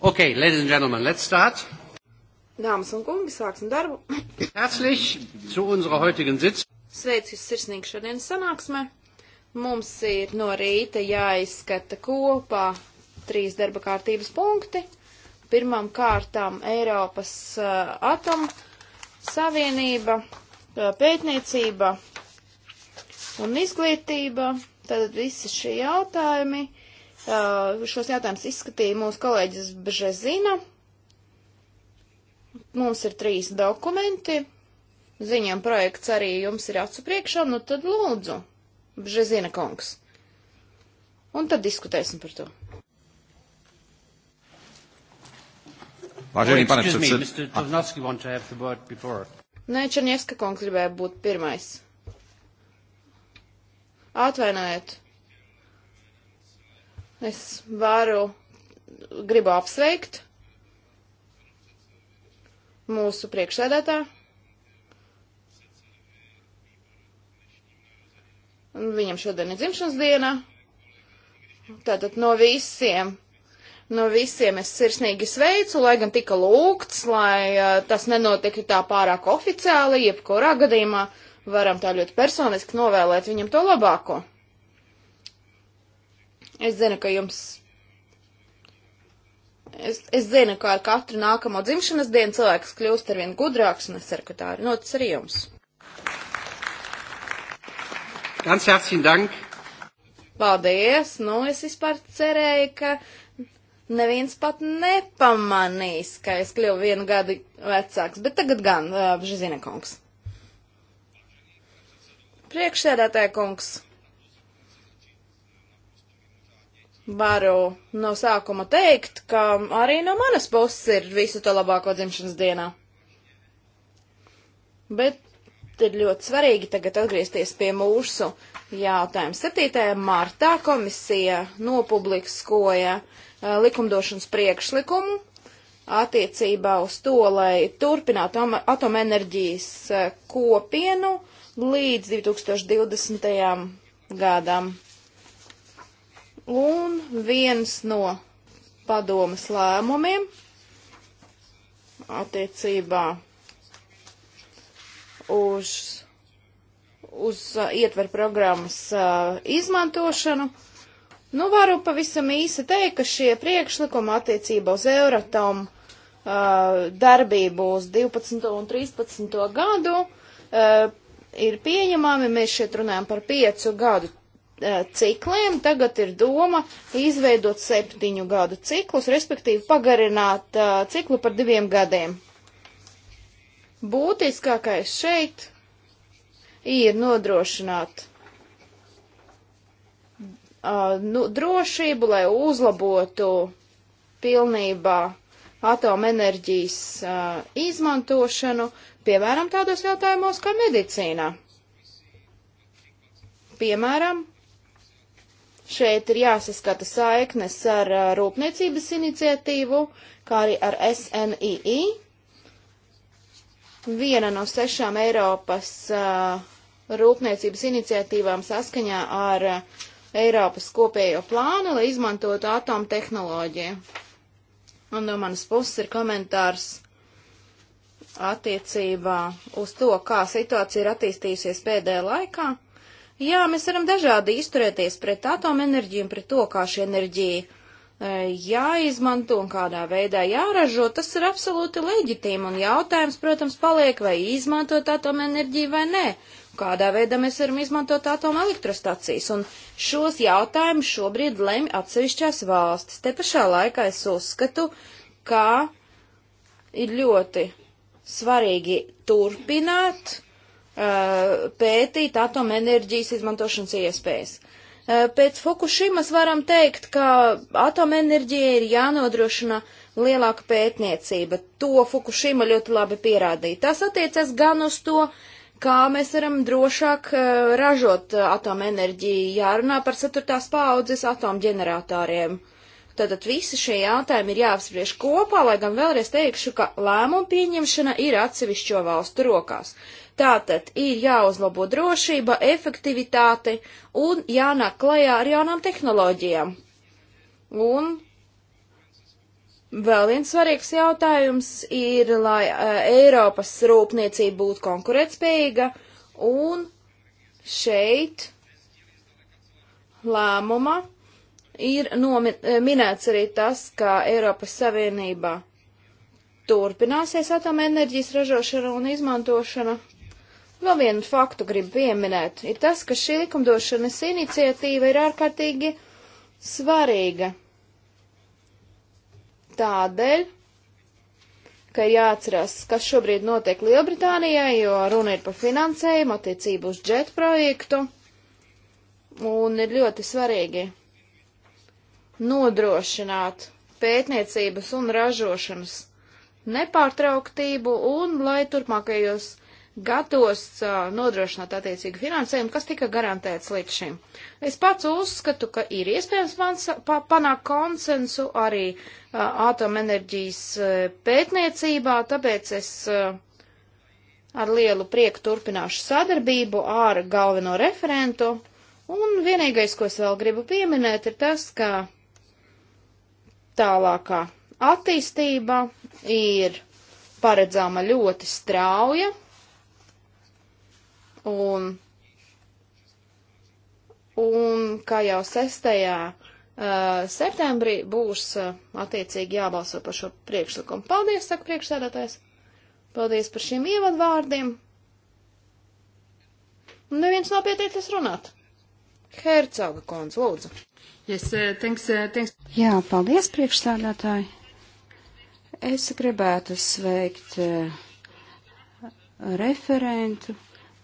Ok, ladies and gentlemen, let's start. Dāmas un kungi, sāksim darbu. Herzlich zu unserer heutigen Sitz. Sveicu jūs sirsnīgi šodienas sanāksmē. Mums ir no rīta jāizskata kopā trīs darba kārtības punkti. Pirmām kārtām Eiropas uh, atom savienība, uh, pētniecība un izglītība. Tad visi šie jautājumi Uh, šos jautājumus izskatīja mūsu kolēģis Bžezina. Mums ir trīs dokumenti. Ziņām projekts arī jums ir acu priekšā, nu tad lūdzu, Bžezina kungs. Un tad diskutēsim par to. Vážený oh, pane předsedo. Nē, Černievska kungs gribēja būt pirmais. Atvainojiet. Es varu, gribu apsveikt mūsu priekšsēdētāju. Viņam šodien ir dzimšanas diena. Tātad no visiem, no visiem es sirsnīgi sveicu, lai gan tika lūgts, lai uh, tas nenotiktu tā pārāk oficiāli, jebkurā gadījumā varam tā ļoti personiski novēlēt viņam to labāko. Es zinu, ka jums. Es, es zinu, ka ar katru nākamo dzimšanas dienu cilvēks kļūst ar vien gudrāks, un es ceru, ka tā ir noticis arī jums. Ganz herzlichen Dank. Paldies! Nu, es vispār cerēju, ka neviens pat nepamanīs, ka es kļuvu vienu gadu vecāks, bet tagad gan, Žizina kungs. Priekšsēdētāja kungs, varu no sākuma teikt, ka arī no manas puses ir visu to labāko dzimšanas dienā. Bet ir ļoti svarīgi tagad atgriezties pie mūsu jautājuma. 7. martā komisija nopubliskoja eh, likumdošanas priekšlikumu attiecībā uz to, lai turpinātu atomenerģijas eh, kopienu līdz 2020. gadam. Un viens no padomas lēmumiem attiecībā uz, uz uh, ietver programmas uh, izmantošanu. Nu, varu pavisam īsi teikt, ka šie priekšlikumi attiecībā uz Euratom uh, darbību uz 12. un 13. gadu uh, ir pieņemami. Mēs šeit runājam par piecu gadu Eh, cikliem, tagad ir doma izveidot septiņu gadu ciklus, respektīvi pagarināt uh, ciklu par diviem gadiem. Būtiskākais šeit ir nodrošināt uh, nu, drošību, lai uzlabotu pilnībā atomenerģijas uh, izmantošanu, piemēram, tādos jautājumos kā medicīnā. Piemēram, Šeit ir jāsaskata saiknes ar rūpniecības iniciatīvu, kā arī ar SNII. Viena no sešām Eiropas uh, rūpniecības iniciatīvām saskaņā ar uh, Eiropas kopējo plānu, lai izmantotu atomtehnoloģiju. Un no manas puses ir komentārs attiecībā uz to, kā situācija ir attīstījusies pēdējā laikā. Jā, mēs varam dažādi izturēties pret atomenerģiju un pret to, kā šī enerģija e, jāizmanto un kādā veidā jāražo. Tas ir absolūti leģitīmi un jautājums, protams, paliek, vai izmantot atomenerģiju vai nē. Kādā veidā mēs varam izmantot atomelektrostacijas. Un šos jautājumus šobrīd lemj atsevišķās valstis. Te pašā laikā es uzskatu, ka ir ļoti svarīgi turpināt Uh, pētīt atomenerģijas izmantošanas iespējas. Uh, pēc Fukushimas varam teikt, ka atomenerģija ir jānodrošina lielāka pētniecība. To Fukushima ļoti labi pierādīja. Tas attiecas gan uz to, kā mēs varam drošāk uh, ražot atomenerģiju, jārunā par ceturtās paudzes atomģeneratoriem. Tātad visi šie jautājumi ir jāapspriež kopā, lai gan vēlreiz teikšu, ka lēmumu pieņemšana ir atsevišķo valstu rokās. Tātad ir jāuzlabo drošība, efektivitāte un jānāk klajā ar jaunām tehnoloģijām. Un vēl viens svarīgs jautājums ir, lai uh, Eiropas rūpniecība būtu konkurētspējīga un šeit lēmuma ir eh, minēts arī tas, ka Eiropas Savienībā turpināsies atomenerģijas ražošana un izmantošana Vēl vienu faktu gribu pieminēt, ir tas, ka šī likumdošanas iniciatīva ir ārkārtīgi svarīga. Tādēļ, ka ir jāatcerās, kas šobrīd notiek Lielbritānijā, jo runa ir par finansējumu attiecību uz džet projektu, un ir ļoti svarīgi nodrošināt pētniecības un ražošanas nepārtrauktību, un lai turpmākajos gados uh, nodrošināt attiecīgu finansējumu, kas tika garantēts līdz šim. Es pats uzskatu, ka ir iespējams mans, pa, panākt konsensu arī uh, atomenerģijas uh, pētniecībā, tāpēc es ar lielu prieku turpināšu sadarbību ar galveno referentu. Un vienīgais, ko es vēl gribu pieminēt, ir tas, ka tālākā attīstība ir paredzama ļoti strauja, Un, un kā jau 6. Uh, septembrī būs uh, attiecīgi jābalso par šo priekšlikumu. Paldies, saka priekšsēdētājs. Paldies par šiem ievadvārdiem. Un neviens nav pieteicis runāt. Hercauga kons, lūdzu. Yes, uh, thanks, thanks. Jā, paldies, priekšstādātāji. Es gribētu sveikt referentu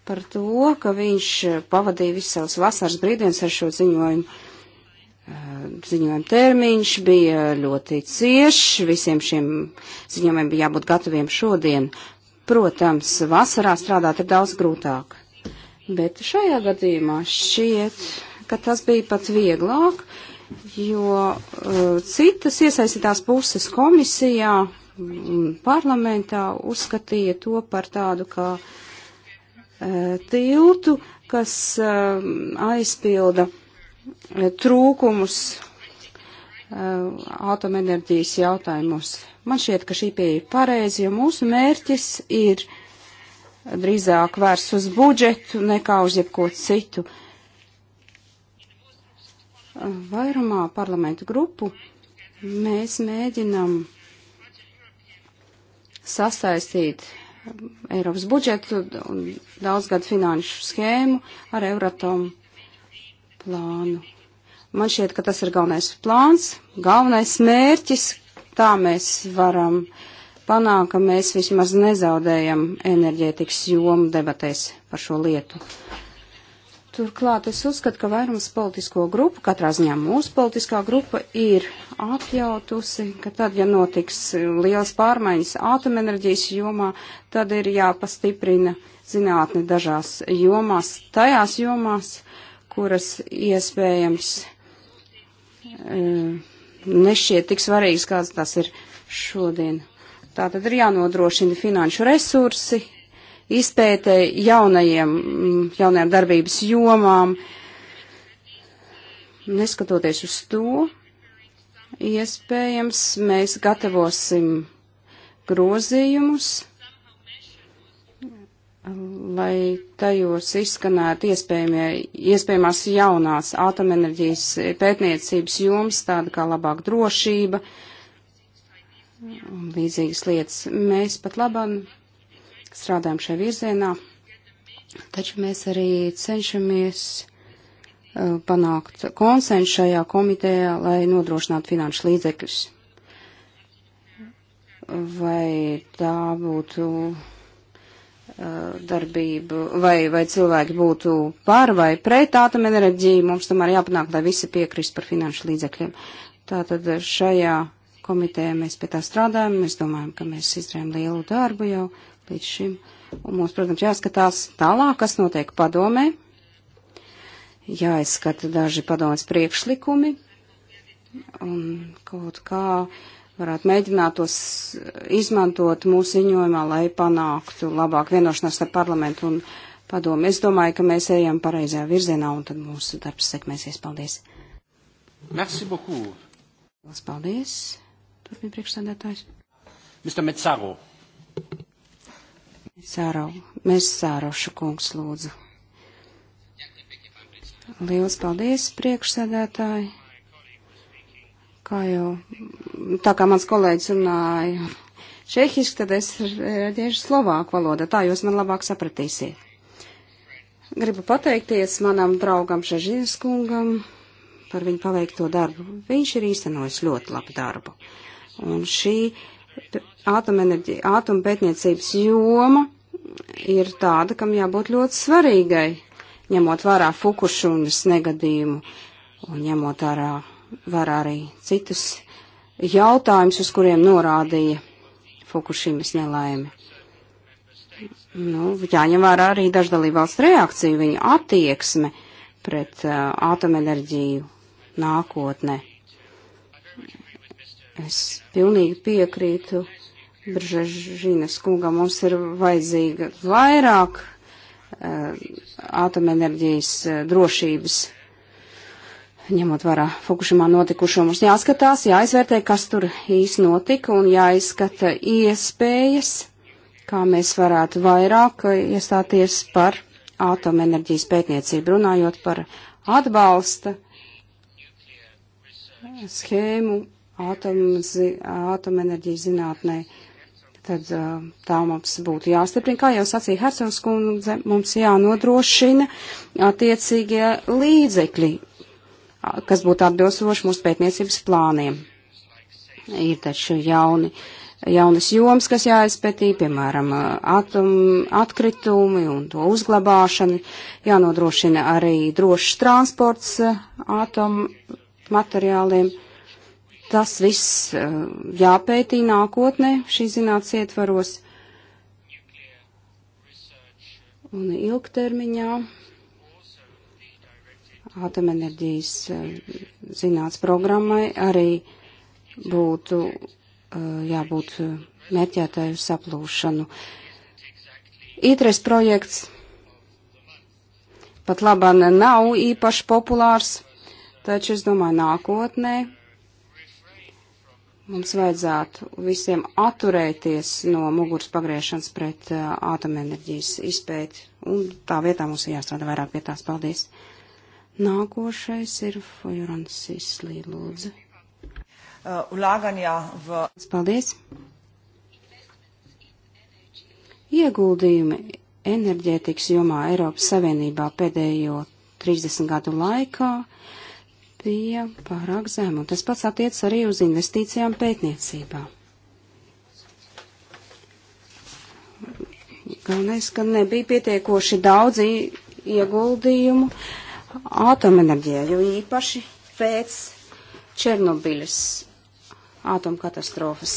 par to, ka viņš eh, pavadīja visus savus vasaras brīvdienas ar šo ziņojumu. Eh, Ziņojuma termiņš bija ļoti ciešs, visiem šiem ziņojumiem bija jābūt gataviem šodien. Protams, vasarā strādāt ir daudz grūtāk, bet šajā gadījumā šķiet, ka tas bija pat vieglāk, jo eh, citas iesaistītās puses komisijā un parlamentā uzskatīja to par tādu, kā ka E, tiltu, kas e, aizpilda e, trūkumus atomenerģijas jautājumos. Man šķiet, ka šī pieeja ir pareizi, jo mūsu mērķis ir drīzāk vērsts uz budžetu nekā uz jebko citu. Vairumā parlamentu grupu mēs mēģinam sasaistīt Eiropas budžetu un daudzgadu finanšu schēmu ar Euratomu plānu. Man šķiet, ka tas ir galvenais plāns, galvenais mērķis, tā mēs varam panākt, ka mēs vismaz nezaudējam enerģētikas jomu debatēs par šo lietu. Turklāt es uzskatu, ka vairums politisko grupu, katrā ziņā mūsu politiskā grupa, ir atjautusi, ka tad, ja notiks liels pārmaiņas atomenerģijas jomā, tad ir jāpastiprina zinātne dažās jomās, tajās jomās, kuras iespējams e, nešķiet tik svarīgas, kāds tas ir šodien. Tā tad ir jānodrošina finanšu resursi, izpētē jaunajiem, mm, jaunajām darbības jomām, neskatoties uz to, iespējams, mēs gatavosim grozījumus, lai tajos izskanētu iespējamās jaunās atomenerģijas pētniecības jomas, tāda kā labāk drošība un līdzīgas lietas. Mēs pat labam strādājam šajā virzienā, taču mēs arī cenšamies uh, panākt konsensu šajā komitejā, lai nodrošinātu finanšu līdzekļus. Vai tā būtu uh, darbību, vai, vai cilvēki būtu par vai pret atomenerģiju, mums tomēr jāpanāk, lai visi piekrist par finanšu līdzekļiem. Tātad šajā komitejā mēs pie tā strādājam, mēs domājam, ka mēs izdarījām lielu darbu jau, līdz šim. Un mums, protams, jāskatās tālāk, kas notiek padomē. Jāizskata daži padomas priekšlikumi. Un kaut kā varētu mēģināt tos izmantot mūsu ziņojumā, lai panāktu labāku vienošanos ar parlamentu un padomu. Es domāju, ka mēs ejam pareizajā virzienā un tad mūsu darbs sekmēsies. Paldies! Merci beaucoup! Paldies! Turpin priekšsēdētājs. Mr. Metsaro. Sārau, mēs Sārošu kungs lūdzu. Liels paldies, priekšsēdētāji. Kā jau, tā kā mans kolēģis runāja čehiski, tad es reaģēšu slovāku valodu, tā jūs man labāk sapratīsiet. Gribu pateikties manam draugam Šežīnas kungam par viņu paveikto darbu. Viņš ir īstenojis ļoti labu darbu. Un šī ātumpētniecības joma ir tāda, kam jābūt ļoti svarīgai, ņemot vērā Fukušunas negadījumu un ņemot vērā, vērā arī citus jautājumus, uz kuriem norādīja Fukušimas nelaime. Nu, jāņem vērā arī daždalībvalsts reakcija, viņa attieksme pret uh, atomenerģiju nākotnē. Es pilnīgi piekrītu uh, Bržažīnas kunga mums ir vajadzīga vairāk uh, atomenerģijas uh, drošības. Ņemot vērā Fukušimā notikušo, mums jāskatās, jāizvērtē, kas tur īsti notika un jāizskata iespējas, kā mēs varētu vairāk eh, iestāties par atomenerģijas pētniecību, runājot par atbalsta schēmu atomenerģijas zinātnē. Uh, tad tā mums būtu jāstiprina. Kā jau sacīja Hersons kundze, mums jānodrošina attiecīgie līdzekļi, kas būtu atbilstoši mūsu pētniecības plāniem. Ir taču jauni, jaunas jomas, kas jāizpētī, piemēram, atom, atkritumi un to uzglabāšana. Jānodrošina arī drošs transports atom materiāliem. Uh, Tas viss eh, jāpētī nākotnē šī zinātnes ietvaros un ilgtermiņā. Atomenerģijas eh, zinātnes programmai arī būtu eh, jābūt mērķētai uz saplūšanu. Itres projekts pat labāk nav īpaši populārs, taču es domāju, nākotnē Mums vajadzētu visiem atturēties no muguras pagriešanas pret ātomenerģijas uh, izpēti, un tā vietā mums ir jāstrādā vairāk pie tās. Paldies! Nākošais ir Fojurans Islī, lūdzu. Uh, Ulāgaņā v... Paldies! Ieguldījumi enerģētikas jomā Eiropas Savienībā pēdējo 30 gadu laikā bija pārāk zema. Tas pats attiec arī uz investīcijām pētniecībā. Galvenais, ka nebija pietiekoši daudz ieguldījumu atomenerģijā, jo īpaši pēc Černobiļas atomkatastrofas.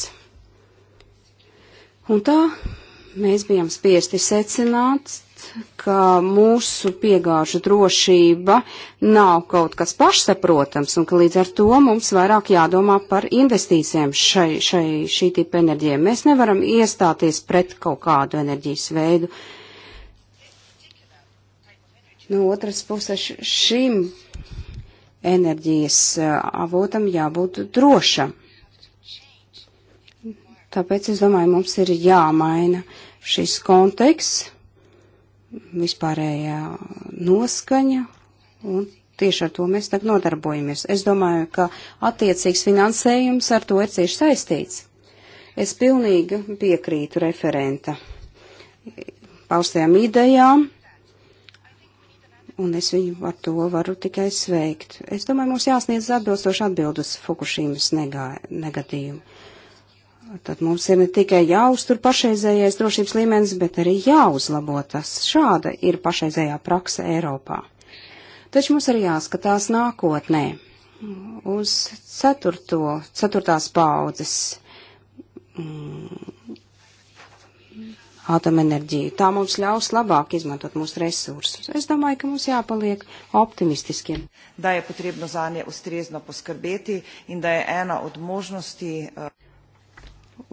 Un tā mēs bijām spiesti secināt, ka mūsu piegāžu drošība nav kaut kas pašsaprotams un ka līdz ar to mums vairāk jādomā par investīcijiem šai, šai, šī tipa enerģijai. Mēs nevaram iestāties pret kaut kādu enerģijas veidu. No otras puses šim enerģijas avotam jābūt drošam. Tāpēc es domāju, mums ir jāmaina šis konteksts vispārējā noskaņa, un tieši ar to mēs tagad nodarbojamies. Es domāju, ka attiecīgs finansējums ar to ir cieši saistīts. Es pilnīgi piekrītu referenta paustajām idejām, un es viņu ar to varu tikai sveikt. Es domāju, mums jāsniedz atbilstoši atbildus Fukušīmas negadījumu. Tad mums ir ne tikai jāuztur pašreizējais drošības līmenis, bet arī jāuzlabo tas. Šāda ir pašreizējā praksa Eiropā. Taču mums arī jāskatās nākotnē uz ceturto, ceturtās paudzes mm, atomenerģiju. Tā mums ļaus labāk izmantot mūsu resursus. Es domāju, ka mums jāpaliek optimistiskiem. Da je potrebno zanje ustrezno poskrbeti in da je ena od možnosti. Uh...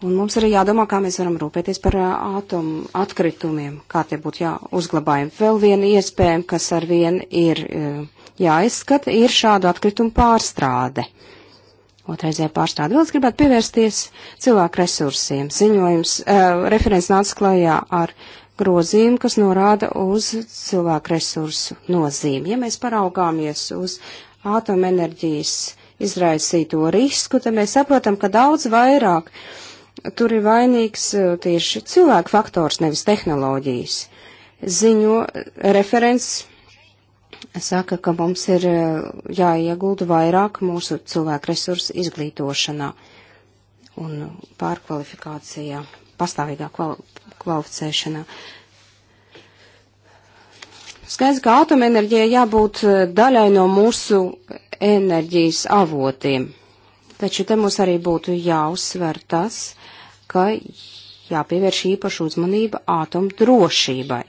Un mums arī jādomā, kā mēs varam rūpēties par atomu atkritumiem, kā tie būtu jāuzglabājami. Vēl viena iespēja, kas ar vienu ir jāizskata, ir šādu atkritumu pārstrāde. Otraizē pārstrāde. Vēl es gribētu pievērsties cilvēku resursiem. Ziņojums, uh, referents nāca klajā ar grozījumu, kas norāda uz cilvēku resursu nozīmi. Ja mēs paraugāmies uz atomenerģijas izraisīto risku, tad mēs saprotam, ka daudz vairāk uh, tur ir vainīgs eh, tieši cilvēku faktors, nevis tehnoloģijas. Ziņo eh, referents saka, ka mums ir eh, jāiegulda vairāk mūsu cilvēku resursu izglītošanā un pārkvalifikācijā, pastāvīgā kval kvalificēšanā. Skaidrs, ka atomenerģija jābūt daļai no mūsu enerģijas avotiem. Taču te mums arī būtu jāuzsver tas, ka jāpievērš īpaša uzmanība ātom drošībai.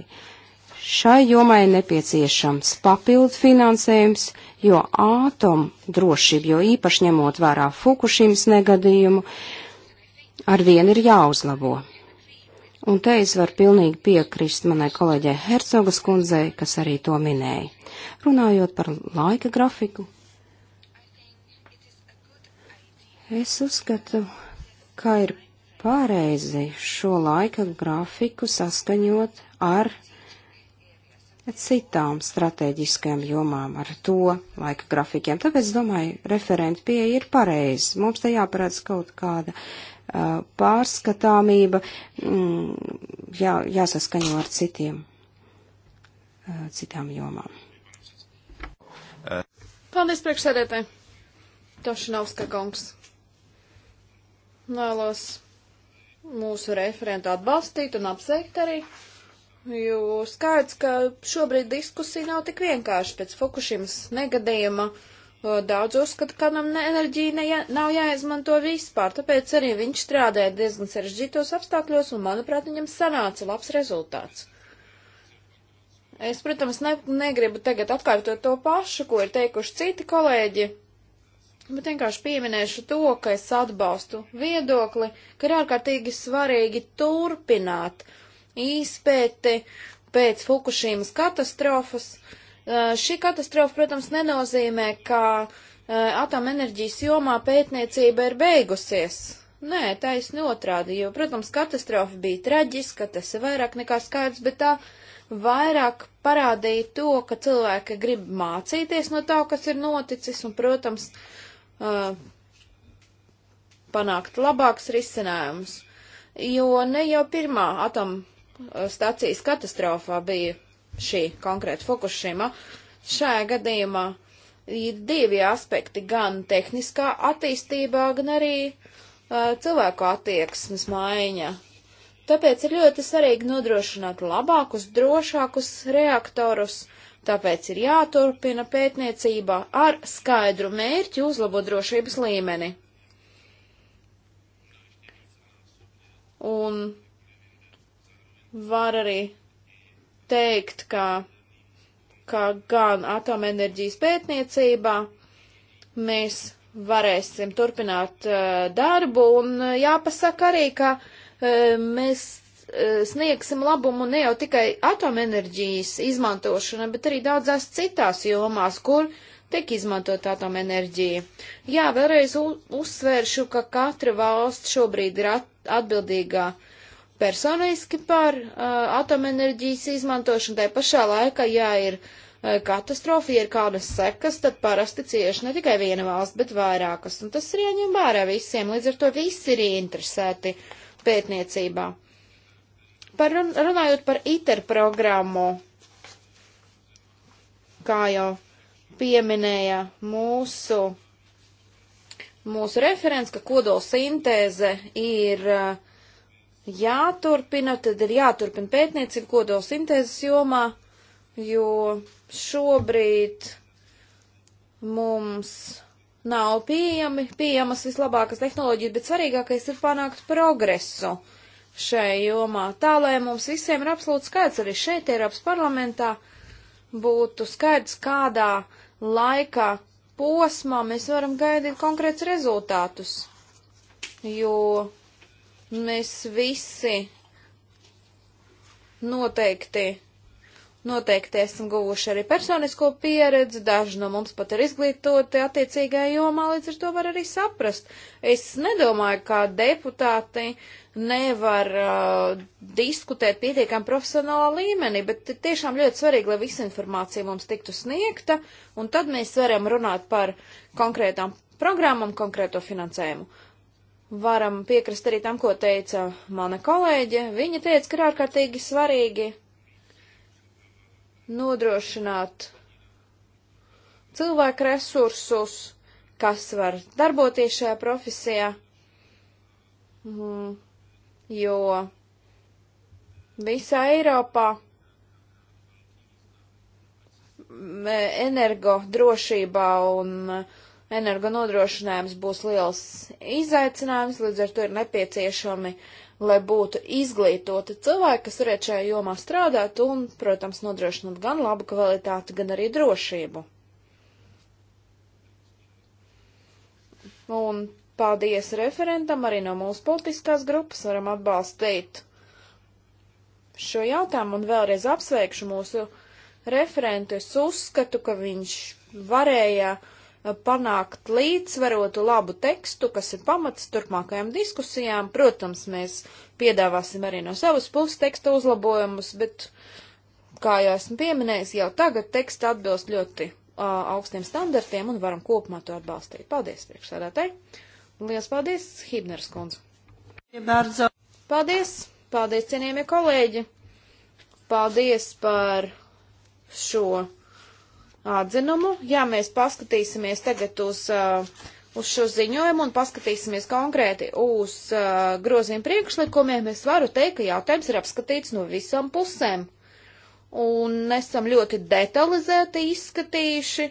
Šai jomai nepieciešams papildu finansējums, jo ātom drošība, jo īpaši ņemot vērā Fukušīmas negadījumu, ar vienu ir jāuzlabo. Un te es varu pilnīgi piekrist manai kolēģei Hercogas kundzei, kas arī to minēja. Runājot par laika grafiku, es uzskatu, ka ir pareizi šo laika grafiku saskaņot ar citām strateģiskajām jomām, ar to laika grafikiem. Tāpēc, domāju, referenta pieeja ir pareizi. Mums te jāparāds kaut kāda uh, pārskatāmība, mm, jā, jāsaskaņo ar citiem, uh, citām jomām. Paldies priekšsēdētāji. Tošinovska kungs. Vēlos mūsu referentu atbalstīt un apsveikt arī. Jo skaidrs, ka šobrīd diskusija nav tik vienkārši pēc Fukushimas negadījuma. Daudz uzskata, ka nam ne enerģija ne, nav jāizmanto vispār, tāpēc arī viņš strādāja diezgan sarežģītos apstākļos un, manuprāt, viņam sanāca labs rezultāts. Es, protams, ne, negribu tagad atkārtot to pašu, ko ir teikuši citi kolēģi, Bet vienkārši pieminēšu to, ka es atbalstu viedokli, ka ir ārkārtīgi svarīgi turpināt izpēti pēc Fukušīmas katastrofas. Šī katastrofa, protams, nenozīmē, ka atomenerģijas jomā pētniecība ir beigusies. Nē, taisni otrādi, jo, protams, katastrofa bija traģiska, tas ir vairāk nekā skaidrs, bet tā vairāk parādīja to, ka cilvēki grib mācīties no tā, kas ir noticis, un, protams, uh, uh, panākt labāks risinājums, jo ne jau pirmā atom stācijas katastrofā bija šī konkrēta Fukushima. Šajā gadījumā ir divi aspekti - gan tehniskā attīstībā, gan arī uh, cilvēku attieksmes maiņa. Tāpēc ir ļoti svarīgi nodrošināt labākus, drošākus reaktorus, Tāpēc ir jāturpina pētniecība ar skaidru mērķi uzlabot drošības līmeni. Un var arī teikt, ka, ka gan atomenerģijas pētniecībā mēs varēsim turpināt uh, darbu un eh, jāpasaka arī, ka uh, mēs E, sniegsim labumu ne jau tikai atomenerģijas izmantošana, bet arī daudzās citās jomās, kur tiek izmantot atomenerģija. Jā, vēlreiz uzsvēršu, ka katra valsts šobrīd ir atbildīgā personiski par uh, atomenerģijas izmantošanu, tai pašā laikā, ja ir uh, katastrofa, ja ir kādas sekas, tad parasti cieši ne tikai viena valsts, bet vairākas, un tas ir jāņem vērā visiem, līdz ar to visi ir interesēti pētniecībā. Par run, runājot par ITER programmu, kā jau pieminēja mūsu, mūsu referents, ka kodolsintēze ir uh, jāturpina, tad ir jāturpina pētniecība kodolsintēzes jomā, jo šobrīd mums nav pieejami, pieejamas vislabākas tehnoloģijas, bet svarīgākais ir panākt progresu. Uh, šai jomā, tā lai mums visiem ir absolūti skaidrs arī šeit Eiropas parlamentā būtu skaidrs, kādā laikā posmā mēs varam gaidīt konkrēts rezultātus, jo mēs visi noteikti Noteikti esam guvuši arī personisko pieredzi, daži no mums pat ir izglītoti attiecīgajā jomā, līdz ar to var arī saprast. Es nedomāju, ka deputāti nevar uh, diskutēt pietiekam profesionālā līmenī, bet tiešām ļoti svarīgi, lai visa informācija mums tiktu sniegta, un tad mēs varam runāt par konkrētām programmām, konkrēto finansējumu. Varam piekrist arī tam, ko teica mana kolēģe. Viņa teica, ka ir ārkārtīgi svarīgi nodrošināt cilvēku resursus, kas var darboties šajā profesijā, mm, jo visā Eiropā mm, energo drošībā un energo nodrošinājums būs liels izaicinājums, līdz ar to ir nepieciešami uh, lai būtu izglītoti cilvēki, kas varētu šajā jomā strādāt un, protams, nodrošināt gan labu kvalitāti, gan arī drošību. Un paldies referentam arī no mūsu politiskās grupas varam atbalstīt šo jautājumu un vēlreiz apsveikšu mūsu referentu. Es uzskatu, ka viņš varēja uh, panākt līdzsvarotu labu tekstu, kas ir pamats turpmākajām diskusijām. Protams, mēs piedāvāsim arī no savas puses teksta uzlabojumus, bet, kā jau esmu pieminējis, jau tagad teksta atbilst ļoti uh, augstiem standartiem un varam kopumā to atbalstīt. Paldies, priekšsēdētāji! Lielas paldies, Hibners kundze! Paldies! Paldies, cienījamie kolēģi! Paldies par šo atzinumu. Ja mēs paskatīsimies tagad uz, uh, uz šo ziņojumu un paskatīsimies konkrēti uz uh, grozījumu priekšlikumiem, es varu teikt, ka jautājums ir apskatīts no visām pusēm. Un esam ļoti detalizēti izskatījuši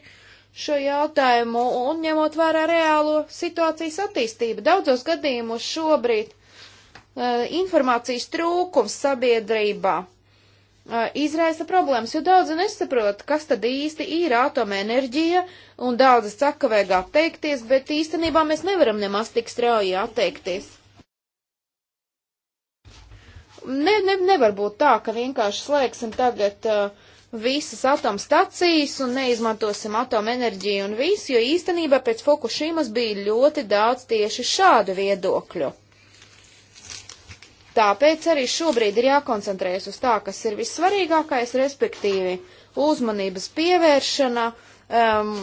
šo jautājumu un ņemot vērā reālo situācijas attīstību. Daudzos gadījumos šobrīd uh, informācijas trūkums sabiedrībā izraisa problēmas, jo daudzi nesaprot, kas tad īsti ir atomenerģija, un daudzi saka, ka vajag atteikties, bet īstenībā mēs nevaram nemaz tik strauji atteikties. Ne, ne, nevar būt tā, ka vienkārši slēgsim tagad uh, visas atomstacijas un neizmantosim atomenerģiju un visu, jo īstenībā pēc Fukushimas bija ļoti daudz tieši šādu viedokļu. Tāpēc arī šobrīd ir jākoncentrējas uz tā, kas ir vissvarīgākais, respektīvi uzmanības pievēršana, um,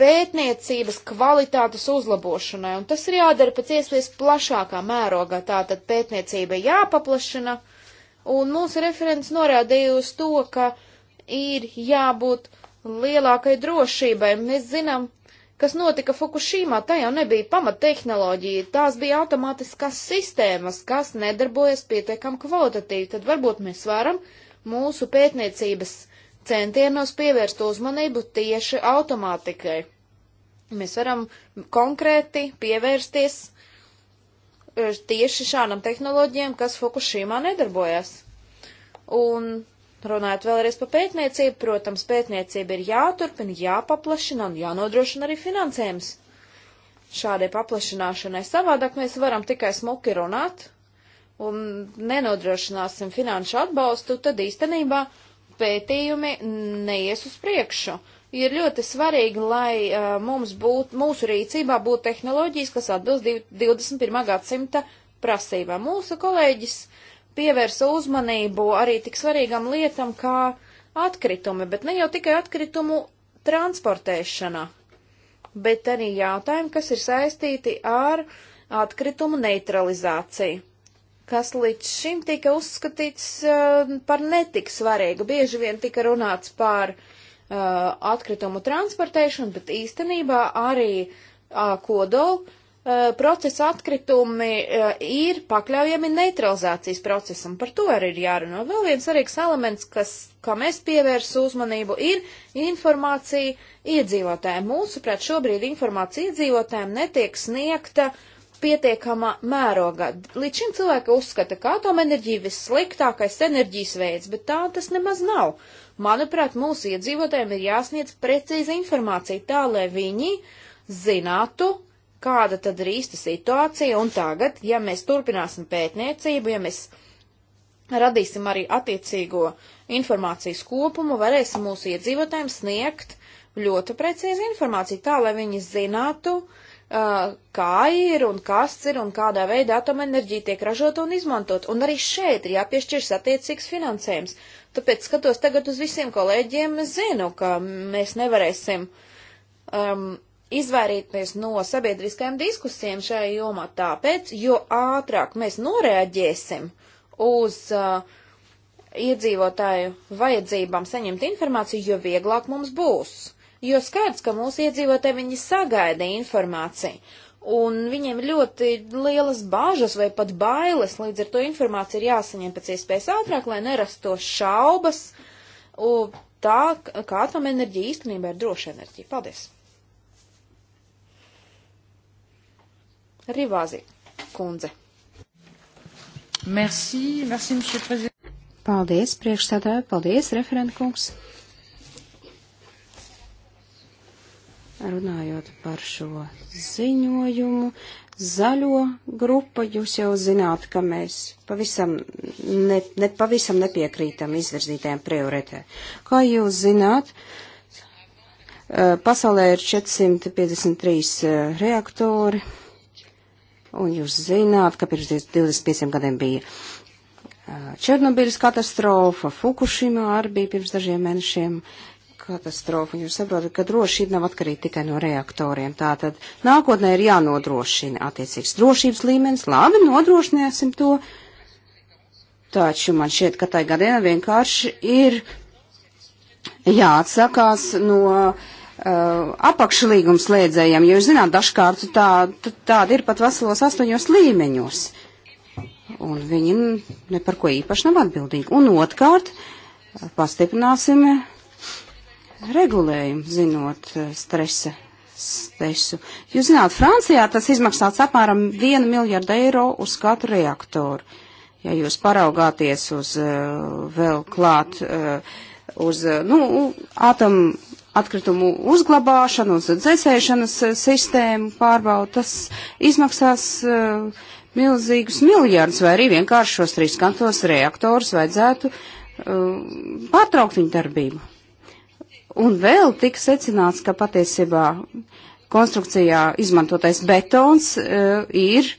pētniecības kvalitātes uzlabošanai, un tas ir jādara pēc iespējas plašākā mērogā, tātad pētniecība jāpaplašina, un mūsu referents norādīja uz to, ka ir jābūt lielākai drošībai. Mēs zinām, kas notika Fukushīmā, tā jau nebija pamattehnoloģija, tās bija automātiskas sistēmas, kas nedarbojas pietiekam kvalitatīvi, tad varbūt mēs varam mūsu pētniecības centienos pievērst uzmanību tieši automātikai. Mēs varam konkrēti pievērsties eh, tieši šādam tehnoloģijam, kas Fukushīmā nedarbojas. Un Runājot vēlreiz par pētniecību, protams, pētniecība ir jāturpina, jāpaplašina un jānodrošina arī finansējums. Šādai paplašināšanai savādāk mēs varam tikai smuki runāt un nenodrošināsim finanšu atbalstu, tad īstenībā pētījumi neies uz priekšu. Ir ļoti svarīgi, lai uh, mums būtu, mūsu rīcībā būtu tehnoloģijas, kas atbilst 21. gadsimta prasībām. Mūsu kolēģis uh, pievērsa uzmanību arī tik svarīgam lietam kā atkritumi, bet ne jau tikai atkritumu transportēšana, bet arī jautājumi, kas ir saistīti ar atkritumu neutralizāciju, kas līdz šim tika uzskatīts uh, par netik svarīgu. Bieži vien tika runāts par uh, atkritumu transportēšanu, bet īstenībā arī uh, kodolu Eh, procesa atkritumi eh, ir pakļaujami neutralizācijas procesam. Par to arī ir jārunā. Vēl viens svarīgs elements, kas, kam es pievērsu uzmanību, ir informācija iedzīvotājiem. Mūsuprāt, šobrīd informācija iedzīvotājiem netiek sniegta pietiekamā mērogā. Līdz šim cilvēki uzskata, ka atomenerģija vissliktākais enerģijas veids, bet tā tas nemaz nav. Manuprāt, mūsu iedzīvotājiem ir jāsniedz precīza informācija tā, lai viņi zinātu, kāda tad ir īsta situācija, un tagad, ja mēs turpināsim pētniecību, ja mēs radīsim arī attiecīgo informācijas kopumu, varēsim mūsu iedzīvotājiem sniegt ļoti precīzi informāciju, tā lai viņi zinātu, uh, kā ir un kas ir un kādā veidā atomenerģija tiek ražota un izmantot. Un arī šeit ir jāpiešķirs attiecīgs finansējums. Tāpēc skatos tagad uz visiem kolēģiem, es zinu, ka mēs nevarēsim um, izvairīties no sabiedriskajām diskusijām šajā jomā. Tāpēc, jo ātrāk mēs noreaģēsim uz uh, iedzīvotāju vajadzībām saņemt informāciju, jo vieglāk mums būs. Jo skaidrs, ka mūsu iedzīvotāji viņi sagaida informāciju. Un viņiem ir ļoti lielas bāžas vai pat bailes, līdz ar to informācija ir jāsaņem pēc iespējas ātrāk, lai nerastos šaubas, u, tā, ka atomenerģija īstenībā ir droša enerģija. Paldies! Rivāzi kundze. Merci, merci, monsieur prezident. Paldies, priekšstādāju, paldies, referentkungs. Runājot par šo ziņojumu, zaļo grupa, jūs jau zināt, ka mēs pavisam, ne, ne, pavisam nepiekrītam izvirzītēm prioritē. Kā jūs zināt, eh, pasaulē ir 453 eh, reaktori Un jūs zināt, ka pirms 25 gadiem bija Černobiļas katastrofa, Fukushima arī bija pirms dažiem mēnešiem katastrofa. Jūs saprotat, ka drošība nav atkarīga tikai no reaktoriem. Tātad nākotnē ir jānodrošina attiecīgs drošības līmenis. Labi, nodrošināsim to. Taču man šķiet, ka tai gadienā vienkārši ir jāatsakās no uh, uh, apakšlīgums liedzējiem, jo, zināt, dažkārt tā, tāda ir pat veselos astoņos līmeņos. Un viņi ne par ko īpaši nav atbildīgi. Un otrkārt, pastiprināsim regulējumu, zinot uh, stresa stresu. Jūs zināt, Francijā tas izmaksāts apmēram 1 miljardu eiro uz katru reaktoru. Ja jūs paraugāties uz uh, vēl klāt uh, uz, uh, nu, atom atkritumu uzglabāšanu, uz dzēsēšanas eh, sistēmu pārbaudu, tas izmaksās uh, milzīgus miljardus, vai arī vienkārši šos trīs kantos reaktorus vajadzētu uh, pārtraukt viņu darbību. Un vēl tika secināts, ka patiesībā konstrukcijā izmantotais betons uh, ir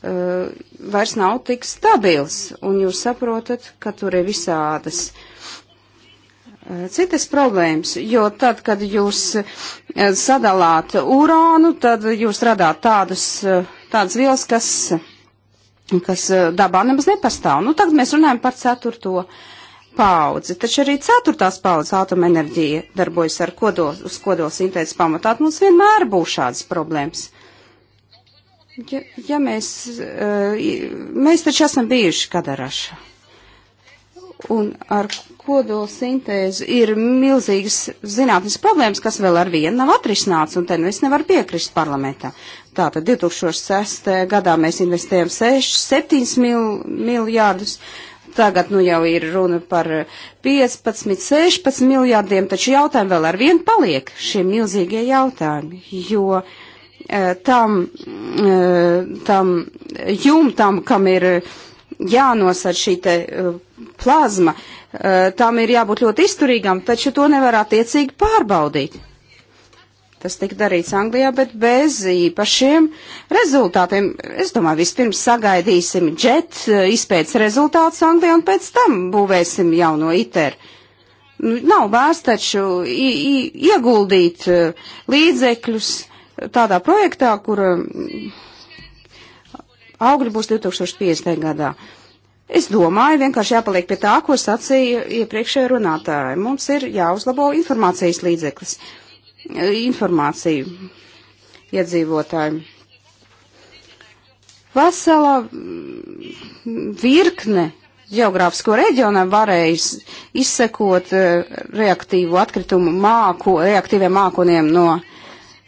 vairs nav tik stabils, un jūs saprotat, ka tur ir visādas uh, Eh, citas problēmas, jo tad, kad jūs eh, sadalāt urānu, tad jūs radāt tādus, eh, tādas vielas, kas, kas dabā nemaz nepastāv. Nu, tagad mēs runājam par ceturto paudzi, taču arī ceturtās paudzes atomenerģija darbojas ar kodol, uz kodols intēdes pamatā, mums vienmēr būs šādas problēmas. Ja, ja mēs, mēs taču esam bijuši Kadarašā. Un ar kodolu sintēzi ir milzīgas zinātnes problēmas, kas vēl ar vienu nav atrisināts, un ten nu es nevaru piekrist parlamentā. Tātad 2006. gadā mēs investējam 6-7 mil, miljārdus, tagad nu jau ir runa par 15-16 miljārdiem, taču jautājumi vēl ar vienu paliek, šie milzīgie jautājumi, jo eh, tam, eh, tam jumtam, kam ir jānosar šī te uh, plazma, uh, tām ir jābūt ļoti izturīgām, taču to nevar attiecīgi pārbaudīt. Tas tika darīts Anglijā, bet bez īpašiem rezultātiem. Es domāju, vispirms sagaidīsim džet uh, izpētes rezultātus Anglijā un pēc tam būvēsim jauno iteru. Nu, nav vērts taču ieguldīt līdzekļus tādā projektā, kur um, augļi būs 2050. gadā. Es domāju, vienkārši jāpaliek pie tā, ko sacīja iepriekšējā runātāja. Mums ir jāuzlabo informācijas līdzeklis, e, informāciju iedzīvotājiem. Vesela mm, virkne geogrāfisko reģionam varēja izsekot e, reaktīvu atkritumu māku, reaktīviem mākoniem no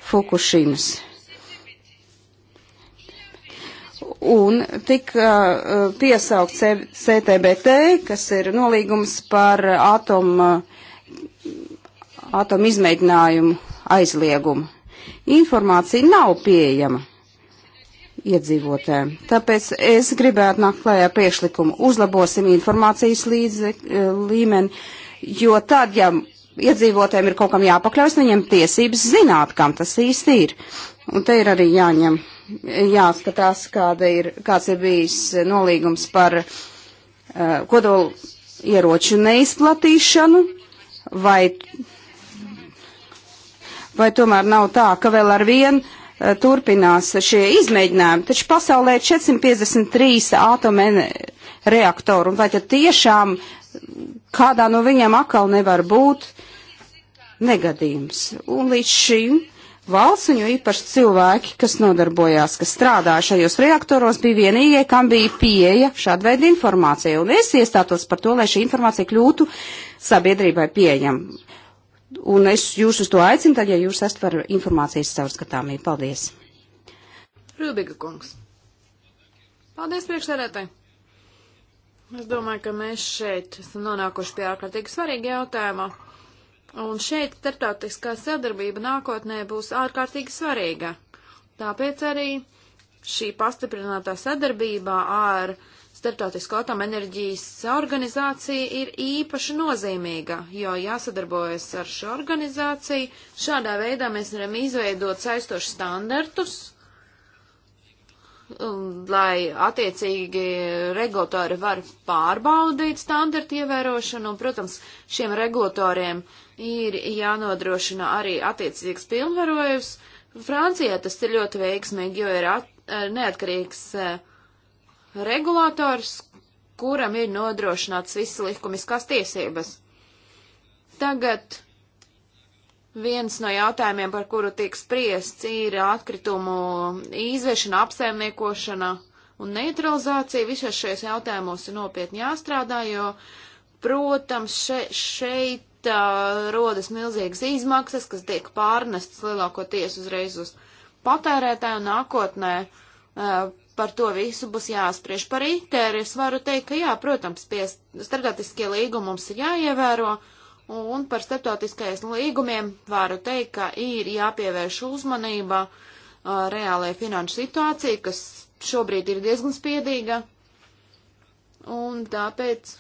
Fukushimas un tika uh, piesaukt C CTBT, kas ir nolīgums par atomu, eh, atomu eh, izmēģinājumu aizliegumu. Informācija nav pieejama iedzīvotēm, tāpēc es gribētu nākt klējā priekšlikumu. Uzlabosim informācijas līdzi, līmeni, jo tad, ja iedzīvotēm ir kaut kam jāpakļaus, viņiem tiesības zināt, kam tas īsti ir. Un te ir arī jāņem, jāskatās, kāda ir, kāds ir bijis nolīgums par uh, eh, kodolu ieroču neizplatīšanu, vai, vai tomēr nav tā, ka vēl ar vienu uh, eh, turpinās šie izmēģinājumi. Taču pasaulē ir 453 atomenerģija reaktoru, un vai tad tiešām kādā no viņiem atkal nevar būt negadījums. Un līdz šim valsts un īpaši cilvēki, kas nodarbojās, kas strādāja šajos reaktoros, bija vienīgie, kam bija pieeja šāda veida informācija. Un es iestātos par to, lai šī informācija kļūtu sabiedrībai pieejama. Un es jūs uz to aicinu, tad, ja jūs esat par informācijas caurskatāmību. Paldies! Rūbiga kungs. Paldies priekšsēdētāji! Es domāju, ka mēs šeit esam nonākuši pie ārkārtīgi svarīga jautājuma. Un šeit starptautiskā sadarbība nākotnē būs ārkārtīgi svarīga. Tāpēc arī šī pastiprinātā sadarbība ar Startautisko atomenerģijas organizācija ir īpaši nozīmīga, jo jāsadarbojas ar šo organizāciju. Šādā veidā mēs varam izveidot saistošus standartus lai attiecīgi regulatori var pārbaudīt standartu ievērošanu, un, protams, šiem regulatoriem ir jānodrošina arī attiecīgs pilnvarojums. Francijā tas ir ļoti veiksmīgi, jo ir at, eh, neatkarīgs eh, regulators, kuram ir nodrošināts visas likumiskās tiesības. Tagad Viens no jautājumiem, par kuru tiek spriests, ir atkritumu izvešana, apsaimniekošana un neutralizācija. Visos šajos jautājumos ir nopietni jāstrādā, jo, protams, še, šeit uh, rodas milzīgas izmaksas, kas tiek pārnestas lielākoties uzreiz uz patērētāju nākotnē. Uh, par to visu būs jāspriež par ITER. Es varu teikt, ka jā, protams, pie starptautiskie līgumi mums ir jāievēro. Uh, Un par starptautiskajiem līgumiem varu teikt, ka ir jāpievērš uzmanība uh, reālajai finanšu situācijai, kas šobrīd ir diezgan spiedīga. Un tāpēc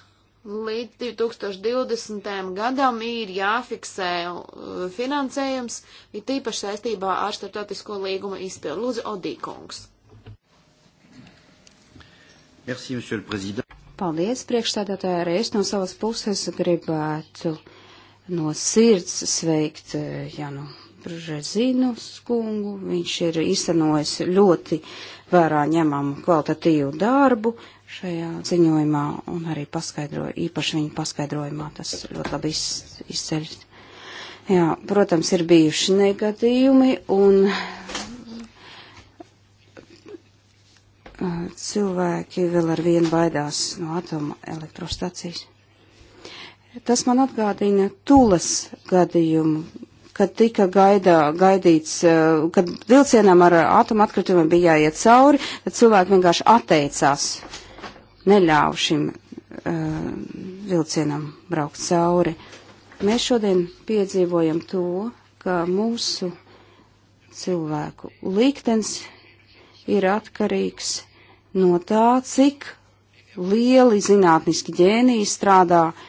līdz 2020. gadam ir jāfiksē uh, finansējums, ir tīpaši saistībā ar starptautisko līgumu izpildu. Lūdzu, Odīkungs. Merci, Paldies, priekšstādātāji, arī es no savas puses gribētu no sirds sveikt eh, Janu Brezinu skungu. Viņš ir izsanojis ļoti vērā ņemamu kvalitatīvu darbu šajā ziņojumā un arī paskaidroja, īpaši viņa paskaidrojumā tas ļoti labi iz, izceļas. Jā, protams, ir bijuši negadījumi un eh, cilvēki vēl ar vienu baidās no atoma elektrostacijas. Tas man atgādina Tūlas gadījumu, kad tika gaidā, gaidīts, eh, kad vilcienam ar atomu atkritumiem bija jāiet cauri, tad cilvēki vienkārši atteicās, neļāva šim uh, vilcienam braukt cauri. Mēs šodien piedzīvojam to, ka mūsu cilvēku liktenis ir atkarīgs no tā, cik lieli zinātniski ģēniji strādā uh,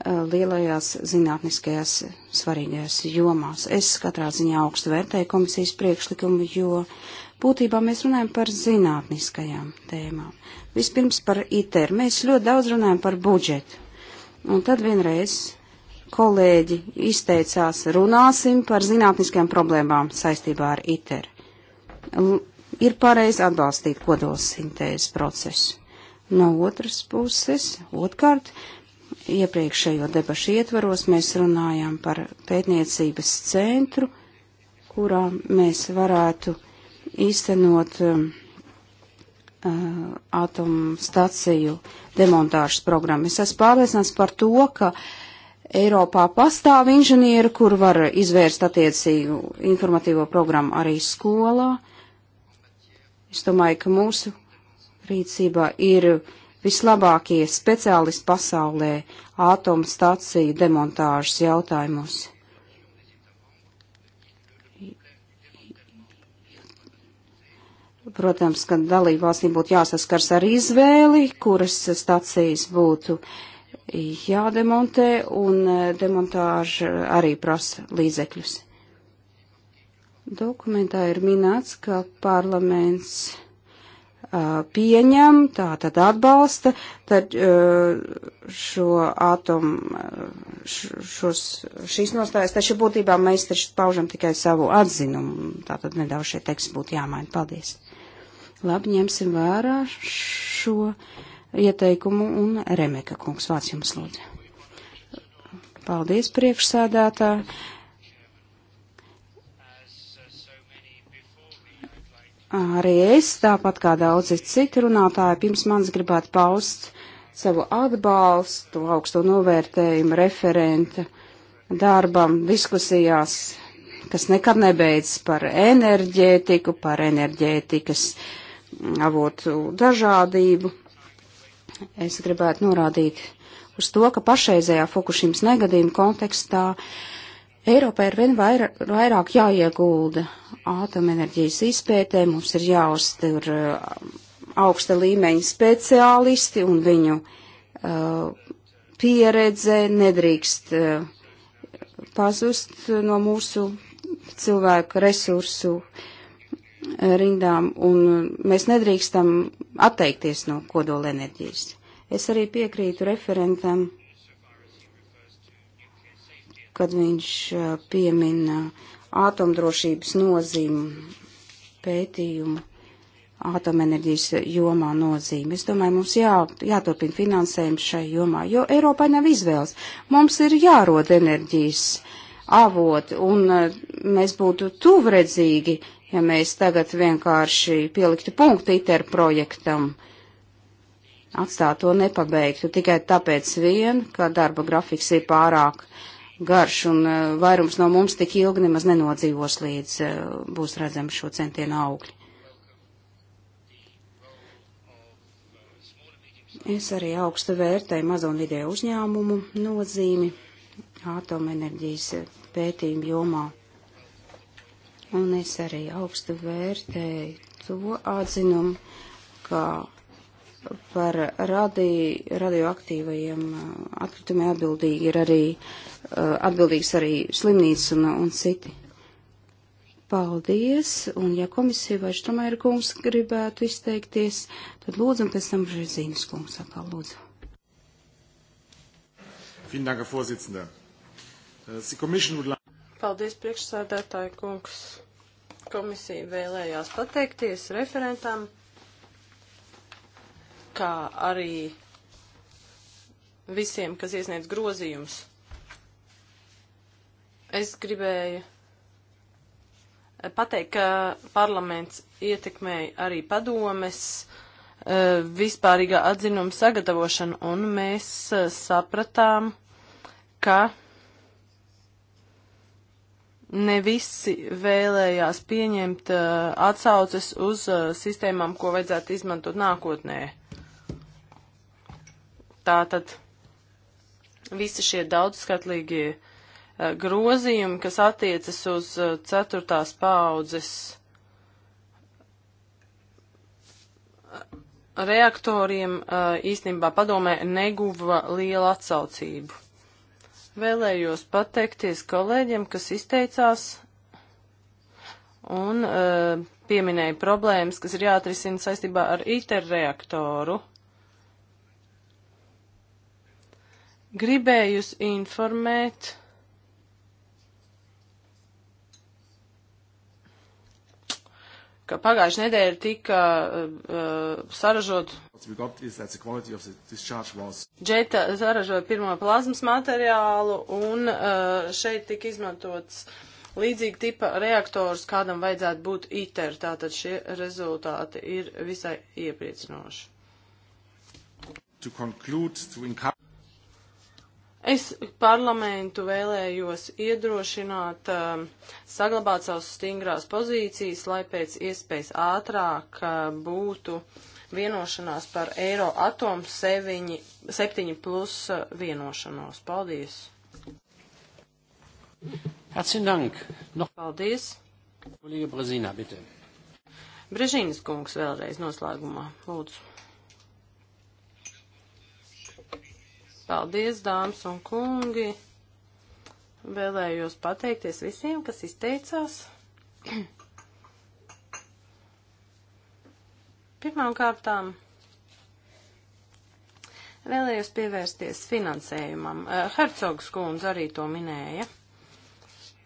Eh, lielajās zinātniskajās svarīgajās jomās. Es katrā ziņā augstu vērtēju komisijas priekšlikumu, jo būtībā mēs runājam par zinātniskajām tēmām. Vispirms par ITER. Mēs ļoti daudz runājam par budžetu. Un tad vienreiz kolēģi izteicās, runāsim par zinātniskajām problēmām saistībā ar ITER. L ir pareizi atbalstīt kodolsintēzes procesu. No otras puses, otrkārt, iepriekšējo debašu ietvaros mēs runājām par pētniecības centru, kurā mēs varētu īstenot um, uh, atomstaciju demontāžas programmu. Es esmu pārliecināts par to, ka Eiropā pastāv inženieri, kur var izvērst attiecīgu informatīvo programmu arī skolā. Es domāju, ka mūsu rīcībā ir vislabākie speciālisti pasaulē atomstāciju demontāžas jautājumos. Protams, ka dalībvalstīm būtu jāsaskars ar izvēli, kuras stacijas būtu jādemontē, un demontāža arī prasa līdzekļus. Dokumentā ir minēts, ka parlaments pieņem, tā tad atbalsta tad, šo atomu, šos, šīs nostājas, taču būtībā mēs taču paužam tikai savu atzinumu, tā tad nedaudz šie teksti būtu jāmaina. Paldies! Labi, ņemsim vērā šo ieteikumu un Remeka kungs vārds jums lūdzu. Paldies, priekšsēdētāji! Arī es, tāpat kā daudzi citi runātāji, pirms manis gribētu paust savu atbalstu, augsto novērtējumu referenta darbam diskusijās, kas nekad nebeidz par enerģētiku, par enerģētikas avotu dažādību. Es gribētu norādīt uz to, ka pašreizējā Fukushimas negadījuma kontekstā uh, Eiropai ir vien vairāk, vairāk jāiegulda atomenerģijas izpētē, mums ir jāuztur uh, augsta līmeņa speciālisti un viņu uh, pieredze nedrīkst uh, pazust no mūsu cilvēku resursu uh, rindām, un mēs nedrīkstam atteikties no kodolenerģijas. Es arī piekrītu referentam kad viņš piemina atomdrošības nozīmi pētījumu atomenerģijas jomā nozīme. Es domāju, mums jā, jāturpina finansējums šai jomā, jo Eiropai nav izvēles. Mums ir jārod enerģijas avoti, un mēs būtu tuvredzīgi, ja mēs tagad vienkārši pieliktu punktu ITER projektam, atstātu to nepabeigtu tikai tāpēc vien, ka darba grafiks ir pārāk uh, garš, un e, vairums no mums tik ilgi nemaz nenodzīvos, līdz e, būs redzami šo centienu augļi. Es arī augstu vērtēju mazo un vidēju uzņēmumu nozīmi atomenerģijas e, pētījumu jomā. Un es arī augstu vērtēju to atzinumu, ka par radi, radioaktīvajiem uh, atkritumiem atbildīgi ir arī uh, atbildīgs arī slimnīca un, uh, un citi. Paldies, un ja komisija vai Štromēra kungs gribētu izteikties, tad lūdzu, un pēc tam Žēzīnas kungs atkal lūdzu. Äh, Paldies, priekšsēdētāji kungs. Komisija vēlējās pateikties referentam kā arī visiem, kas iesniedz grozījumus. Es gribēju pateikt, ka parlaments ietekmēja arī padomes e, vispārīgā atzinuma sagatavošanu, un mēs e, sapratām, ka ne visi vēlējās pieņemt e, atsauces uz sistēmām, ko vajadzētu izmantot nākotnē. Tātad visi šie daudzskatlīgie uh, grozījumi, kas attiecas uz uh, ceturtās paudzes e, reaktoriem, uh, īstenībā padomē neguva lielu atsaucību. Vēlējos pateikties kolēģiem, kas izteicās un pieminēja problēmas, kas ir jāatrisina saistībā ar ITER reaktoru. gribējus informēt. ka pagājušajā nedēļā tika uh, uh saražot džeta saražoja pirmo plazmas materiālu un uh, šeit tika izmantots līdzīga tipa reaktors, kādam vajadzētu būt ITER, tātad šie rezultāti ir visai iepriecinoši. To conclude, to Es parlamentu vēlējos iedrošināt, um, saglabāt savas stingrās pozīcijas, lai pēc iespējas ātrāk um, būtu vienošanās par Eiro atomu 7 plus uh, vienošanos. Paldies! Herzlichen Dank. Noch Paldies. Kolēģi Brezina, bitte. Brežīnas kungs vēlreiz noslēgumā. Lūdzu. paldies, dāmas un kungi. Vēlējos pateikties visiem, kas izteicās. Pirmām kārtām vēlējos pievērsties finansējumam. Eh, Hercogs kundze arī to minēja.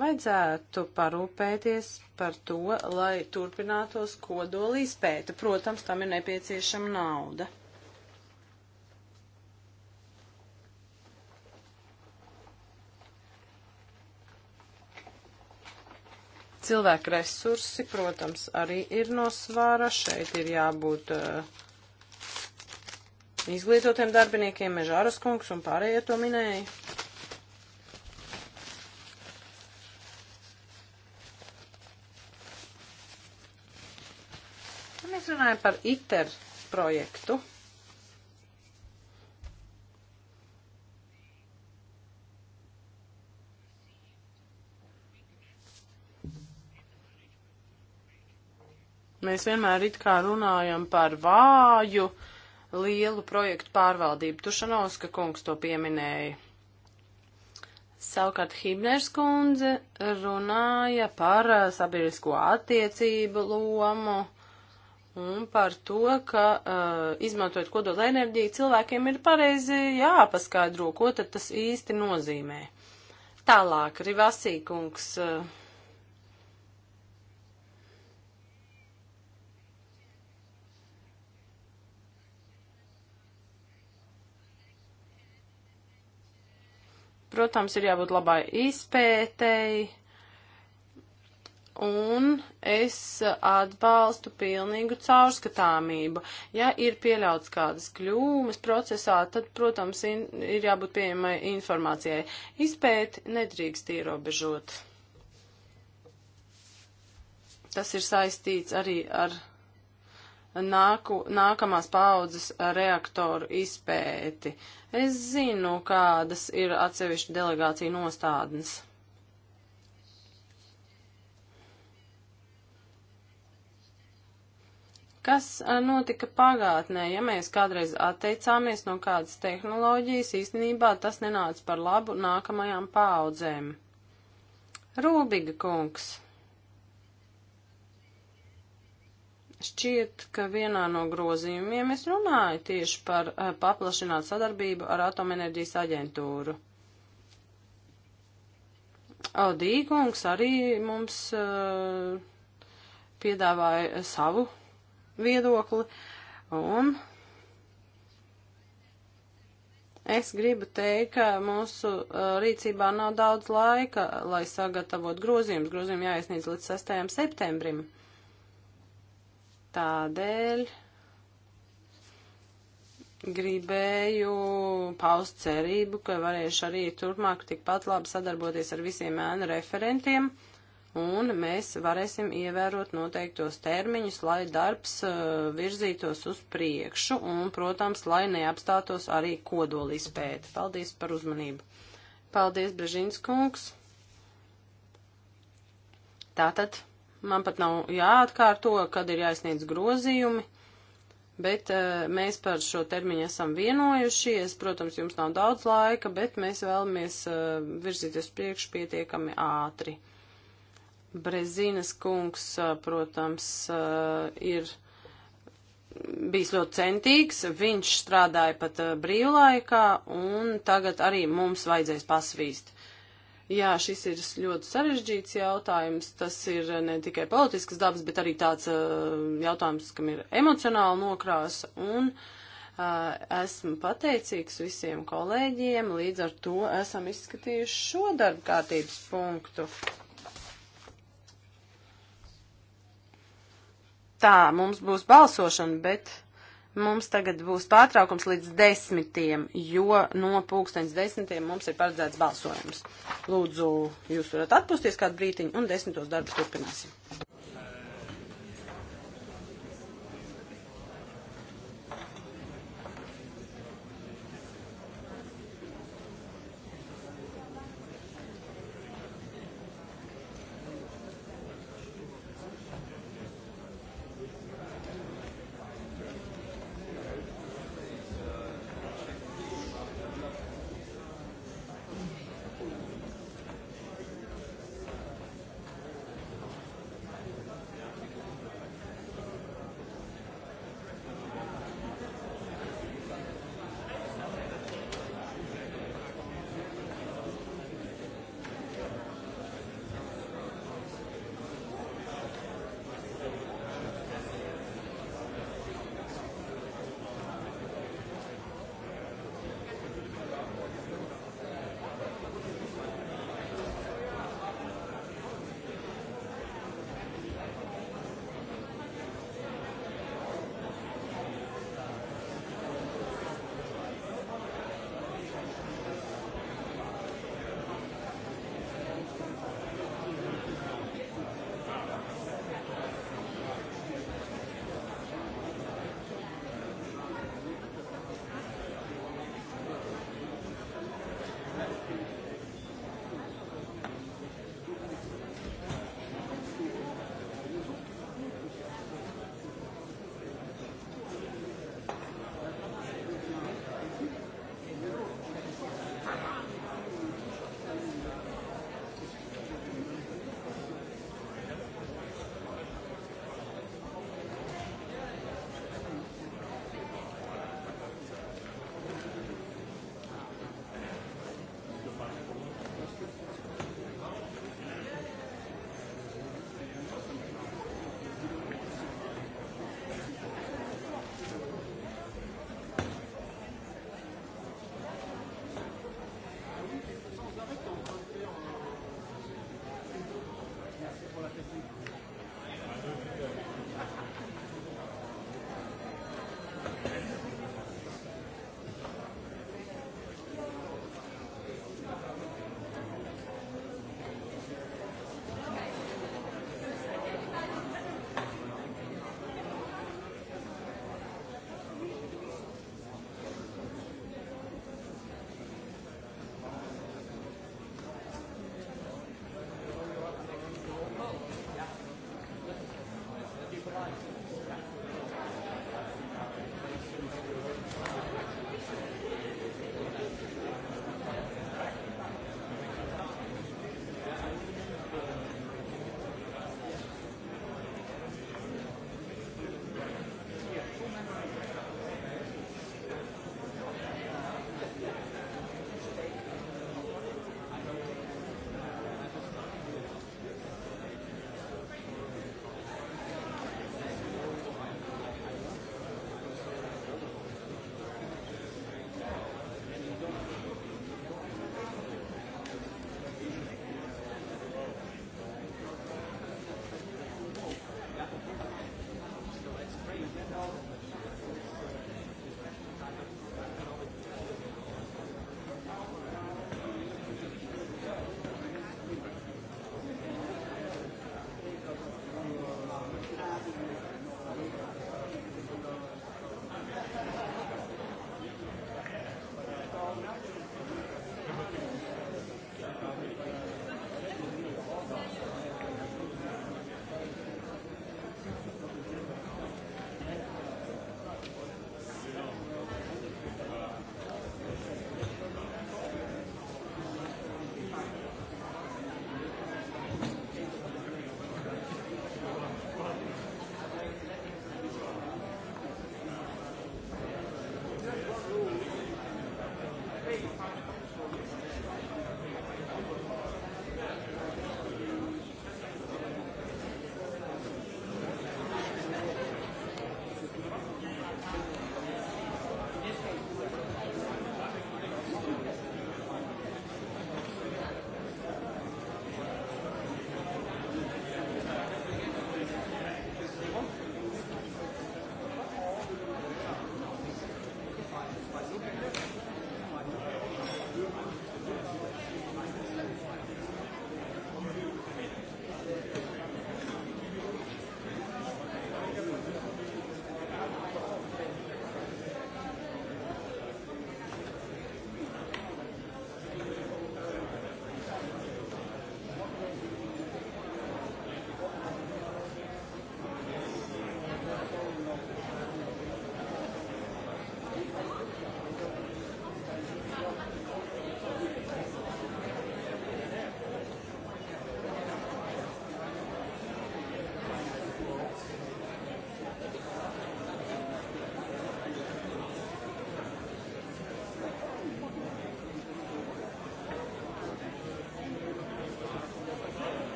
Vajadzētu parūpēties par to, lai turpinātos kodoli izpēta. Protams, tam ir nepieciešama nauda. Cilvēku resursi, protams, arī ir no svāra. Šeit ir jābūt uh, izglītotiem darbiniekiem, Mežāras kungs un pārējie to minēja. Mēs runājam par ITER projektu. Mēs vienmēr it kā runājam par vāju lielu projektu pārvaldību. Tušanovska kungs to pieminēja. Savukārt Hibners kundze runāja par eh, sabiedrisko attiecību lomu un par to, ka uh, izmantojot kodola enerģiju, cilvēkiem ir pareizi jāpaskaidro, ko tad tas īsti nozīmē. Tālāk, Rivasī kungs. Uh, Protams, ir jābūt labai izpētēji. Un es atbalstu pilnīgu caurskatāmību. Ja ir pieļauts kādas kļūmes procesā, tad, protams, in, ir jābūt pieejamai informācijai. Izpēti nedrīkst ierobežot. Tas ir saistīts arī ar nāku, nākamās paaudzes reaktoru izpēti. Es zinu, kādas ir atsevišķa delegācija nostādnes. Kas notika pagātnē, ja mēs kādreiz atteicāmies no kādas tehnoloģijas, īstenībā tas nenāca par labu nākamajām paaudzēm. Rūbiga kungs. Šķiet, ka vienā no grozījumiem es runāju tieši par eh, paplašinātu sadarbību ar atomenerģijas aģentūru. Aldīgungs arī mums uh, piedāvāja savu viedokli, un es gribu teikt, ka mūsu uh, rīcībā nav daudz laika, lai sagatavot grozījumus. Grozījumi jāiesniedz līdz 6. septembrim. Tādēļ gribēju paust cerību, ka varēšu arī turpmāk tikpat labi sadarboties ar visiem ēnu referentiem, un mēs varēsim ievērot noteiktos termiņus, lai darbs uh, virzītos uz priekšu, un, protams, lai neapstātos arī kodolīs pēta. Paldies par uzmanību. Paldies, Brežīns kungs. Tātad Man pat nav jāatkārto, kad ir jāizsniedz grozījumi, bet uh, mēs par šo termiņu esam vienojušies. Protams, jums nav daudz laika, bet mēs vēlamies uh, virzīties priekš pietiekami ātri. Brezīnas kungs, uh, protams, uh, ir bijis ļoti centīgs, viņš strādāja pat brīvlaikā, un tagad arī mums vajadzēs pasvīst. Jā, šis ir ļoti sarežģīts jautājums. Tas ir eh, ne tikai politisks dabas, bet arī tāds eh, jautājums, kam ir emocionāla nokrāsa. Un eh, esmu pateicīgs visiem kolēģiem. Līdz ar to esam izskatījuši šo darba kārtības punktu. Tā, mums būs balsošana, bet. Mums tagad būs pārtraukums līdz desmitiem, jo no pulksteņas desmitiem mums ir paredzēts balsojums. Lūdzu, jūs varat atpūsties kādu brītiņu un desmitos darbus turpināsim.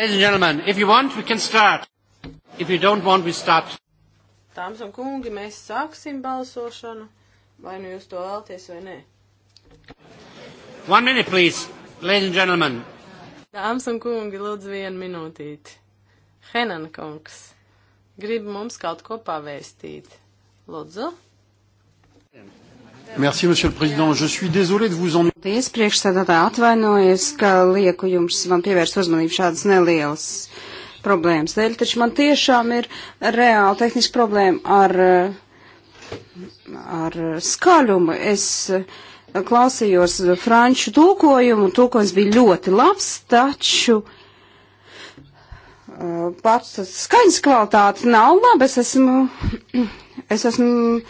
Ladies and gentlemen, if you want, we can start. If you don't want, we start. Tāms un kungi, mēs sāksim balsošanu, vai nu jūs to vēlties vai nē. One minute, please, ladies and gentlemen. Dāmas un kungi, lūdzu vienu minūtīti. Henan kungs, grib mums kaut ko pavēstīt. Lūdzu. Yeah. Merci, monsieur le président. Je suis désolé de vous ennuyer. Paldies, priekšsēdētāji, atvainojos, ka lieku jums man pievērst uzmanību šādas nelielas problēmas dēļ, taču man tiešām ir reāla tehniska problēma ar, ar skaļumu. Es klausījos franču tulkojumu, tulkojums bija ļoti labs, taču uh, pats skaņas kvalitāte nav laba. Es esmu, es esmu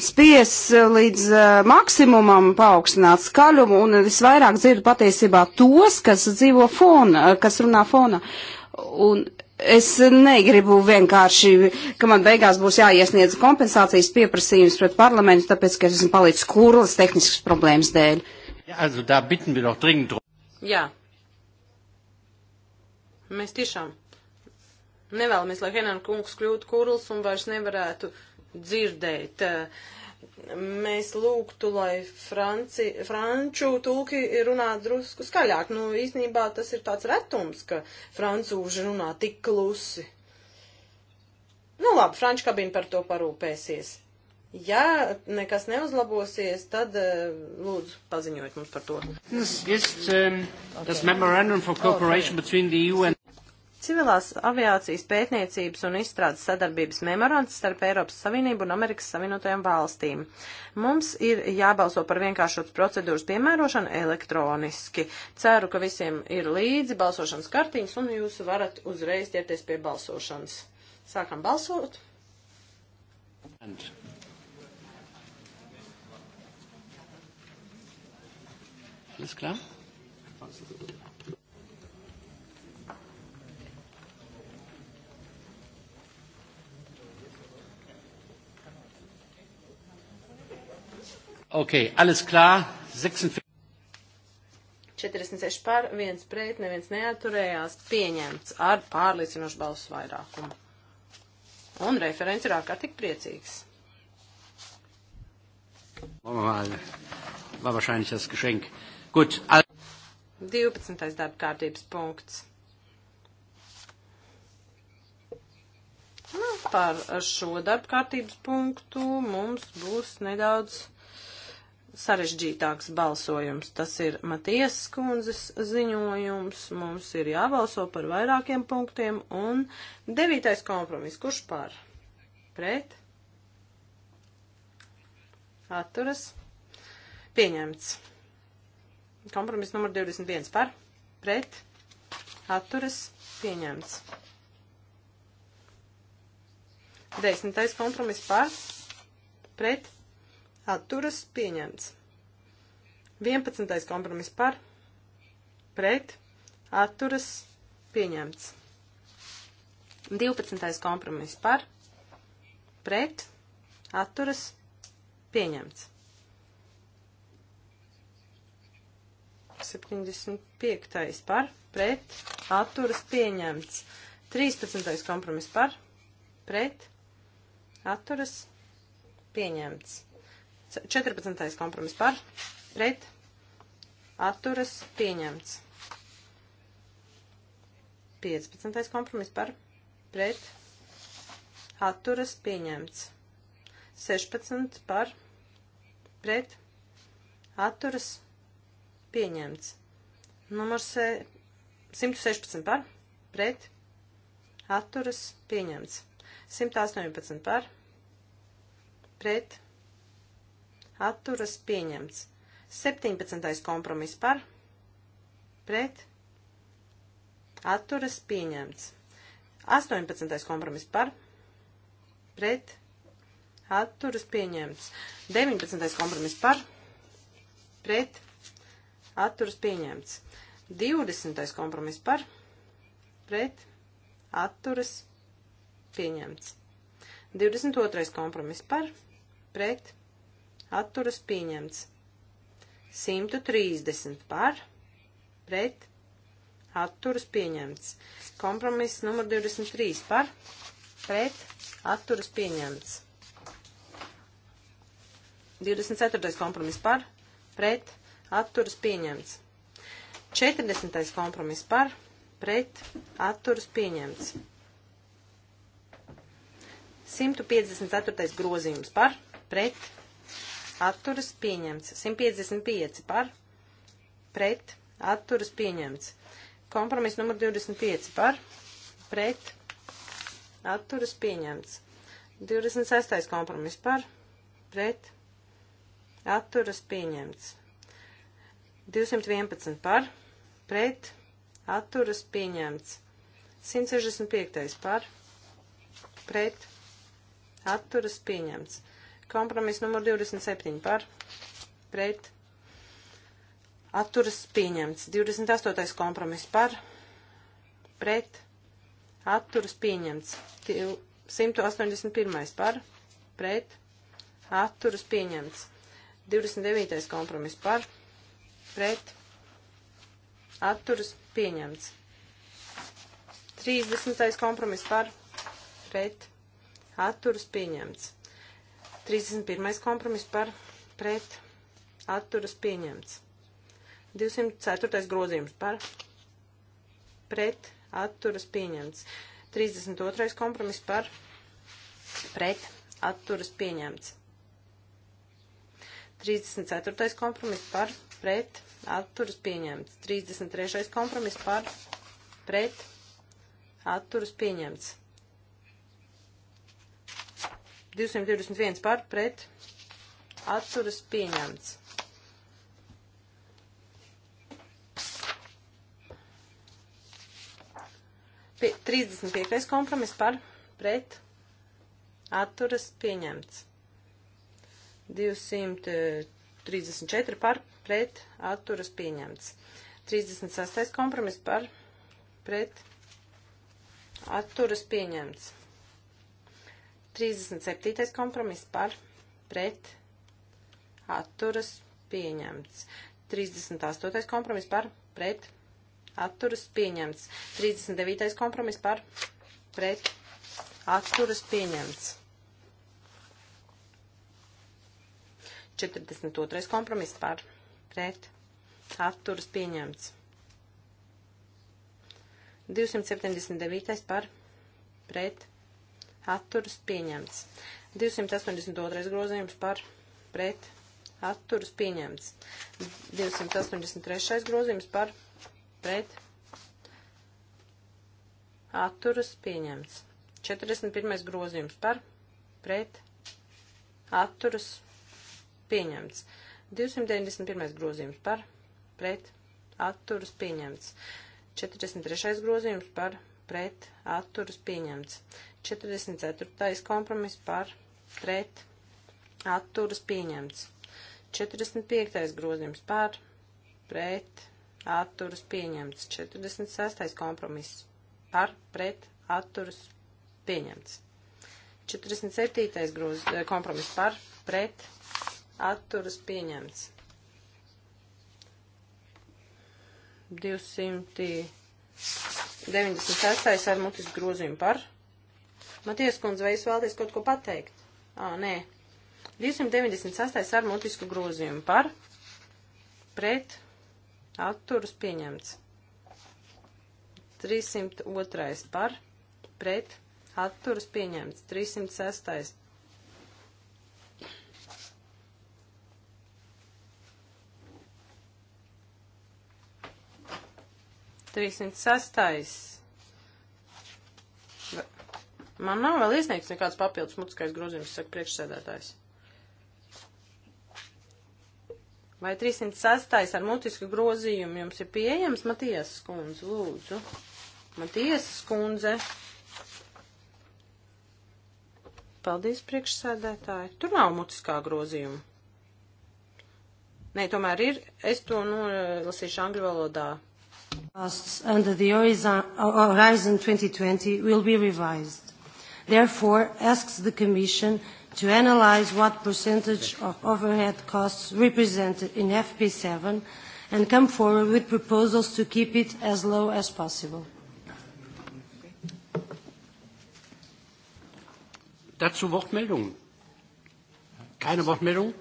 spies eh, līdz uh, maksimumam paaugstināt skaļumu, un visvairāk dzirdu patiesībā tos, kas dzīvo fona, eh, kas runā fona. Un es negribu vienkārši, ka man beigās būs jāiesniedz kompensācijas pieprasījums pret parlamentu, tāpēc, ka es esmu palicis kurlis tehniskas problēmas dēļ. Ja, also, Jā. Mēs tiešām nevēlamies, lai Henan kungs kļūtu kurls un vairs nevarētu uh, dzirdēt. Mēs lūgtu, lai franci, franču tulki runā drusku skaļāk. Nu, īsnībā tas ir tāds retums, ka francūži runā tik klusi. Nu, labi, franču kabīna par to parūpēsies. Ja nekas neuzlabosies, tad eh, lūdzu paziņojiet mums par to. Yes, um, okay. memorandum for cooperation oh, okay. between the EU and Civilās aviācijas pētniecības un izstrādes sadarbības memorands starp Eiropas Savienību un Amerikas Savienotajām valstīm. Mums ir jābalso par vienkāršotas procedūras piemērošanu elektroniski. Ceru, ka visiem ir līdzi balsošanas kartiņas un jūs varat uzreiz ķerties pie balsošanas. Sākam balsot. And Alles klar? Ok, alles klar. 46 par, 1 pret, neviens neaturējās, pieņemts ar pārliecinošu balsu vairākumu. Un referents ir ārkārtīgi priecīgs. Normāli. War wahrscheinlich das Geschenk. Gut. 12. darba kārtības punkts. Nu, par šo darba kārtības punktu mums būs nedaudz sarežģītāks balsojums. Tas ir Matijas skundzes ziņojums, mums ir jābalso par vairākiem punktiem, un devītais kompromiss, kurš par? Pret? Atturas? Pieņemts. Kompromiss numur 21 par? Pret? Atturas? Pieņemts. Desmitais kompromiss par? Pret? atturas pieņemts. 11. kompromis par, pret, atturas pieņemts. 12. kompromis par, pret, atturas pieņemts. 75. par, pret, atturas pieņemts. 13. kompromis par, pret, atturas pieņemts pieņemts. 14. kompromiss par, pret, atturas, pieņemts. 15. kompromiss par, pret, atturas, pieņemts. 16 par, pret, atturas, pieņemts. Numurs 116 par, pret, atturas, pieņemts. 118 par, pret, atturas pieņemts. 17. kompromiss par, pret, atturas pieņemts. 18. kompromiss par, pret, atturas pieņemts. 19. kompromiss par, pret, atturas pieņemts. 20. kompromiss par, pret, atturas pieņemts. 22. kompromiss par, pret, atturas pieņemts atturas pieņemts. 130 par, pret, atturas pieņemts. Kompromiss numur 23 par, pret, atturas pieņemts. 24. kompromiss par, pret, atturas pieņemts. 40. kompromiss par, pret, atturas pieņemts. 154. grozījums par, pret, atturas pieņemts. 155 par, pret, atturas pieņemts. Kompromiss numur 25 par, pret, atturas pieņemts. 26. kompromiss par, pret, atturas pieņemts. 211 par, pret, atturas pieņemts. 165. par, pret, atturas pieņemts. Kompromiss numur 27 par pret atturas pieņemts. 28. kompromiss par pret atturas pieņemts. 181. par pret atturas pieņemts. 29. kompromiss par pret atturas pieņemts. 30. kompromiss par pret atturas pieņemts. 31. kompromiss par pret atturas pieņemts. 204. grozījums par pret atturas pieņemts. 32. kompromiss par pret atturas pieņemts. 34. kompromiss par pret atturas pieņemts. 33. kompromiss par pret atturas pieņemts. 221 par pret atturas pieņemts. Pie, 35. kompromis par pret atturas pieņemts. 234 par pret atturas pieņemts. 36. kompromis par pret atturas pieņemts. 37. kompromiss par pret atturas pieņemts. 38. kompromiss par pret atturas pieņemts. 39. kompromiss par pret atturas pieņemts. 42. kompromiss par pret atturas pieņemts. 279. par pret atturas pieņemts. 282. grozījums par pret atturas pieņemts. 283. grozījums par pret atturas pieņemts. 41. grozījums par pret atturas pieņemts. 291. grozījums par pret atturas pieņemts. 43. grozījums par pret atturas pieņemts. 44. kompromiss par pret atturas pieņemts. 45. grozījums par pret atturas pieņemts. 46. kompromiss par pret atturas pieņemts. 47. Groz, eh, kompromiss par pret atturas pieņemts. 296. ar mutis grozījumu par Maties kundze, vai jūs vēlaties kaut ko pateikt? Ā, nē. 298 ar mutisku grozījumu par pret atturus pieņemts. 302 par pret atturus pieņemts. 306 306. Man nav vēl iesniegts nekāds papildus mutiskais grozījums, saka priekšsēdētājs. Vai 306. ar mutisku grozījumu jums ir pieejams, Matiesas kundze, lūdzu? Matiesas kundze. Paldies, priekšsēdētāji. Tur nav mutiskā grozījuma. Nē, tomēr ir. Es to nolasīšu angļu valodā. Under the Horizon 2020 will be revised therefore asks the Commission to analyze what percentage of overhead costs represented in FP7 and come forward with proposals to keep it as low as possible. Dazu Wortmeldungen? Keine Wortmeldung?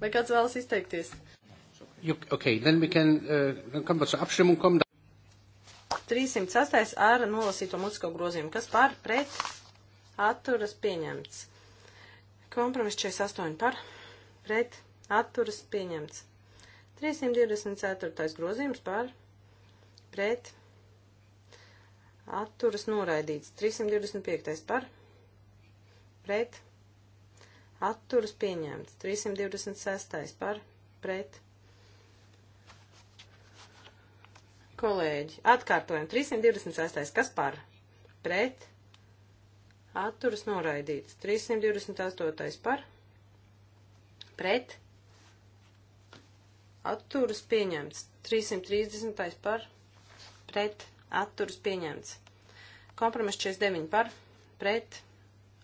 Vai kāds vēlas izteikties? You, okay, then we can, uh, then können wir zur Abstimmung kommen. 308. ar nolasīto mutisko grozījumu. Kas par pret atturas pieņemts. Kompromiss 48 par, pret, atturas pieņemts. 324. grozījums par, pret, atturas noraidīts. 325. par, pret, atturas pieņemts. 326. par, pret. Kolēģi, atkārtojam, 326. kas par, pret, atturas noraidīts. 328. par, pret, atturas pieņemts. 330. par, pret, atturas pieņemts. Kompromiss 49 par, pret,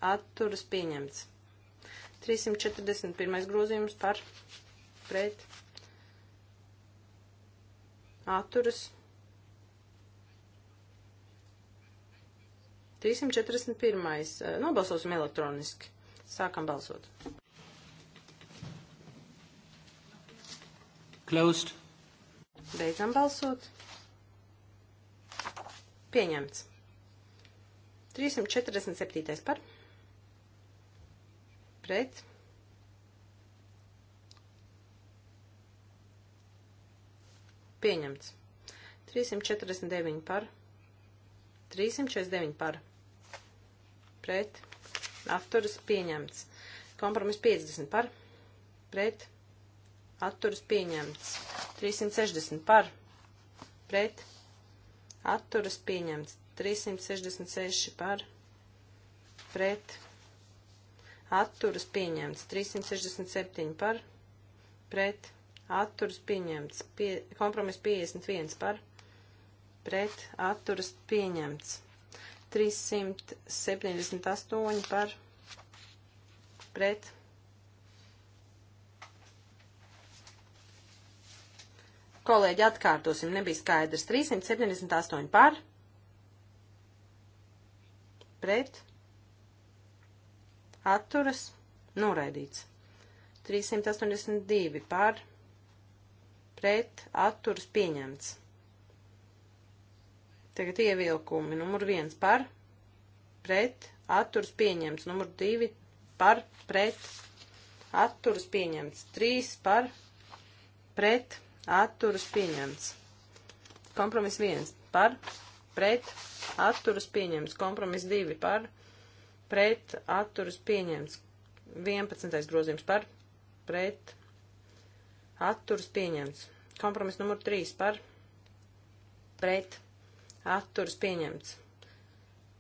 atturas pieņemts. 341. grozījums par, pret, atturas 341. Eh, nobalsosim elektroniski. Sākam balsot. Closed. Beidzam balsot. Pieņemts. 347. par. Pret. Pieņemts. 349 par. 349 par pret, atturas pieņemts. Kompromiss 50 par, pret, atturas pieņemts. 360 par, pret, atturas pieņemts. 366 par, pret, atturas pieņemts. 367 par, pret, atturas pieņemts. Pie, kompromiss 51 par, pret, atturas pieņemts. 378 par pret. Kolēģi, atkārtosim, nebija skaidrs. 378 par pret. Atturas noraidīts. 382 par pret. Atturas pieņemts. Tagad ievilkumi. Numur viens par, pret, atturs pieņemts. Numur divi par, pret, atturs pieņemts. Trīs par, pret, atturs pieņemts. Kompromiss viens par, pret, atturas pieņemts. Kompromiss divi par, pret, atturas pieņemts. 11. grozījums par, pret, atturas pieņemts. Kompromiss numur 3 par, pret, atturas pieņemts.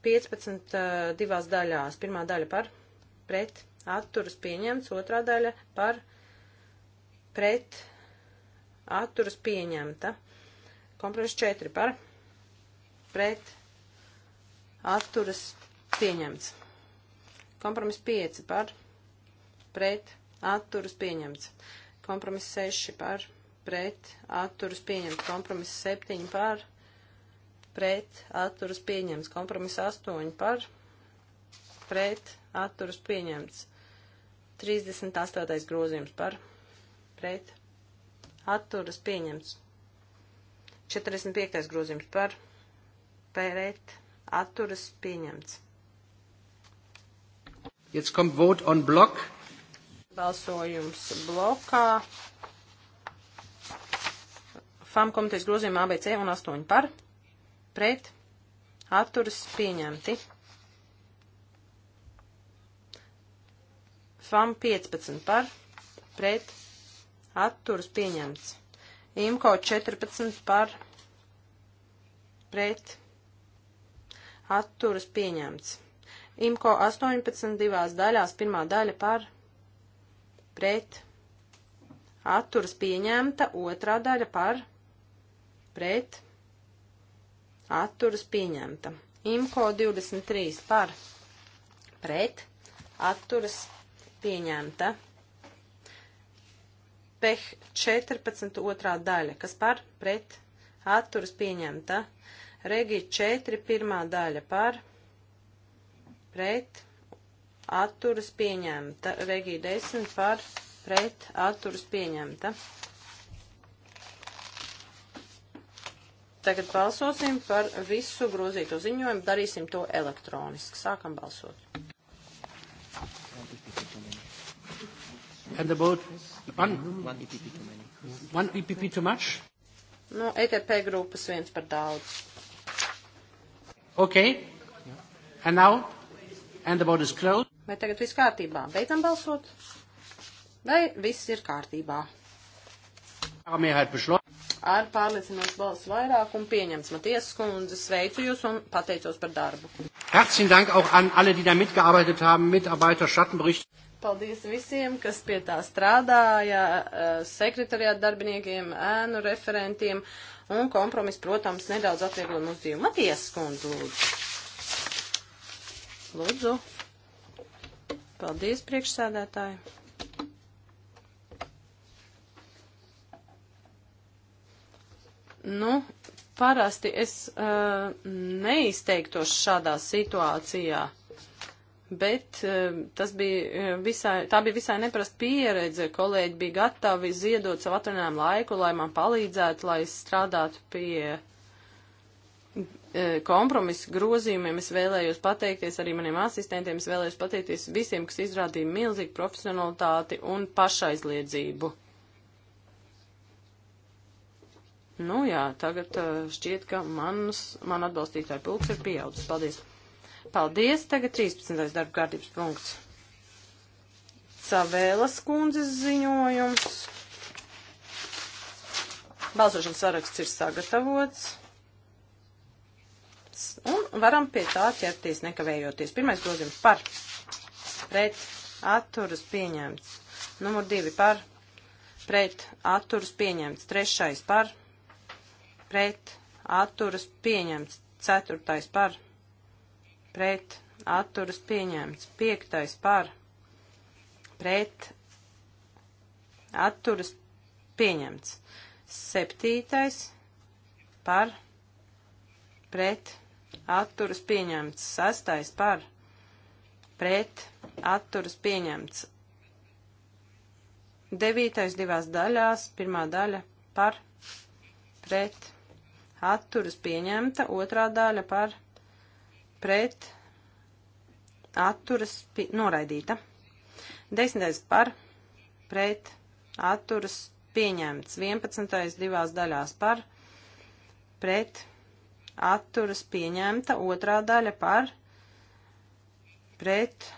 15 uh, divās daļās. Pirmā daļa par pret atturas pieņemts, otrā daļa par pret atturas pieņemta. Kompromiss 4 par pret atturas pieņemts. Kompromiss 5 par pret atturas pieņemts. Kompromiss 6 par pret atturas pieņemts. Kompromiss 7 par pret pret atturas pieņemts. Kompromiss 8 par pret atturas pieņemts. 38. grozījums par pret atturas pieņemts. 45. grozījums par pret atturas pieņemts. Jetzt kommt vote on block. Balsojums blokā. FAM komitejas grozījuma ABC un 8 par pret atturas pieņemti. FAM 15 par pret atturas pieņemts. IMCO 14 par pret atturas pieņemts. IMCO 18 divās daļās, pirmā daļa par pret atturas pieņemta, otrā daļa par pret atturas pieņemta. Imko 23 par pret atturas pieņemta. Peh 14 otrā daļa, kas par pret atturas pieņemta. Regi 4 pirmā daļa par pret atturas pieņemta. Regi 10 par pret atturas pieņemta. Tagad balsosim par visu grozīto ziņojumu. Darīsim to elektroniski. Sākam balsot. And about one, one EPP too many. One EPP too much? No, ETP grupas viens par daudz. Okay. And now? And the vote is closed. Vai tagad viss kārtībā? Beidzam balsot? Vai viss ir kārtībā? ar pārliecinošu balsu vairākumu pieņemts. Matiesas kundze, sveicu jūs un pateicos par darbu. Herzlichen Dank auch an alle, die da mitgearbeitet haben, Mitarbeiter, Schattenbericht. Paldies visiem, kas pie tā strādāja, eh, sekretariāt darbiniekiem, ēnu referentiem un kompromis, protams, nedaudz atvieglo mūsu dzīvi. Matiesas kundze, lūdzu. Lūdzu. Paldies, priekšsēdētāji. Nu, parasti es uh, neizteiktos šādā situācijā, bet uh, tas bija eh, visai, tā bija visai neprasta pieredze. Kolēģi bija gatavi ziedot savu atvinājumu laiku, lai man palīdzētu, lai es strādātu pie kompromisu grozījumiem es vēlējos pateikties arī maniem asistentiem, es vēlējos pateikties visiem, kas izrādīja milzīgu profesionalitāti un pašaizliedzību. Nu jā, tagad uh, šķiet, ka manas, man atbalstītāju pulks ir pieaudzis. Paldies! Paldies! Tagad 13. darba kārtības punkts. Cavēlas kundzes ziņojums. Balsošanas saraksts ir sagatavots. Un varam pie tā ķerties nekavējoties. Pirmais grozījums par. Pret atturas pieņemts. Numur divi par. Pret atturas pieņemts. Trešais par pret atturas pieņemts. Ceturtais par pret atturas pieņemts. Piektais par pret atturas pieņemts. Septītais par pret atturas pieņemts. Sastais par pret atturas pieņemts. Devītais divās daļās, pirmā daļa par pret pret atturas pieņemta, otrā daļa par pret atturas pie, noraidīta. Desmitais par pret atturas pieņemts. Vienpadsmitais divās daļās par pret atturas pieņemta, otrā daļa par pret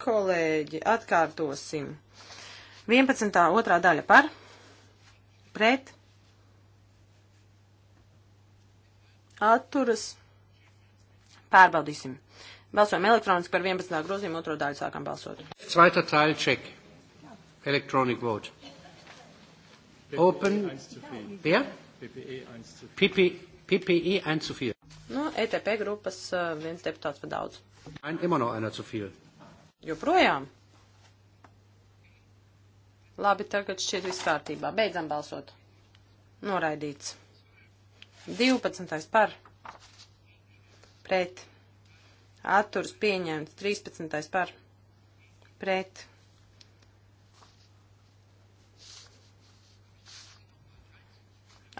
kolēģi. Atkārtosim. 11. otrā daļa par pret pret atturas pārbaudīsim. Balsojam elektroniski par 11. grozījumu, otro daļu sākam balsot. Zweiter Teil check. Electronic vote. Open. Wer? PPE 1 e zu 4. Nu, ETP grupas eh, viens deputāts par daudz. Ein, immer noch einer zu viel. Joprojām. Labi, tagad šķiet viss kārtībā. Beidzam balsot. Noraidīts. 12. par. Pret. Atturs pieņemts. 13. par. Pret.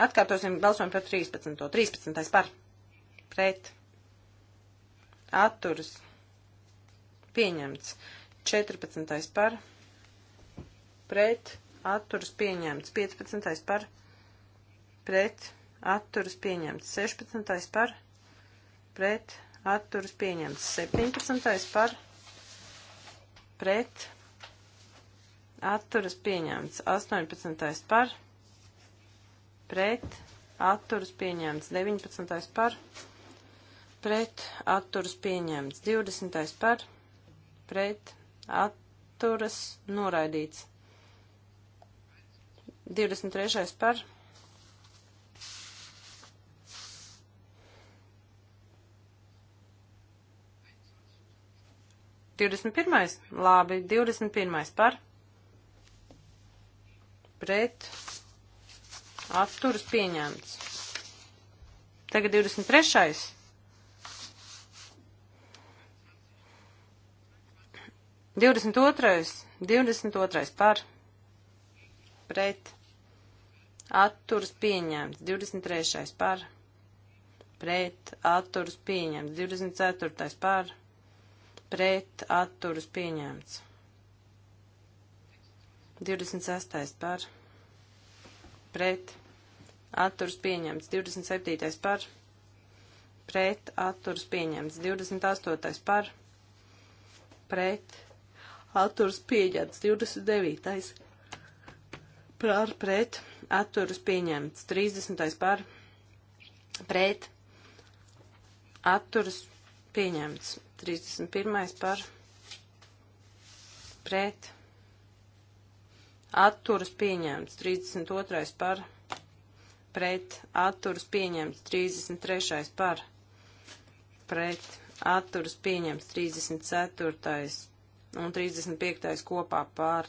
Atkārtosim balsojumu par 13. 13. par. Pret. Atturs. Pieņemts. 14. par. Pret pret atturas pieņemts. 15. par pret atturas pieņemts. 16. par pret atturas pieņemts. 17. par pret atturas pieņemts. 18. par pret atturas pieņemts. 19. par pret atturas pieņemts. 20. par pret atturas noraidīts. 23. par. Divdesmit pirmais, labi, divdesmit pirmais par, pret, atturas pieņemts. Tagad divdesmit trešais. Divdesmit otrais, divdesmit otrais par, pret, atturas pieņemts, 23. par, pret atturas pieņemts, 24. par, pret atturas pieņemts, 26. par, pret atturas pieņemts, 27. par, pret atturas pieņemts, 28. par, pret atturas pieņemts, 29 par pret atturas pieņemts. 30. par pret atturas pieņemts. 31. par pret atturas pieņemts. 32. par pret atturas pieņemts. 33. par pret atturas pieņemts. 34. un 35. kopā par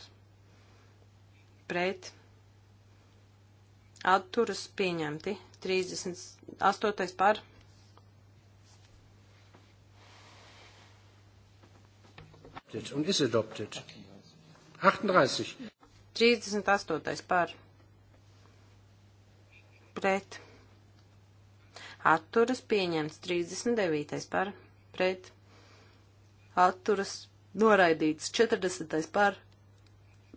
pret atturas pieņemti. 38. par un is adopted. 38. 38. par pret. Atturas pieņemts 39. par pret. Atturas noraidīts 40. par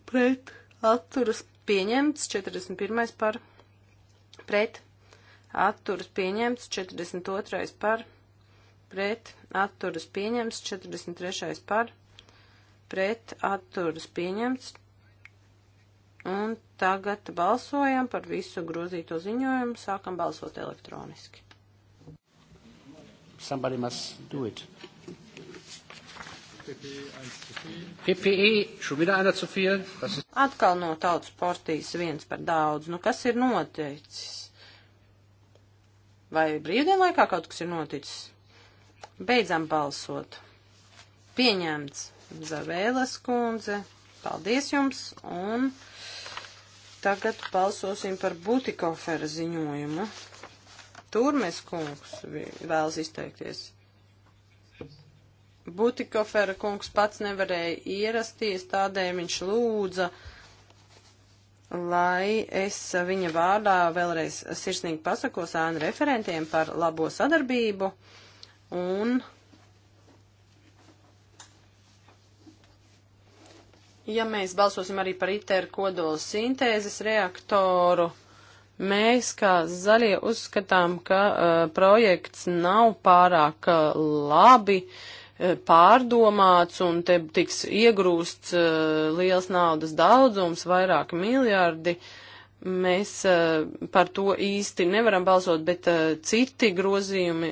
pret. Atturas pieņemts 41. par pret pret atturas pieņemts 42. par pret atturas pieņemts 43. par pret atturas pieņemts. Un tagad balsojam par visu grozīto ziņojumu, sākam balsot elektroniski. Somebody must do it. PPE, šobrīd ir zu viel. Atkal no tautas partijas viens par daudz. Nu, kas ir noticis? Vai brīvdienlaikā kaut kas ir noticis? Beidzam balsot. Pieņemts Zavēles kundze. Paldies jums un tagad balsosim par Butikofera ziņojumu. Turmes kungs vēlas izteikties. Butikofera kungs pats nevarēja ierasties, tādēļ viņš lūdza, lai es viņa vārdā vēlreiz sirsnīgi pasakos ēnu referentiem par labo sadarbību un ja mēs balsosim arī par ITER kodola sintēzes reaktoru, mēs kā zaļie uzskatām, ka uh, projekts nav pārāk uh, labi uh, E, pārdomāts un te tiks iegrūsts e, liels naudas daudzums, vairāk miljardi. Mēs e, par to īsti nevaram balsot, bet citi grozījumi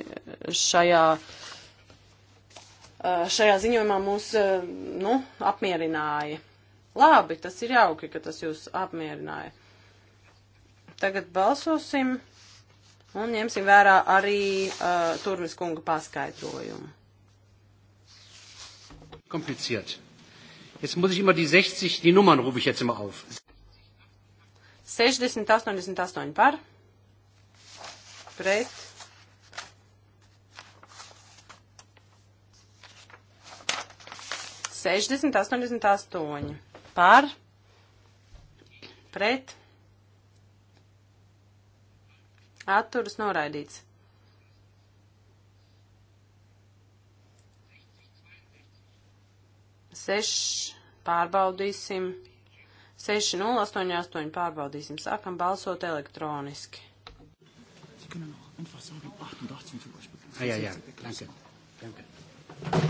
šajā šajā ziņojumā mūs nu, apmierināja. Labi, tas ir jauki, ka tas jūs apmierināja. Tagad balsosim un ņemsim vērā arī uh, Turmis kunga paskaidrojumu kompliziert. Jetzt muss ich immer die 60, die Nummern rufe ich jetzt immer auf. 60, 88 par. Pret. Sešdesmit, astoņdesmit astoņi. Par, pret, atturas noraidīts. 6 pārbaudīsim. 6088 pārbaudīsim. Sākam balsot elektroniski. Ah, jā, jā, danke. danke.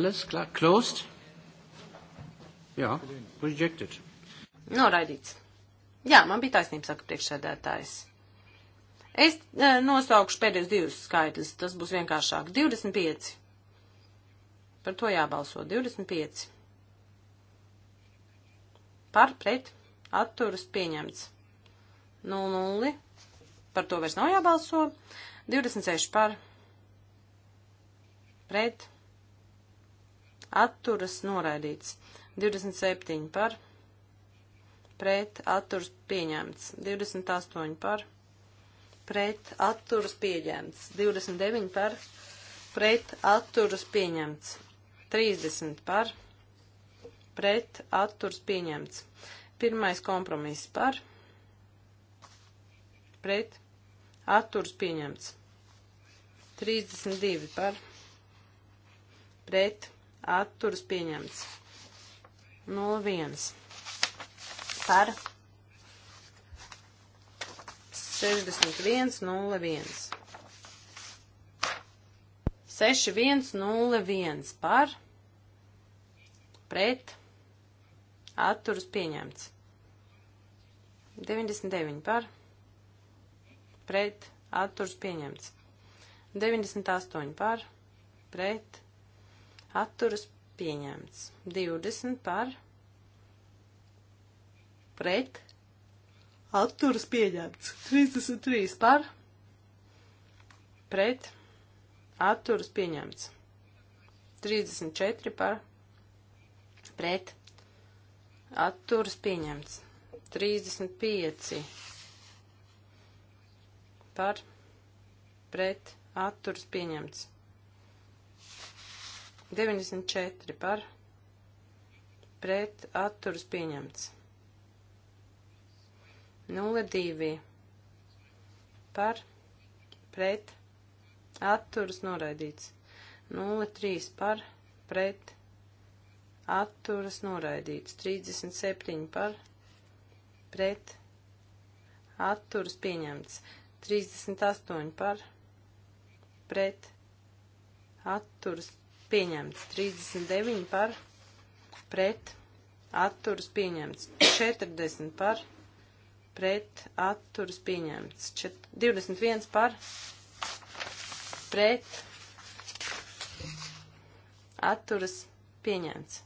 Alles klar, closed? Jā, rejected. Noraidīts. Jā, man bija taisnība, saka priekšsēdētājs. Es e, nosaukšu pēdējos divus skaitļus, tas būs vienkāršāk. 25. Par to jābalso. 25. Par, pret, atturas pieņemts. 0,0. Par to vairs nav jābalso. 26 par, pret, atturas noraidīts. 27 par, pret, atturas pieņemts. 28 par, pret, atturas pieņemts. 29 par, pret, atturas pieņemts. 30 par, pret, atturs pieņemts. Pirmais kompromiss par, pret, atturs pieņemts. 32 par, pret, atturs pieņemts. 01 par 61 01. 6101 par pret, atturas pieņemts. 99 par, pret, atturas pieņemts. 98 par, pret, atturas pieņemts. 20 par, pret, atturas pieņemts. 33 par, pret, atturas pieņemts. 34 par, pret pret atturas pieņemts. 35 par pret atturas pieņemts. 94 par pret atturas pieņemts. 02 par pret atturas noraidīts. 03 par pret atturas noraidīts. 37 par pret atturas pieņemts. 38 par pret atturas pieņemts. 39 par pret atturas pieņemts. 40 par pret atturas pieņemts. 21 par pret atturas pieņemts.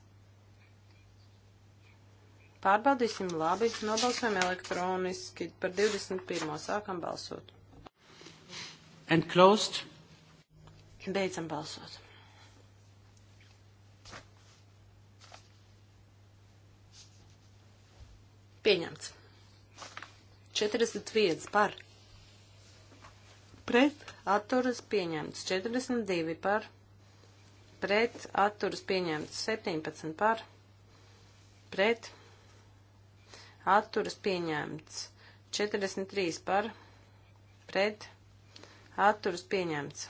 Pārbaudīsim labi, nobalsojam elektroniski par 21. sākam balsot. And closed. Beidzam balsot. Pieņemts. 41 par. Pret atturas pieņemts. 42 par. Pret atturas pieņemts. 17 par. Pret atturas pieņemts. 43 par pret atturas pieņemts.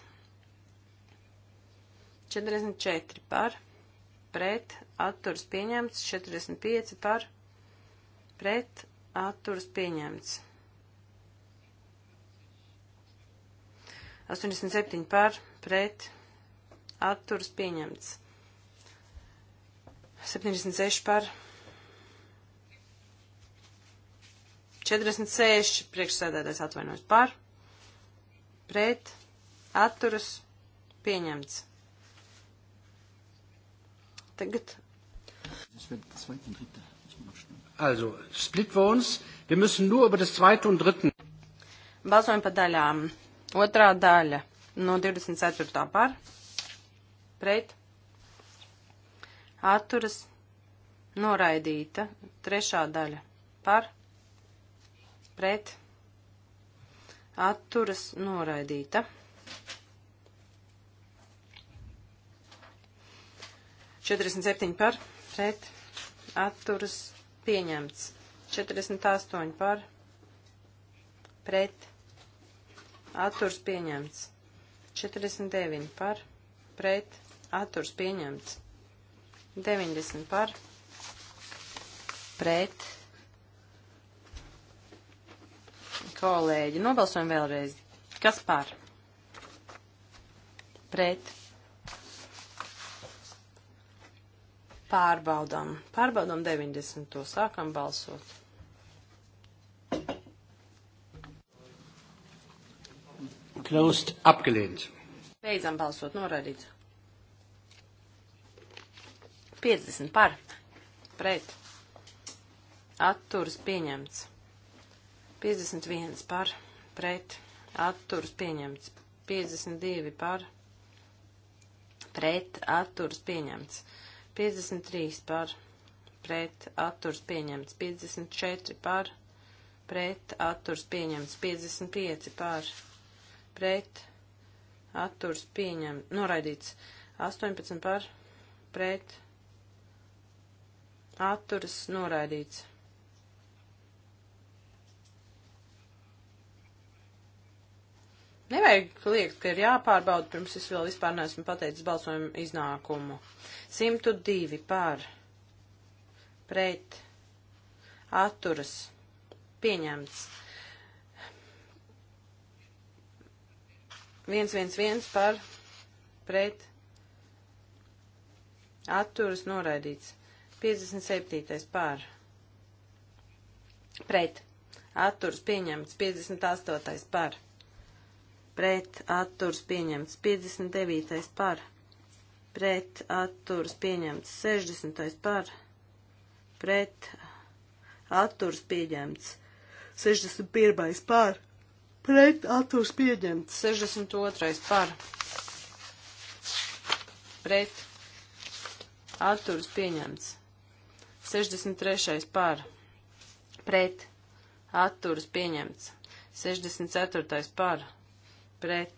44 par pret atturas pieņemts. 45 par pret atturas pieņemts. 87 par pret atturas pieņemts. 76 par pret 46 priekšsēdētājs atvainojas par, pret, atturas, pieņemts. Tagad. Also, split votes. Wir müssen nur über das zweite un dritten. Balsojam pa daļām. Otrā daļa no 24. par, pret, atturas, noraidīta. Trešā daļa par, pret atturas noraidīta. Četrdesmit septiņi par pret atturas pieņemts. 48 par pret atturs pieņemts. 49 par pret atturs pieņemts. 90 par pret Kolēģi, nobalsojam vēlreiz. Kas par? Pret. Pārbaudām. Pārbaudām 90. Sākam balsot. Closed. Apgelehnt. Beidzam balsot. Noraidīts. 50 par. Pret. Atturs pieņemts. 51 par pret atturas pieņemts. 52 par pret atturas pieņemts. 53 par pret atturas pieņemts. 54 par pret atturas pieņemts. 55 par pret atturas pieņemts. Noraidīts 18 par pret atturas noraidīts. Nevajag liekt, ka ir jāpārbauda, pirms es vēl vispār neesmu pateicis balsojumu iznākumu. 102 par pret atturas pieņemts. 111 par pret atturas noraidīts. 57. pār pret atturas pieņemts. 58. pār pret atturs pieņemts 59. par, pret atturs pieņemts 60. par, pret atturs pieņemts 61. par, pret atturs pieņemts 62. par, pret atturs pieņemts 63. par, pret atturs pieņemts 64. par, pret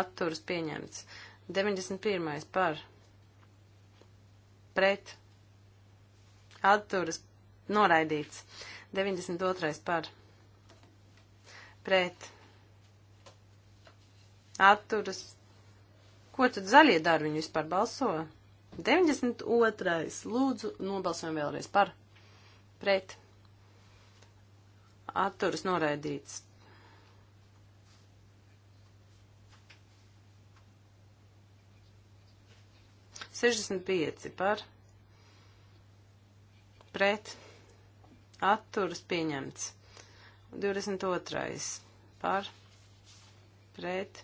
atturas pieņemts. 91. par pret atturas noraidīts. 92. par pret atturas. Ko tad zaļie dara? Viņi vispār balso? 92. Lūdzu, nobalsojam vēlreiz par pret atturas noraidīts. 65 par pret atturas pieņemts. 22 par pret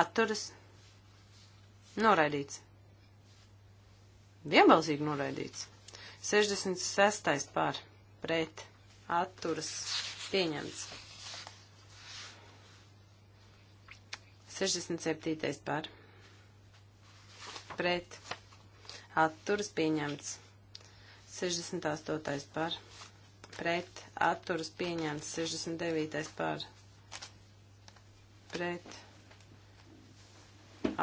atturas noraidīts. Vienbalsīgi noraidīts. 66 par pret atturas pieņemts. 67 par pret pret atturas pieņemts. 68. par pret atturas pieņemts. 69. par pret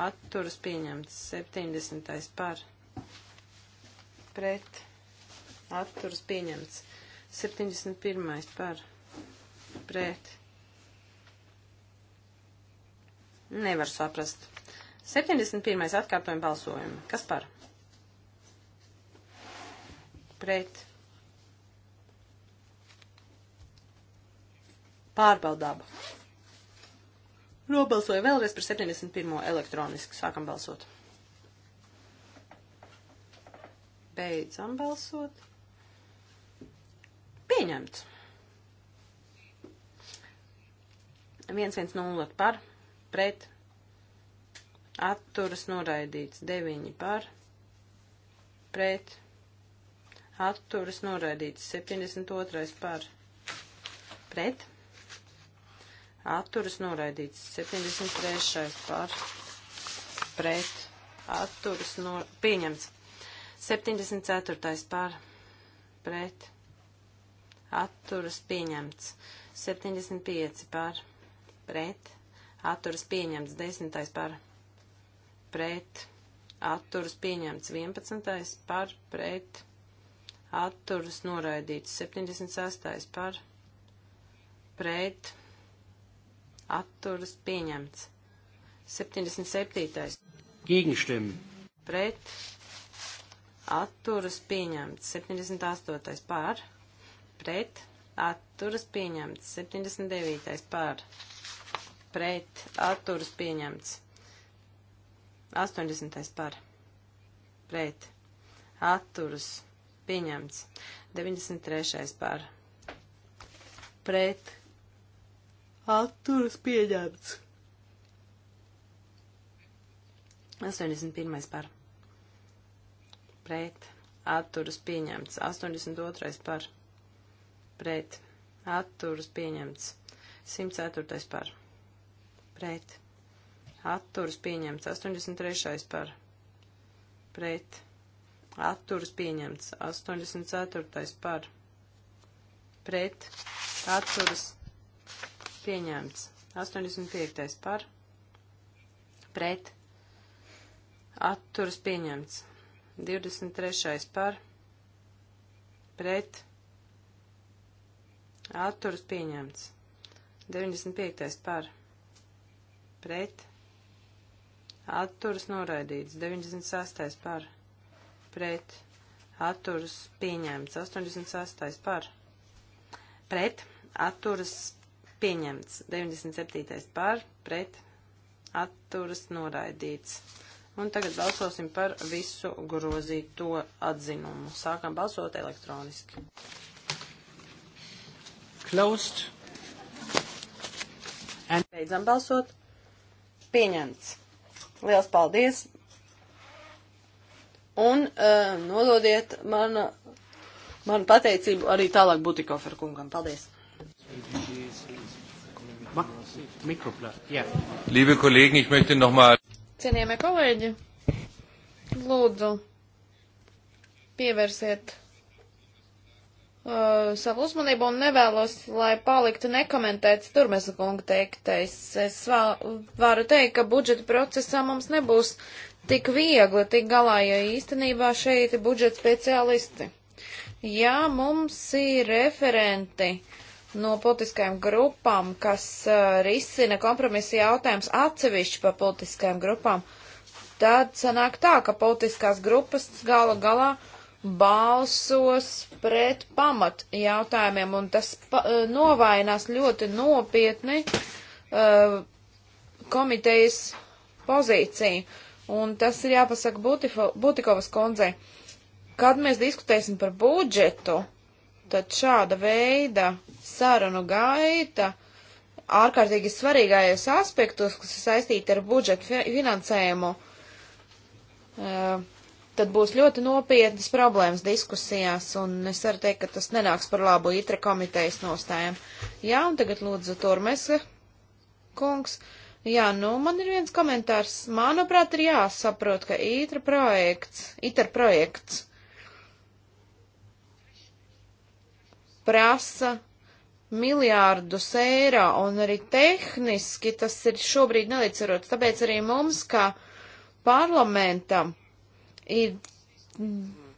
atturas pieņemts. 70. par pret atturas pieņemts. 71. par pret. Nevar saprast. 71. atkārtojam balsojumu. Kas par? Pret. Pārbaudāba. Nobalsoju vēlreiz par 71. elektroniski. Sākam balsot. Beidzam balsot. Pieņemts. 110 par, pret, atturas noraidīts 9 par, pret, atturas noraidīts 72 par, pret, atturas noraidīts 73 par, pret, atturas no, pieņemts 74 par, pret, atturas pieņemts 75 par, pret, atturas pieņemts 10 par, pret, pret atturas pieņemts 11. par pret atturas noraidīts 76. par pret atturas pieņemts 77. Gegenstimmen. Pret atturas pieņemts 78. par pret atturas pieņemts 79. par pret atturas pieņemts 80. par pret atturas pieņemts. 93. par pret atturas pieņemts. 81. par pret atturas pieņemts. 82. par pret atturas pieņemts. 104. par pret atturas pieņemts 83. par pret atturas pieņemts 84. par pret atturas pieņemts 85. par pret atturas pieņemts 23. par pret atturas pieņemts 95. par pret atturas noraidīts, 96. par, pret, atturas pieņemts, 88. par, pret, atturas pieņemts, 97. par, pret, atturas noraidīts. Un tagad balsosim par visu grozīto atzinumu. Sākam balsot elektroniski. Closed. And... Beidzam balsot. Pieņemts. Liels paldies! Un uh, nododiet man, man pateicību arī tālāk Butikofer kungam. Paldies! Liebe Kollegen, ich möchte nochmal. Cienījamie kolēģi, lūdzu, pievērsiet uh, savu uzmanību un nevēlos, lai paliktu nekomentēts Turmesa kunga teiktais. Es vēl varu teikt, ka budžeta procesā mums nebūs tik viegli tik galā, jo īstenībā šeit ir budžeta speciālisti. Jā, mums ir referenti no politiskajām grupām, kas uh, risina kompromisa jautājums atsevišķi pa politiskajām grupām, tad sanāk tā, ka politiskās grupas gala galā. galā balsos pret pamat jautājumiem, un tas pa, eh, novainās ļoti nopietni uh, komitejas pozīciju. Un tas ir jāpasaka Butifo, Butikovas kundzei. Kad mēs diskutēsim par budžetu, tad šāda veida sarunu gaita ārkārtīgi svarīgajos aspektos, kas saistīti ar budžetu finansējumu, uh, tad būs ļoti nopietnas problēmas diskusijās, un es varu teikt, ka tas nenāks par labu itra komitejas nostājiem. Jā, un tagad lūdzu Turmese kungs. Jā, nu, man ir viens komentārs. Manuprāt, ir jāsaprot, ka itra projekts, itra projekts prasa miljārdus eiro, un arī tehniski tas ir šobrīd nelīdzsvarots. Tāpēc arī mums, kā parlamentam, ir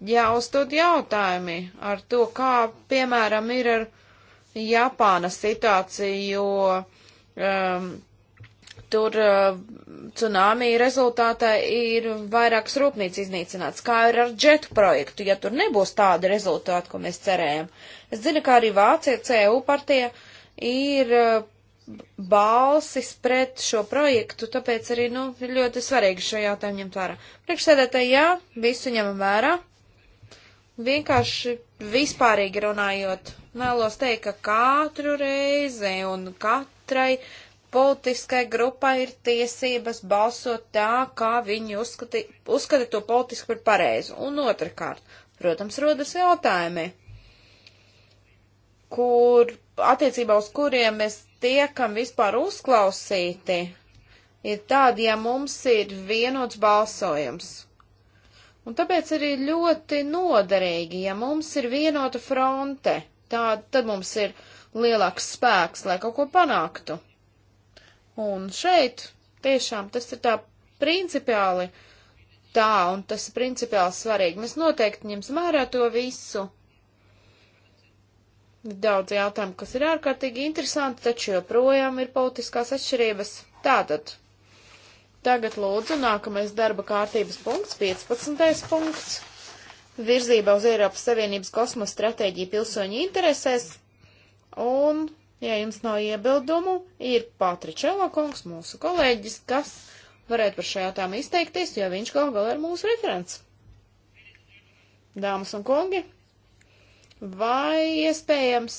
jāuzdod jautājumi ar to, kā piemēram ir ar Japānas situāciju, jo um, tur uh, cunāmī rezultātā ir vairākas rūpnīcas iznīcināts. Kā ir ar džetu projektu, ja tur nebūs tāda rezultāta, ko mēs cerējam? Es zinu, kā arī Vācija CU e partija ir uh, balsis pret šo projektu, tāpēc arī, nu, ir ļoti svarīgi šo jautājumu ņemt vērā. Priekšsēdētāji, jā, visu ņemam vērā. Vienkārši vispārīgi runājot, vēlos teikt, ka katru reizi un katrai politiskai grupai ir tiesības balsot tā, kā viņi uzskati, uzskata to politiski par pareizu. Un otrkārt, protams, rodas jautājumi, kur attiecībā uz kuriem mēs tie, kam vispār uzklausīti, ir tādi, ja mums ir vienots balsojums. Un tāpēc arī ļoti noderīgi, ja mums ir vienota fronte, tā, tad mums ir lielāks spēks, lai kaut ko panāktu. Un šeit tiešām tas ir tā principiāli tā, un tas ir principiāli svarīgi. Mēs noteikti ņems mērā to visu Daudz jautājumu, kas ir ārkārtīgi interesanti, taču joprojām ir politiskās atšķirības. Tātad, tagad lūdzu nākamais darba kārtības punkts, 15. punkts. Virzība uz Eiropas Savienības kosmosa stratēģiju pilsoņu interesēs. Un, ja jums nav iebildumu, ir Patričēlā kungs, mūsu kolēģis, kas varētu par šajā tām izteikties, jo viņš gal galā ir mūsu referents. Dāmas un kungi! vai iespējams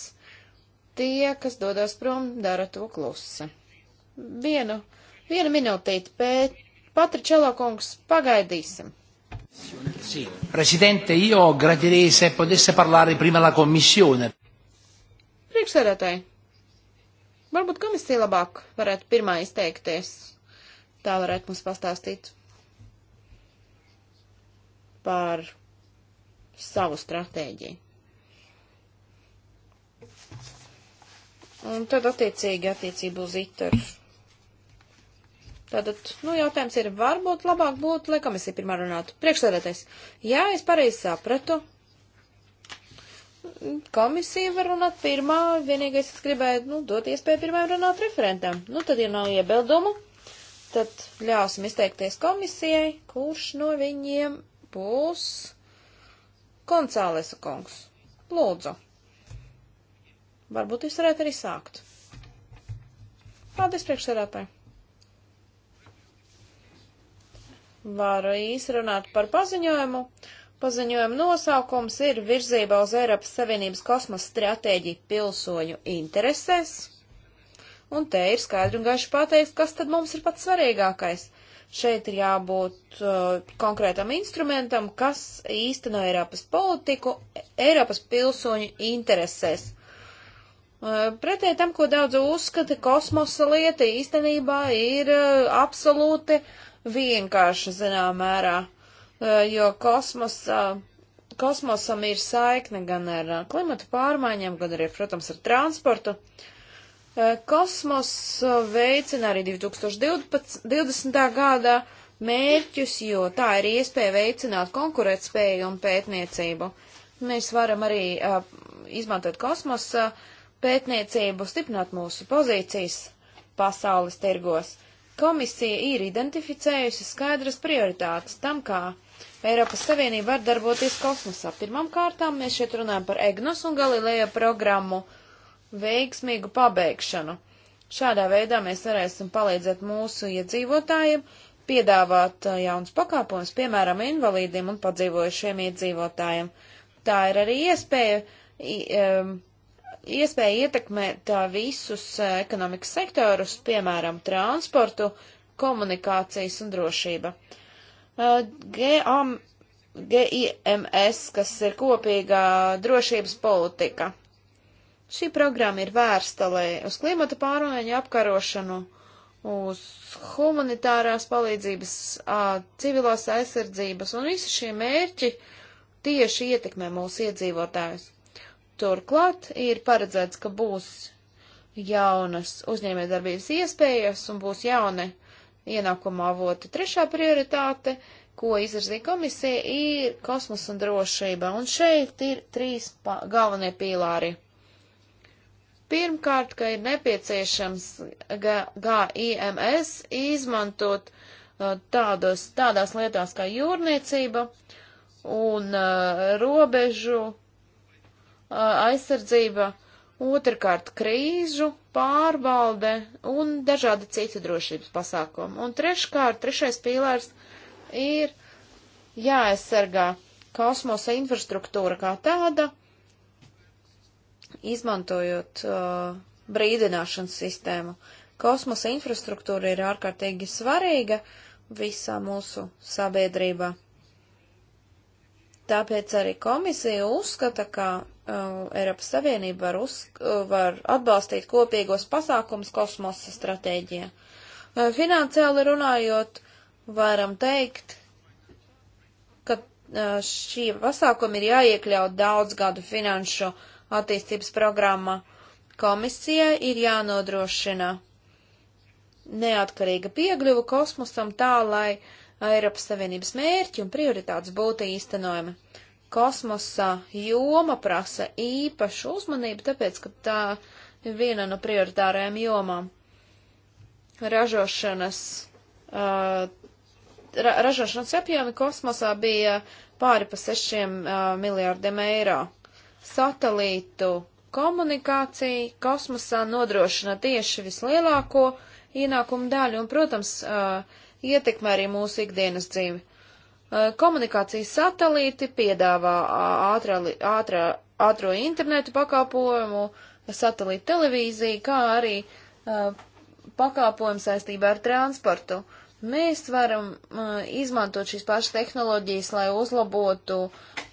tie, kas dodas prom, dara to klusi. Vienu, vienu minūtīti, bet Patričelo kungs, pagaidīsim. Sì, Presidente, io gradirei se potesse parlare prima la Commissione. Priekšsēdētāji, varbūt komisija labāk varētu pirmā izteikties. Tā varētu mums pastāstīt par savu stratēģiju. Un tad attiecīgi attiecību uz iteru. Tātad, nu, jautājums ir, varbūt labāk būtu, lai komisija pirmā runātu. Priekšsēdētais, jā, es pareizi sapratu. Komisija var runāt pirmā, vienīgais es gribēju, nu, dot iespēju pirmajam runāt referentam. Nu, tad, ja nav iebildumu, tad ļausim izteikties komisijai, kurš no viņiem būs Koncālesa kungs. Lūdzu. Varbūt jūs varētu arī sākt. Paldies priekšsēdētāji. Varu īsi runāt par paziņojumu. Paziņojuma nosaukums ir virzība uz Eiropas Savienības kosmosa stratēģiju pilsoņu interesēs. Un te ir skaidri un gaiši pateikts, kas tad mums ir pats svarīgākais. Šeit ir jābūt uh, konkrētam instrumentam, kas īsteno Eiropas politiku Eiropas pilsoņu interesēs. Eh, pretēji tam, ko daudz uzskata, kosmosa lieta īstenībā ir eh, absolūti vienkārša zināmā mērā, eh, jo kosmosa, kosmosam ir saikne gan ar klimatu pārmaiņām, gan arī, protams, ar transportu. Kosmos veicina arī 2020. gadā mērķus, jo tā ir iespēja veicināt konkurētspēju un pētniecību. Mēs varam arī uh, izmantot kosmosa uh, pētniecību, stiprināt mūsu pozīcijas pasaules tirgos. Komisija ir identificējusi skaidras prioritātes tam, kā Eiropas Savienība var darboties kosmosā. Pirmam kārtām mēs šeit runājam par EGNOS un Galilēja programmu veiksmīgu pabeigšanu. Šādā veidā mēs varēsim palīdzēt mūsu iedzīvotājiem piedāvāt uh, jauns pakāpojums, piemēram, invalīdiem un padzīvojušiem iedzīvotājiem. Tā ir arī iespēja i, um, iespēja ietekmēt uh, visus uh, ekonomikas sektorus, piemēram, transportu, komunikācijas un drošība. Uh, GIMS, kas ir kopīga drošības politika. Šī programma ir vērsta, lai uz klimata pārmaiņu apkarošanu, uz humanitārās palīdzības, civilās aizsardzības un visi šie mērķi tieši ietekmē mūsu iedzīvotājus. Turklāt ir paredzēts, ka būs jaunas uzņēmējdarbības iespējas un būs jauni ienākuma avoti. Trešā prioritāte, ko izrazīja komisija, ir kosmos un drošība. Un šeit ir trīs galvenie pīlāri. Pirmkārt, ka ir nepieciešams GIMS izmantot uh, tādos, tādās lietās kā jūrniecība un uh, robežu aizsardzība, otrkārt krīžu pārvalde un dažādi citi drošības pasākumi. Un treškārt, trešais pīlārs ir jāaizsargā kosmosa infrastruktūra kā tāda, izmantojot uh, brīdināšanas sistēmu. Kosmosa infrastruktūra ir ārkārtīgi svarīga visā mūsu sabiedrībā. Tāpēc arī komisija uzskata, ka Uh, Eiropas Savienība var, uz, uh, var atbalstīt kopīgos pasākums kosmosa stratēģijā. Uh, finansiāli runājot, varam teikt, ka uh, šī pasākuma ir jāiekļaut daudzgadu finanšu attīstības programmā. Komisija ir jānodrošina neatkarīga piegļuva kosmosam tā, lai Eiropas Savienības mērķi un prioritātes būtu īstenojami kosmosa joma prasa īpašu uzmanību, tāpēc, ka tā ir viena no prioritārajām jomām. Ražošanas, uh, ra ražošanas apjomi kosmosā bija pāri pa sešiem uh, miljārdiem eiro. Satelītu komunikācija kosmosā nodrošina tieši vislielāko ienākumu daļu un, protams, uh, ietekmē arī mūsu ikdienas dzīvi. Eh, komunikācijas satelīti piedāvā ātrā, ātrā, ātro internetu pakāpojumu, satelīta televīziju, kā arī uh, eh, pakāpojumu saistībā ar transportu. Mēs varam uh, izmantot šīs pašas tehnoloģijas, lai uzlabotu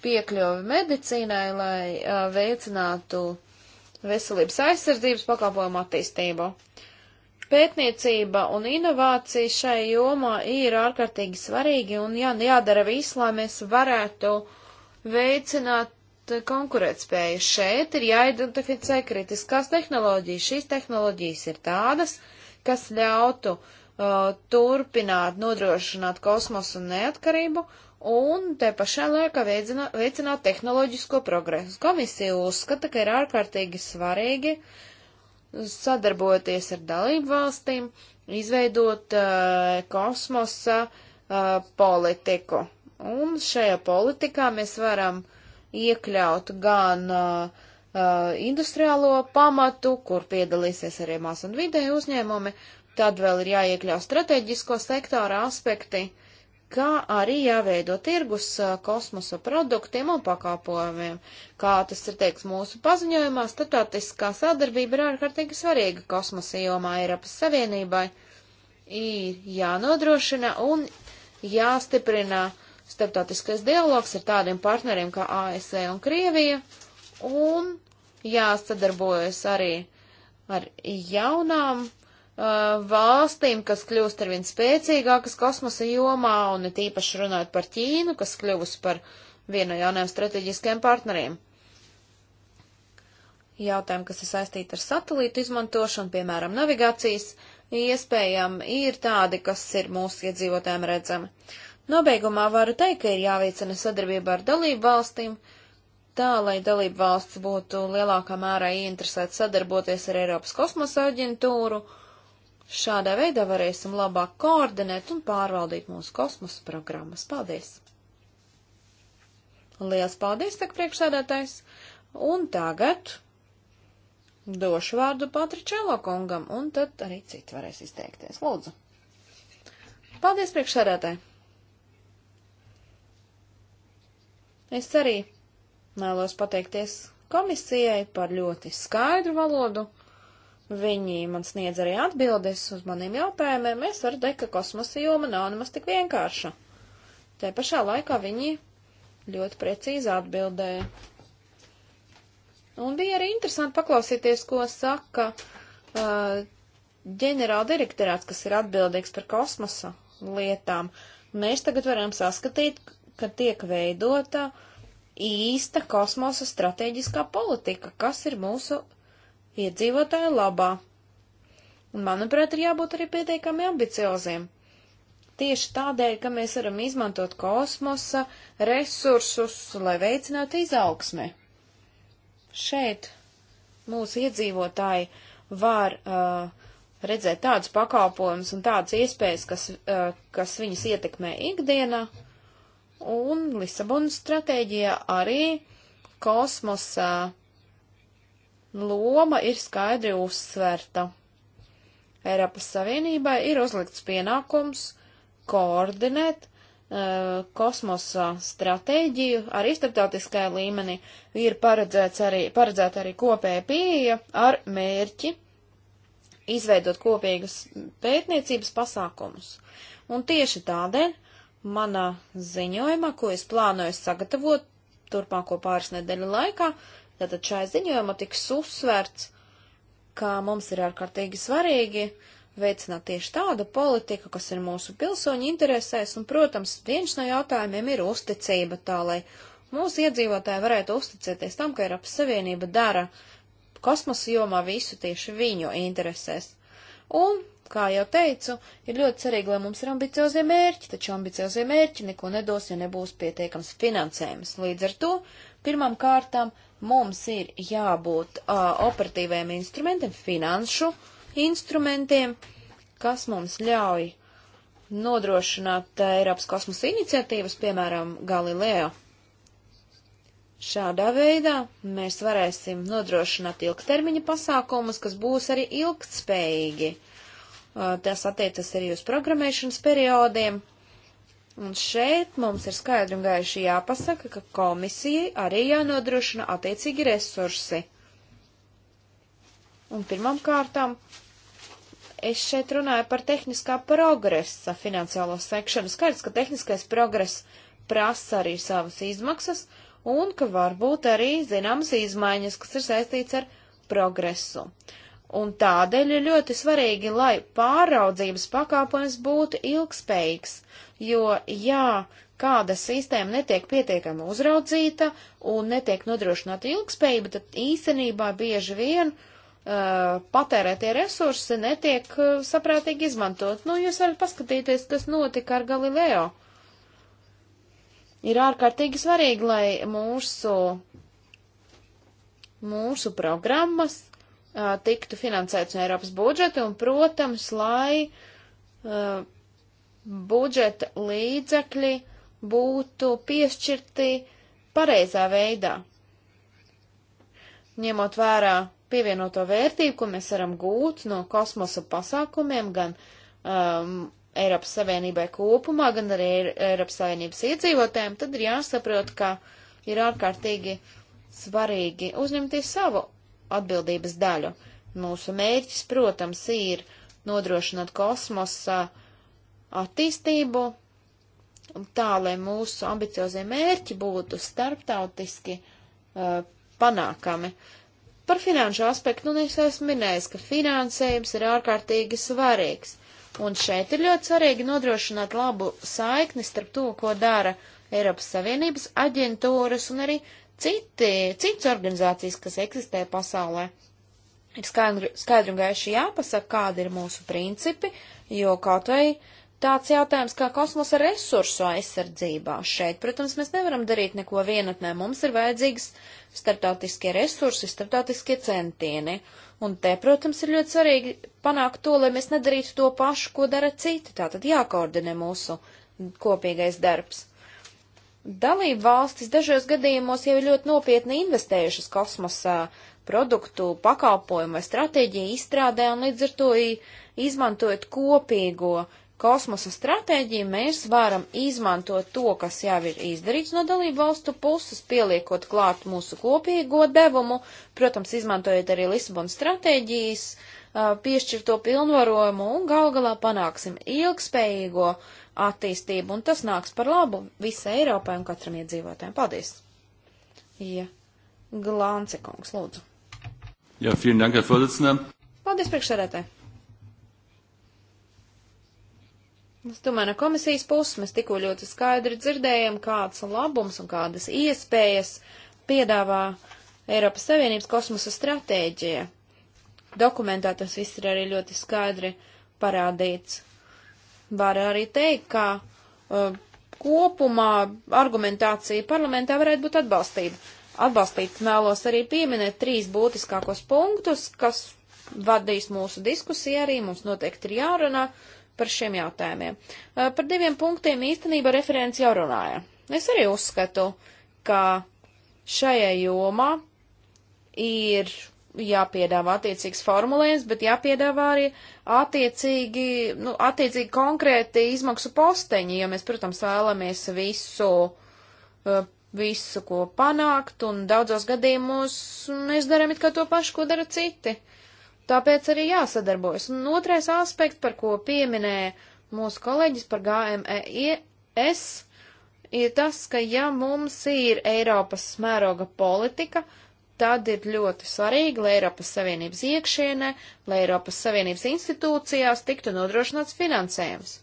piekļuvi medicīnai, lai uh, veicinātu veselības aizsardzības pakāpojumu attīstību. Uh, Pētniecība un inovācija šai jomā ir ārkārtīgi svarīgi un jā, jādara viss, lai mēs varētu veicināt konkurētspēju. Šeit ir jāidentificē kritiskās tehnoloģijas. Šīs tehnoloģijas ir tādas, kas ļautu uh, turpināt nodrošināt kosmosu neatkarību un te pašā laikā veicināt, veicināt tehnoloģisko progresu. Komisija uzskata, ka ir ārkārtīgi svarīgi uh, sadarbojoties ar dalību valstīm, izveidot uh, kosmosa uh, politiku. Un šajā politikā mēs varam iekļaut gan uh, industriālo pamatu, kur piedalīsies arī mās un vidēji uzņēmumi, tad vēl ir jāiekļaut strateģisko sektora aspekti, uh, kā arī jāveido tirgus kosmosa produktiem un pakāpojumiem. Kā tas ir teiks mūsu paziņojumā, starptautiskā sadarbība ir ārkārtīgi svarīga kosmosa jomā Eiropas Savienībai. Ir jānodrošina un jāstiprina starptautiskais dialogs ar tādiem partneriem kā ASV e un Krievija, un jāsadarbojas arī ar jaunām Uh, valstīm, kas kļūst arvien spēcīgākas kosmosa jomā, un it īpaši runājot par Ķīnu, kas kļuvusi par vienu no jaunajiem strateģiskiem partneriem. Jautājumi, kas ir saistīti ar satelītu izmantošanu, piemēram, navigācijas iespējām, ir tādi, kas ir mūsu iedzīvotājiem redzami. Nobeigumā varu teikt, ka ir jāveicina sadarbība ar dalību valstīm, tā, lai dalību valsts būtu lielākā mērā ieinteresēta sadarboties ar Eiropas kosmosa aģentūru, uh, Šādā veidā varēsim labāk koordinēt un pārvaldīt mūsu kosmosa programmas. Paldies! Lielas paldies, tak priekšsēdētājs! Un tagad došu vārdu Patričēlo kungam, un tad arī citi varēs izteikties. Lūdzu! Paldies, priekšsēdētāji! Es arī vēlos pateikties komisijai par ļoti skaidru valodu Viņi man sniedz arī atbildes uz maniem jautājumiem. Es varu teikt, ka kosmosa joma nav nemaz tik vienkārša. Te pašā laikā viņi ļoti precīzi atbildēja. Un bija arī interesanti paklausīties, ko saka uh, ģenerāldirektorāts, kas ir atbildīgs par kosmosa lietām. Mēs tagad varam saskatīt, ka tiek veidota īsta kosmosa stratēģiskā politika, kas ir mūsu iedzīvotāju labā. Un, manuprāt, ir jābūt arī pietiekami ambicioziem. Tieši tādēļ, ka mēs varam izmantot kosmosa resursus, lai veicinātu izaugsmi. Šeit mūsu iedzīvotāji var uh, redzēt tādus pakalpojumus un tādas iespējas, kas, uh, kas viņus ietekmē ikdienā. Un Lisabonas stratēģijā arī kosmosa uh, loma ir skaidri uzsverta. Eiropas Savienībai ir uzlikts pienākums koordinēt uh, kosmosa stratēģiju arī starptautiskajā līmenī. Ir paredzēts arī, paredzēta arī kopēja pieeja ar mērķi izveidot kopīgus pētniecības pasākumus. Un tieši tādēļ manā ziņojumā, ko es plānoju sagatavot turpmāko pāris nedēļu laikā, Tātad šai ziņojumā tiks uzsverts, ka mums ir ārkārtīgi svarīgi veicināt tieši tādu politiku, kas ir mūsu pilsoņu interesēs, un, protams, viens no jautājumiem ir uzticība tā, lai mūsu iedzīvotāji varētu uzticēties tam, ka Eiropas Savienība dara kosmosa jomā visu tieši viņu interesēs. Un, kā jau teicu, ir ļoti cerīgi, lai mums ir ambiciozie mērķi, taču ambiciozie mērķi neko nedos, ja nebūs pietiekams finansējums. Līdz ar to, pirmām kārtām, mums ir jābūt uh, operatīviem instrumentiem, finanšu instrumentiem, kas mums ļauj nodrošināt uh, Eiropas kosmosa iniciatīvas, piemēram, Galileo. Šādā veidā mēs varēsim nodrošināt ilgtermiņa pasākumus, kas būs arī ilgtspējīgi. Tas attiecas arī uz programmēšanas periodiem, Un šeit mums ir skaidri un gaiši jāpasaka, ka komisijai arī jānodrošina attiecīgi resursi. Un pirmam kārtām es šeit runāju par tehniskā progresa finansiālo sekšanu. Skaidrs, ka tehniskais progress prasa arī savas izmaksas un ka varbūt arī zināmas izmaiņas, kas ir saistīts ar progresu. Un tādēļ ir ļoti svarīgi, lai pāraudzības pakāpojums būtu ilgspējīgs jo, jā, kāda sistēma netiek pietiekami uzraudzīta un netiek nodrošināta ilgspējība, tad īstenībā bieži vien uh, patērētie resursi netiek uh, saprātīgi izmantot. Nu, jūs varat paskatīties, kas notika ar Galileo. Ir ārkārtīgi svarīgi, lai mūsu, mūsu programmas uh, tiktu finansētas no Eiropas budžeta un, protams, lai uh, budžeta līdzekļi būtu piešķirti pareizā veidā, ņemot vērā pievienoto vērtību, ko mēs varam gūt no kosmosa pasākumiem gan um, Eiropas Savienībai kopumā, gan arī Eiropas Savienības iedzīvotājiem, tad ir jāsaprot, ka ir ārkārtīgi svarīgi uzņemties savu atbildības daļu. Mūsu mērķis, protams, ir nodrošināt kosmosa attīstību, tā lai mūsu ambiciozie mērķi būtu starptautiski uh, panākami. Par finanšu aspektu, nu, es esmu minējis, ka finansējums ir ārkārtīgi svarīgs. Un šeit ir ļoti svarīgi nodrošināt labu saikni starp to, ko dara Eiropas Savienības aģentūras un arī citi, citas organizācijas, kas eksistē pasaulē. Ir skaidri, skaidri un gaiši jāpasaka, kādi ir mūsu principi, jo kaut vai uh, tāds jautājums kā kosmosa resursu aizsardzībā. Šeit, protams, mēs nevaram darīt neko vienatnē. Mums ir vajadzīgs starptautiskie resursi, starptautiskie centieni. Un te, protams, ir ļoti svarīgi panākt to, lai mēs nedarītu to pašu, ko dara citi. Tātad jākoordinē mūsu kopīgais darbs. Dalību valstis dažos gadījumos jau ir ļoti nopietni investējušas kosmosā produktu, pakalpojumu vai stratēģiju izstrādē un līdz ar to izmantojot kopīgo kosmosa stratēģiju, mēs varam izmantot to, kas jau ir izdarīts no dalību valstu puses, pieliekot klāt mūsu kopīgo devumu, protams, izmantojot arī Lisabonas stratēģijas piešķirto pilnvarojumu un gal galā panāksim ilgspējīgo attīstību, un tas nāks par labu visai Eiropai un katram iedzīvotājiem. Paldies! Ja. Glānce kungs, lūdzu. Jā, ja, vielen dank, Herr Vorsitzender. Paldies, priekšsēdētāji. Es domāju, no komisijas puses mēs tikko ļoti skaidri dzirdējam, kāds labums un kādas iespējas piedāvā Eiropas Savienības kosmosa stratēģija. Dokumentā tas viss ir arī ļoti skaidri parādīts. Var arī teikt, ka uh, kopumā argumentācija parlamentā varētu būt atbalstīta. Atbalstīt mēlos arī pieminēt trīs būtiskākos punktus, kas vadīs mūsu diskusiju arī, mums noteikti ir jārunā. Uh, par šiem jautājumiem. Par diviem punktiem īstenībā referents jau runāja. Es arī uzskatu, ka šajā jomā ir jāpiedāvā attiecīgs formulējums, bet jāpiedāvā arī attiecīgi, nu, attiecīgi konkrēti izmaksu posteņi, jo mēs, protams, vēlamies visu, visu, ko panākt, un daudzos gadījumos mēs darām it kā to pašu, ko dara citi. Uh, Tāpēc arī jāsadarbojas. Un otrais aspekts, par ko pieminēja mūsu kolēģis par GMES, ir tas, ka ja mums ir Eiropas mēroga politika, tad ir ļoti svarīgi, lai Eiropas Savienības iekšienē, lai Eiropas Savienības institūcijās tiktu nodrošināts finansējums.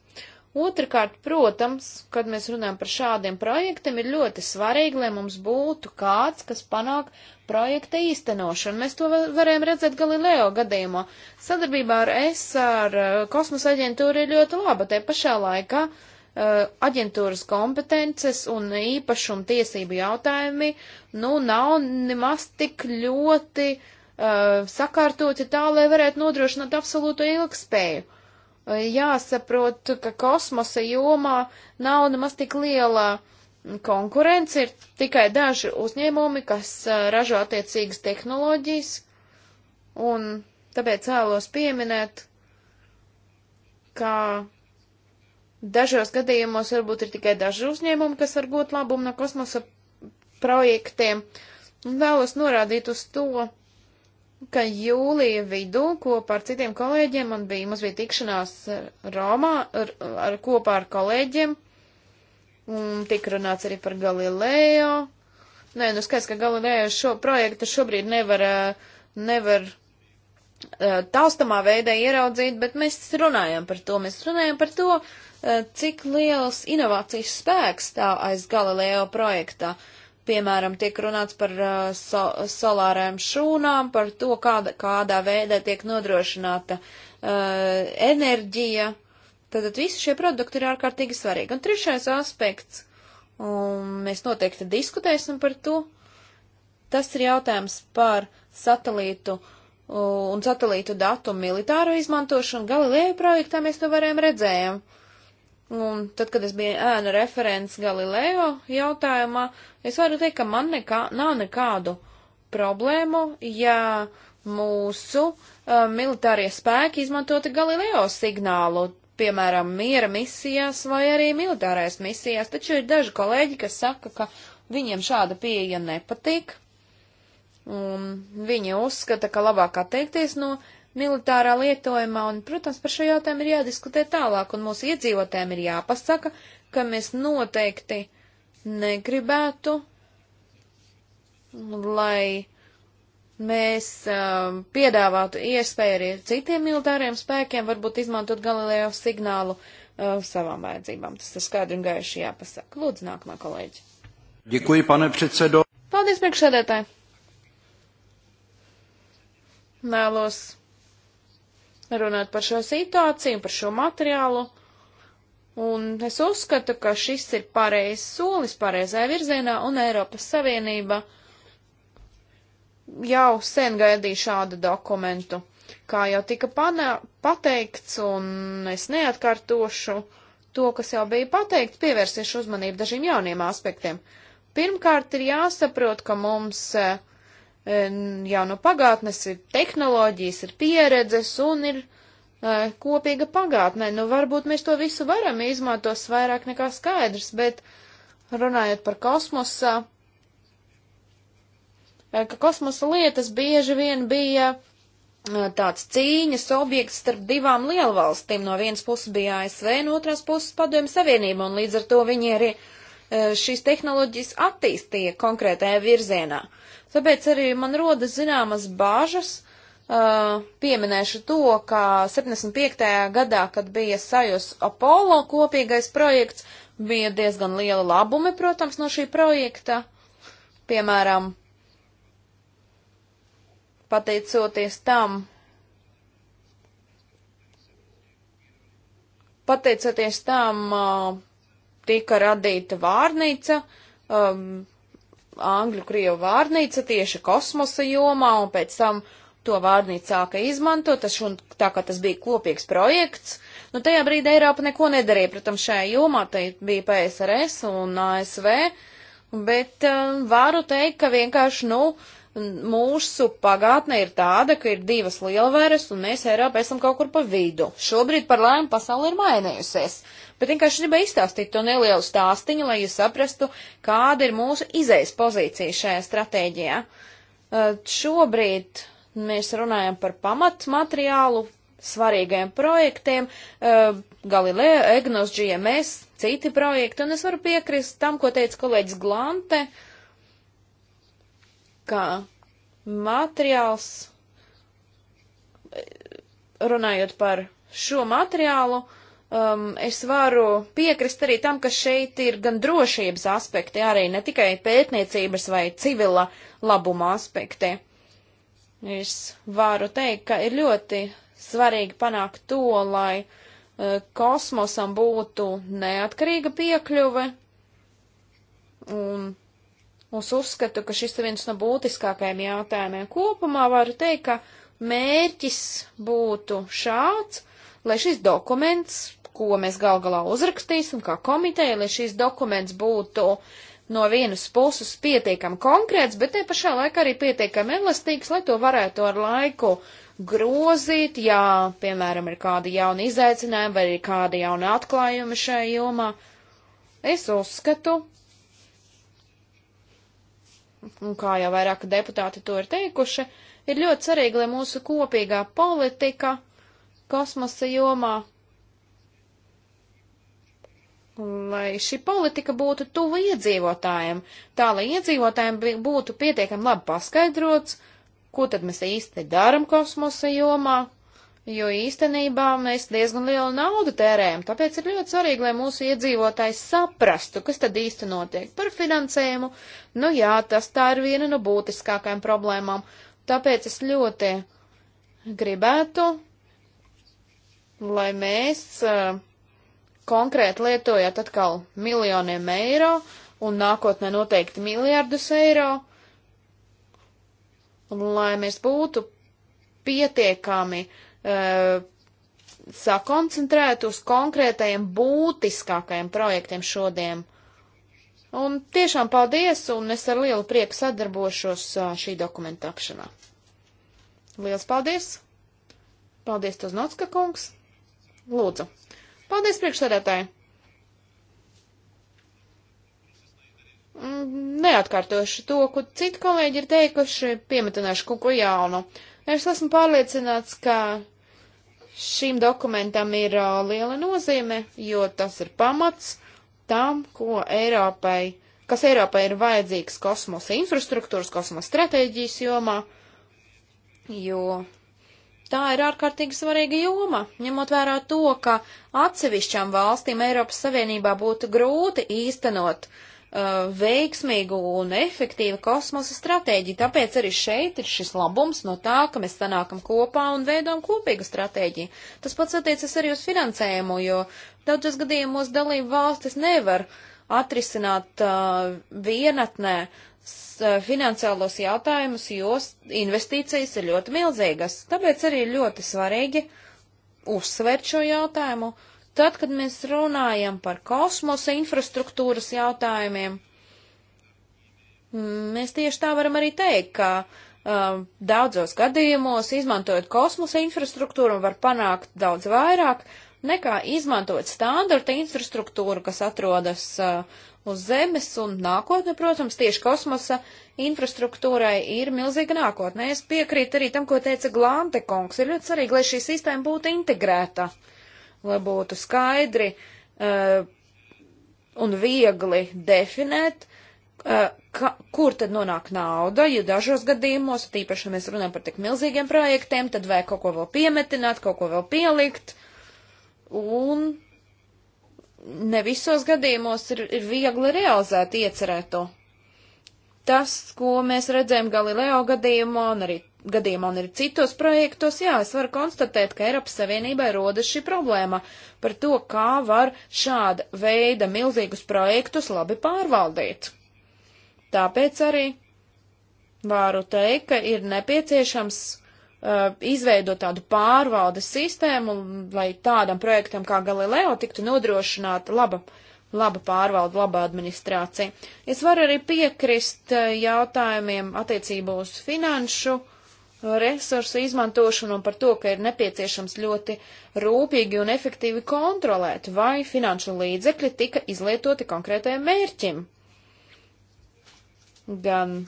Otrakārt, protams, kad mēs runājam par šādiem projektiem, ir ļoti svarīgi, lai mums būtu kāds, kas panāk projekta īstenošanu. Mēs to varējām redzēt Galileo gadījumā. Sadarbībā ar es, ar uh, kosmosa aģentūru ir ļoti laba. Te pašā laikā uh, aģentūras kompetences un īpašuma tiesību jautājumi, nu, nav nemaz tik ļoti uh, sakārtoti tā, lai varētu nodrošināt absolūto ilgspēju jāsaprot, ka kosmosa jomā nav nemaz tik lielā konkurence, ir tikai daži uzņēmumi, kas ražo attiecīgas tehnoloģijas, un tāpēc vēlos pieminēt, ka dažos gadījumos varbūt ir tikai daži uzņēmumi, kas var būt labumi no kosmosa projektiem, un vēlos norādīt uz to, ka jūlija vidū kopā ar citiem kolēģiem man bija, mums bija tikšanās Romā ar, ar kopā ar kolēģiem. Un tik runāts arī par Galileo. Nē, nu skaidrs, ka Galileo šo projektu šobrīd nevar, nevar taustamā veidā ieraudzīt, bet mēs runājam par to. Mēs runājam par to, cik liels inovācijas spēks stāv aiz Galileo projektā. Uh, Piemēram, tiek runāts par uh, so, solārēm šūnām, par to, kāda, kādā veidā tiek nodrošināta uh, enerģija. Tātad visi šie produkti ir ārkārtīgi svarīgi. Un trešais aspekts, un mēs noteikti diskutēsim par to, tas ir jautājums par satelītu uh, un satelītu datu militāro izmantošanu. Galilēju projektā mēs to varējām redzējām. Uh, Un tad, kad es biju ēna referents Galileo jautājumā, es varu teikt, ka man nekā, nav nekādu problēmu, ja mūsu uh, militārie spēki izmantoti Galileo signālu, piemēram, miera misijās vai arī militārais misijās, taču ir daži kolēģi, kas saka, ka viņiem šāda pieeja nepatīk, un viņi uzskata, ka labāk atteikties no militārā lietojumā, un, protams, par šo jautājumu ir jādiskutē tālāk, un mūsu iedzīvotājiem ir jāpasaka, ka mēs noteikti negribētu, lai mēs um, piedāvātu iespēju arī citiem militāriem spēkiem varbūt izmantot Galileo signālu uh, savām vajadzībām. Tas ir skaidri un gaiši jāpasaka. Lūdzu, nākamā kolēģi. Děkuji, pane předsedo. Paldies, priekšsēdētāji. Mēlos runāt par šo situāciju, par šo materiālu. Un es uzskatu, ka šis ir pareizs solis pareizajā virzienā, un Eiropas Savienība jau sen gaidīja šādu dokumentu. Kā jau tika panā, pateikts, un es neatkārtošu to, kas jau bija pateikts, pievērsiešu uzmanību dažiem jauniem aspektiem. Pirmkārt, ir jāsaprot, ka mums uh, jau no pagātnes ir tehnoloģijas, ir pieredzes un ir uh, kopīga pagātnē. Nu, varbūt mēs to visu varam izmantos vairāk nekā skaidrs, bet runājot par kosmosā, e, ka kosmosa lietas bieži vien bija uh, tāds cīņas objekts starp divām lielvalstīm. No vienas puses bija ASV, no otras puses padomju savienība, un līdz ar to viņi arī uh, šīs tehnoloģijas attīstīja konkrētajā virzienā. Uh, Tāpēc arī man rodas zināmas bāžas. Uh, pieminēšu to, ka 75. gadā, kad bija Sajus Apollo kopīgais projekts, bija diezgan liela labumi, protams, no šī projekta. Piemēram, pateicoties tam, pateicoties tam, uh, tika radīta vārnīca, um, angļu krievu vārnīca tieši kosmosa jomā, un pēc tam to vārnīcu sāka izmantot, tas un tā kā tas bija kopīgs projekts, nu tajā brīdī Eiropa neko nedarīja, protams, šajā jomā tai bija PSRS un ASV, bet um, varu teikt, ka vienkārši, nu, mūsu pagātne ir tāda, ka ir divas lielvaras, un mēs Eiropā esam kaut kur pa vidu. Šobrīd par lēmu pasauli ir mainījusies. Uh, bet vienkārši gribēju izstāstīt to nelielu stāstiņu, lai jūs saprastu, kāda ir mūsu izējas pozīcija šajā stratēģijā. Uh, šobrīd mēs runājam par pamatmateriālu, svarīgiem projektiem, uh, Galileo, Egnos, GMS, citi projekti, un es varu piekrist tam, ko teica kolēģis Glante, ka materiāls, eh, runājot par šo materiālu, uh, um, es varu piekrist arī tam, ka šeit ir gan drošības aspekti, arī ne tikai pētniecības vai civila labuma aspekti. Es varu teikt, ka ir ļoti svarīgi panākt to, lai uh, kosmosam būtu neatkarīga piekļuve, un es uzskatu, ka šis ir viens no būtiskākajiem jautājumiem. Kopumā varu teikt, ka mērķis būtu šāds, lai šis dokuments ko mēs gal galā uzrakstīsim kā komiteja, lai šīs dokuments būtu no vienas puses pietiekami konkrēts, bet te pašā laikā arī pietiekami elastīgs, lai to varētu ar laiku grozīt, ja, piemēram, ir kādi jauni izaicinājumi vai ir kādi jauni atklājumi šajā jomā. Es uzskatu, un kā jau vairāki deputāti to ir teikuši, ir ļoti svarīgi, lai mūsu kopīgā politika kosmosa jomā lai šī politika būtu tuvu iedzīvotājiem, tā lai iedzīvotājiem būtu pietiekami labi paskaidrots, ko tad mēs īsti darām kosmosa jomā, jo īstenībā mēs diezgan lielu naudu tērējam, tāpēc ir ļoti svarīgi, lai mūsu iedzīvotāji saprastu, kas tad īsti notiek par finansējumu. Nu jā, tas tā ir viena no būtiskākajām problēmām, tāpēc es ļoti gribētu, lai mēs uh, konkrēti lietojat atkal miljoniem eiro un nākotnē noteikti miljardus eiro. Un lai mēs būtu pietiekami uh, sakoncentrēti uz konkrētajiem būtiskākajiem projektiem šodien. Un tiešām paldies, un es ar lielu prieku sadarbošos uh, šī dokumenta tapšanā. Liels paldies! Paldies, Toznotska kungs! Lūdzu! Paldies, priekšsēdētāji! Mm, neatkārtošu to, ko citi kolēģi ir teikuši, piemetināšu kaut ko jaunu. Es esmu pārliecināts, ka šīm dokumentam ir uh, liela nozīme, jo tas ir pamats tam, ko Eiropai, kas Eiropai ir vajadzīgs kosmosa infrastruktūras, kosmosa stratēģijas jomā, jo Tā ir ārkārtīgi svarīga joma, ņemot vērā to, ka atsevišķām valstīm Eiropas Savienībā būtu grūti īstenot uh, veiksmīgu un efektīvu kosmosa stratēģiju. Tāpēc arī šeit ir šis labums no tā, ka mēs sanākam kopā un veidojam kopīgu stratēģiju. Tas pats attiecas arī uz finansējumu, jo daudzas gadījumos dalību valstis nevar atrisināt uh, vienatnē Eh, finansiālos jautājumus, jo investīcijas ir ļoti milzīgas. Tāpēc arī ir ļoti svarīgi uzsvērt šo jautājumu. Tad, kad mēs runājam par kosmosa infrastruktūras jautājumiem, mēs tieši tā varam arī teikt, ka um, daudzos gadījumos, izmantojot kosmosa infrastruktūru, var panākt daudz vairāk nekā izmantot standarta infrastruktūru, kas atrodas uh, uz Zemes, un nākotne, protams, tieši kosmosa infrastruktūrai ir milzīga nākotne. Es piekrītu arī tam, ko teica Glante kungs. Ir ļoti svarīgi, lai šī sistēma būtu integrēta, lai būtu skaidri uh, un viegli definēt, uh, ka, kur tad nonāk nauda, jo dažos gadījumos, tīpaši, ja mēs runājam par tik milzīgiem projektiem, tad vajag kaut ko vēl piemetināt, kaut ko vēl pielikt. Un ne visos gadījumos ir, ir viegli realizēt iecerēto. Tas, ko mēs redzējām Galileo gadījumā un arī gadījumā un arī citos projektos, jā, es varu konstatēt, ka Eiropas Savienībai rodas šī problēma par to, kā var šāda veida milzīgus projektus labi pārvaldīt. Tāpēc arī varu teikt, ka ir nepieciešams Uh, izveidot tādu pārvaldes sistēmu, lai tādam projektam kā Galileo tiktu nodrošināta laba, laba pārvalda, laba administrācija. Es varu arī piekrist uh, jautājumiem attiecībā uz finanšu uh, resursu izmantošanu un par to, ka ir nepieciešams ļoti rūpīgi un efektīvi kontrolēt, vai finanšu līdzekļi tika izlietoti konkrētajam mērķim. Gan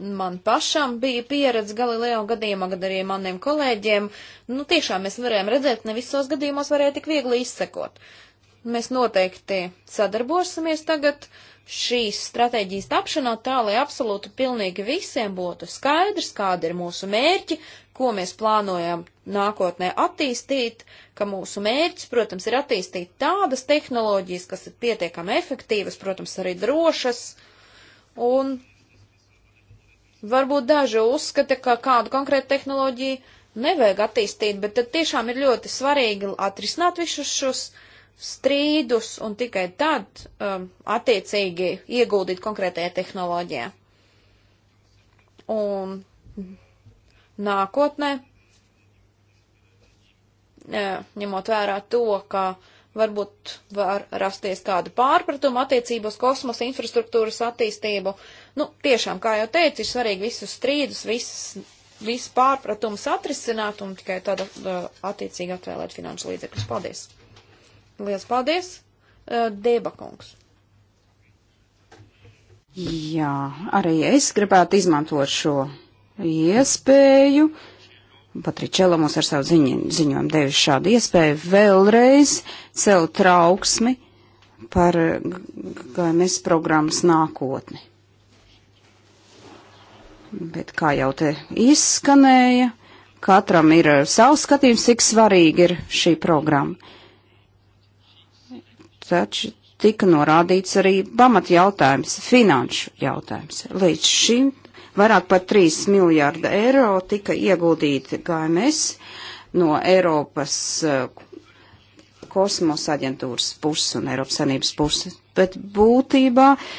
man pašam bija pieredze Galileo gadījumā, gan arī maniem kolēģiem. Nu, tiešām mēs varējām redzēt, ne visos gadījumos varēja tik viegli izsekot. Mēs noteikti sadarbosimies tagad šīs stratēģijas tapšanā tā, lai absolūti pilnīgi visiem būtu skaidrs, kāda ir mūsu mērķi, ko mēs plānojam nākotnē attīstīt, ka mūsu mērķis, protams, ir attīstīt tādas tehnoloģijas, kas ir pietiekami efektīvas, protams, arī drošas, un Varbūt daži uzskata, ka kādu konkrētu tehnoloģiju nevajag attīstīt, bet tad tiešām ir ļoti svarīgi atrisināt visus šos strīdus un tikai tad um, attiecīgi ieguldīt konkrētajā tehnoloģijā. Un nākotnē, uh, ņemot vērā to, ka varbūt var rasties kādu pārpratumu attiecībos kosmosa infrastruktūras attīstību, uh, Nu, tiešām, kā jau teicu, ir svarīgi visus strīdus, visas, visus pārpratumus atrisināt un tikai tad uh, attiecīgi atvēlēt finanšu līdzekļus. Paldies! Lielas paldies! Uh, Deba kungs! Jā, arī es gribētu izmantot šo iespēju. Patričela mums ar savu ziņu, ziņojumu devis šādu iespēju vēlreiz celt trauksmi par GMS programmas nākotni. Bet kā jau te izskanēja, katram ir eh, savs skatījums, cik svarīgi ir šī programma. Taču tika norādīts arī pamat jautājums, finanšu jautājums. Līdz šim vairāk par 3 miljārda eiro tika ieguldīti GMS no Eiropas eh, kosmosa aģentūras puses un Eiropas sanības puses. Bet būtībā uh,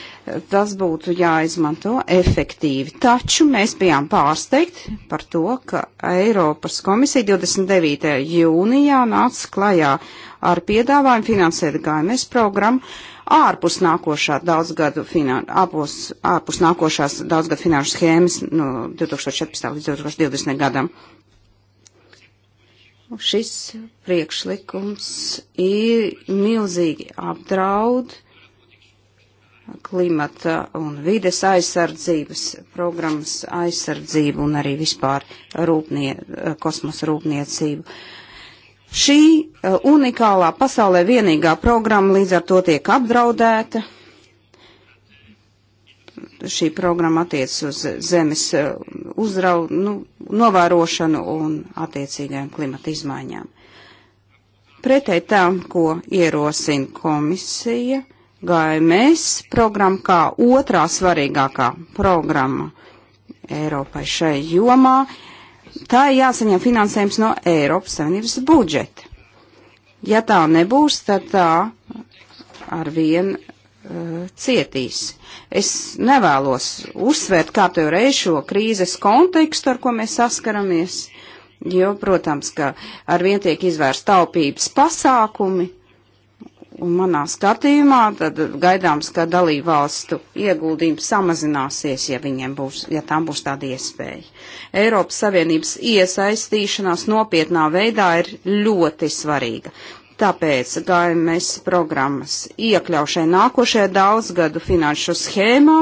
tas būtu jāizmanto efektīvi. Taču mēs bijām pārsteigti par to, ka Eiropas komisija 29. jūnijā nāca klajā ar piedāvājumu finansēt GMS programmu ārpus, nākošā daudzgadu, finan, ārpus, ārpus nākošās daudzgadu finanšu schēmas no 2014. līdz 2020. gadam. Šis priekšlikums ir milzīgi apdraud uh, klimata un vides aizsardzības programmas aizsardzību un arī vispār rūpnie, kosmosa rūpniecību. Šī uh, unikālā pasaulē vienīgā programma līdz ar to tiek apdraudēta. Šī programma attiec uz zemes uh, uzrau, nu, novērošanu un attiecīgajām klimata izmaiņām. Pretēji tam, ko ierosina komisija, uh, GMS programma kā otrā svarīgākā programma Eiropai šai jomā. Tā ir jāsaņem finansējums no Eiropas Savienības budžeta. Ja tā nebūs, tad tā arvien uh, cietīs. Es nevēlos uzsvērt kārtējo reizi šo krīzes kontekstu, ar ko mēs saskaramies, jo, protams, ka arvien tiek izvērst taupības pasākumi, Un manā skatījumā tad gaidāms, ka dalību valstu ieguldījums samazināsies, ja viņiem būs, ja tām būs tāda iespēja. Eiropas Savienības iesaistīšanās nopietnā veidā ir ļoti svarīga. Tāpēc GMS programmas iekļaušai nākošajā daudzgadu finanšu schēmā,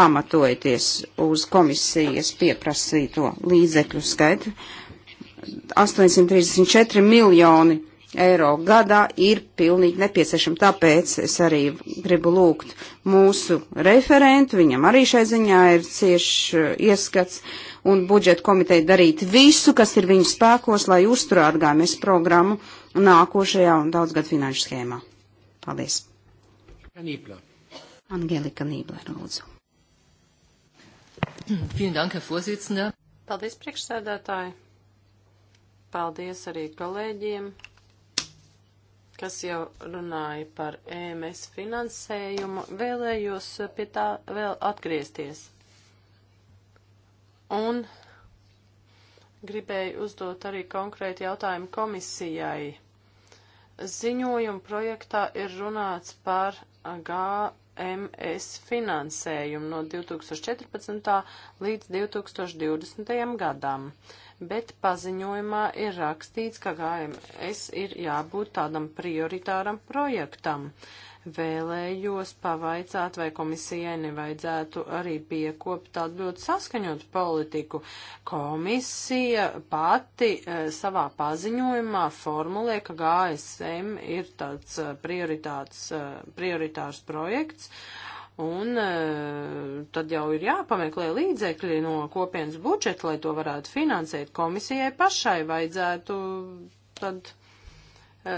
pamatojoties uz komisijas pieprasīto līdzekļu skaitu, 834 miljoni eiro gadā ir pilnīgi nepieciešama. Tāpēc es arī gribu lūgt mūsu referentu, viņam arī šai ziņā ir cieši eh, ieskats, un budžeta komiteja darīt visu, kas ir viņu spēkos, lai uzturētu gājumies programmu nākošajā un daudzgad finanšu schēmā. Paldies. Nībla. Angelika Nībler, lūdzu. Paldies, priekšsēdētāji. Paldies arī kolēģiem kas jau runāja par EMS finansējumu, vēlējos pie tā vēl atgriezties. Un gribēju uzdot arī konkrēti jautājumu komisijai. Ziņojuma projektā ir runāts par GMS finansējumu no 2014. līdz 2020. gadam bet paziņojumā ir rakstīts, ka HMS ir jābūt tādam prioritāram projektam. Vēlējos pavaicāt, vai komisijai nevajadzētu arī piekopt tādu ļoti saskaņotu politiku. Komisija pati e, savā paziņojumā formulē, ka GSM ir tāds eh, prioritāts, eh, prioritārs projekts, Un e, tad jau ir jāpameklē līdzekļi no kopienas budžeta, lai to varētu finansēt. Komisijai pašai vajadzētu tad e,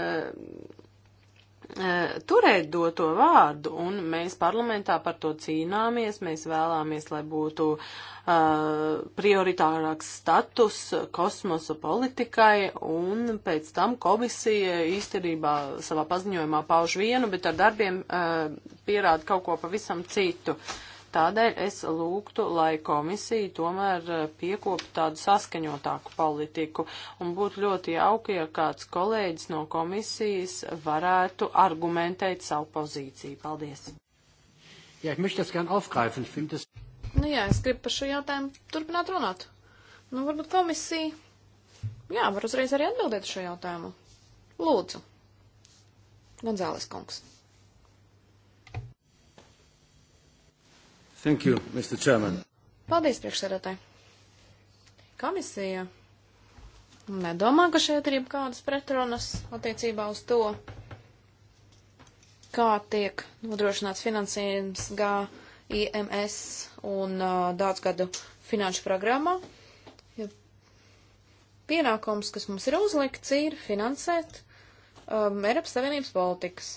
E, turēt doto vārdu, un mēs parlamentā par to cīnāmies, mēs vēlāmies, lai būtu uh, prioritārāks status kosmosa politikai, un pēc tam komisija īstenībā savā paziņojumā pauž vienu, bet ar darbiem uh, pierāda kaut ko pavisam citu. Uh, Tādēļ es lūgtu, lai komisija tomēr eh, piekoptu tādu saskaņotāku politiku un būtu ļoti jauki, ja kāds kolēģis no komisijas varētu argumentēt savu pozīciju. Paldies! Ja, ich möchte das gern aufgreifen. Ich finde das. Nu jā, es gribu par šo jautājumu turpināt runāt. Nu, varbūt komisija. Jā, var uzreiz arī atbildēt šo jautājumu. Lūdzu. Gonzāles kungs. Thank you, Mr. Chairman. Paldies, priekšsēdētāji. Komisija nedomā, ka šeit ir kādas pretrunas attiecībā uz to, kā tiek nodrošināts finansējums GIMS un uh, daudzgadu finanšu programmā. Ja pienākums, kas mums ir uzlikts, ir finansēt um, Eiropas Savienības politikas.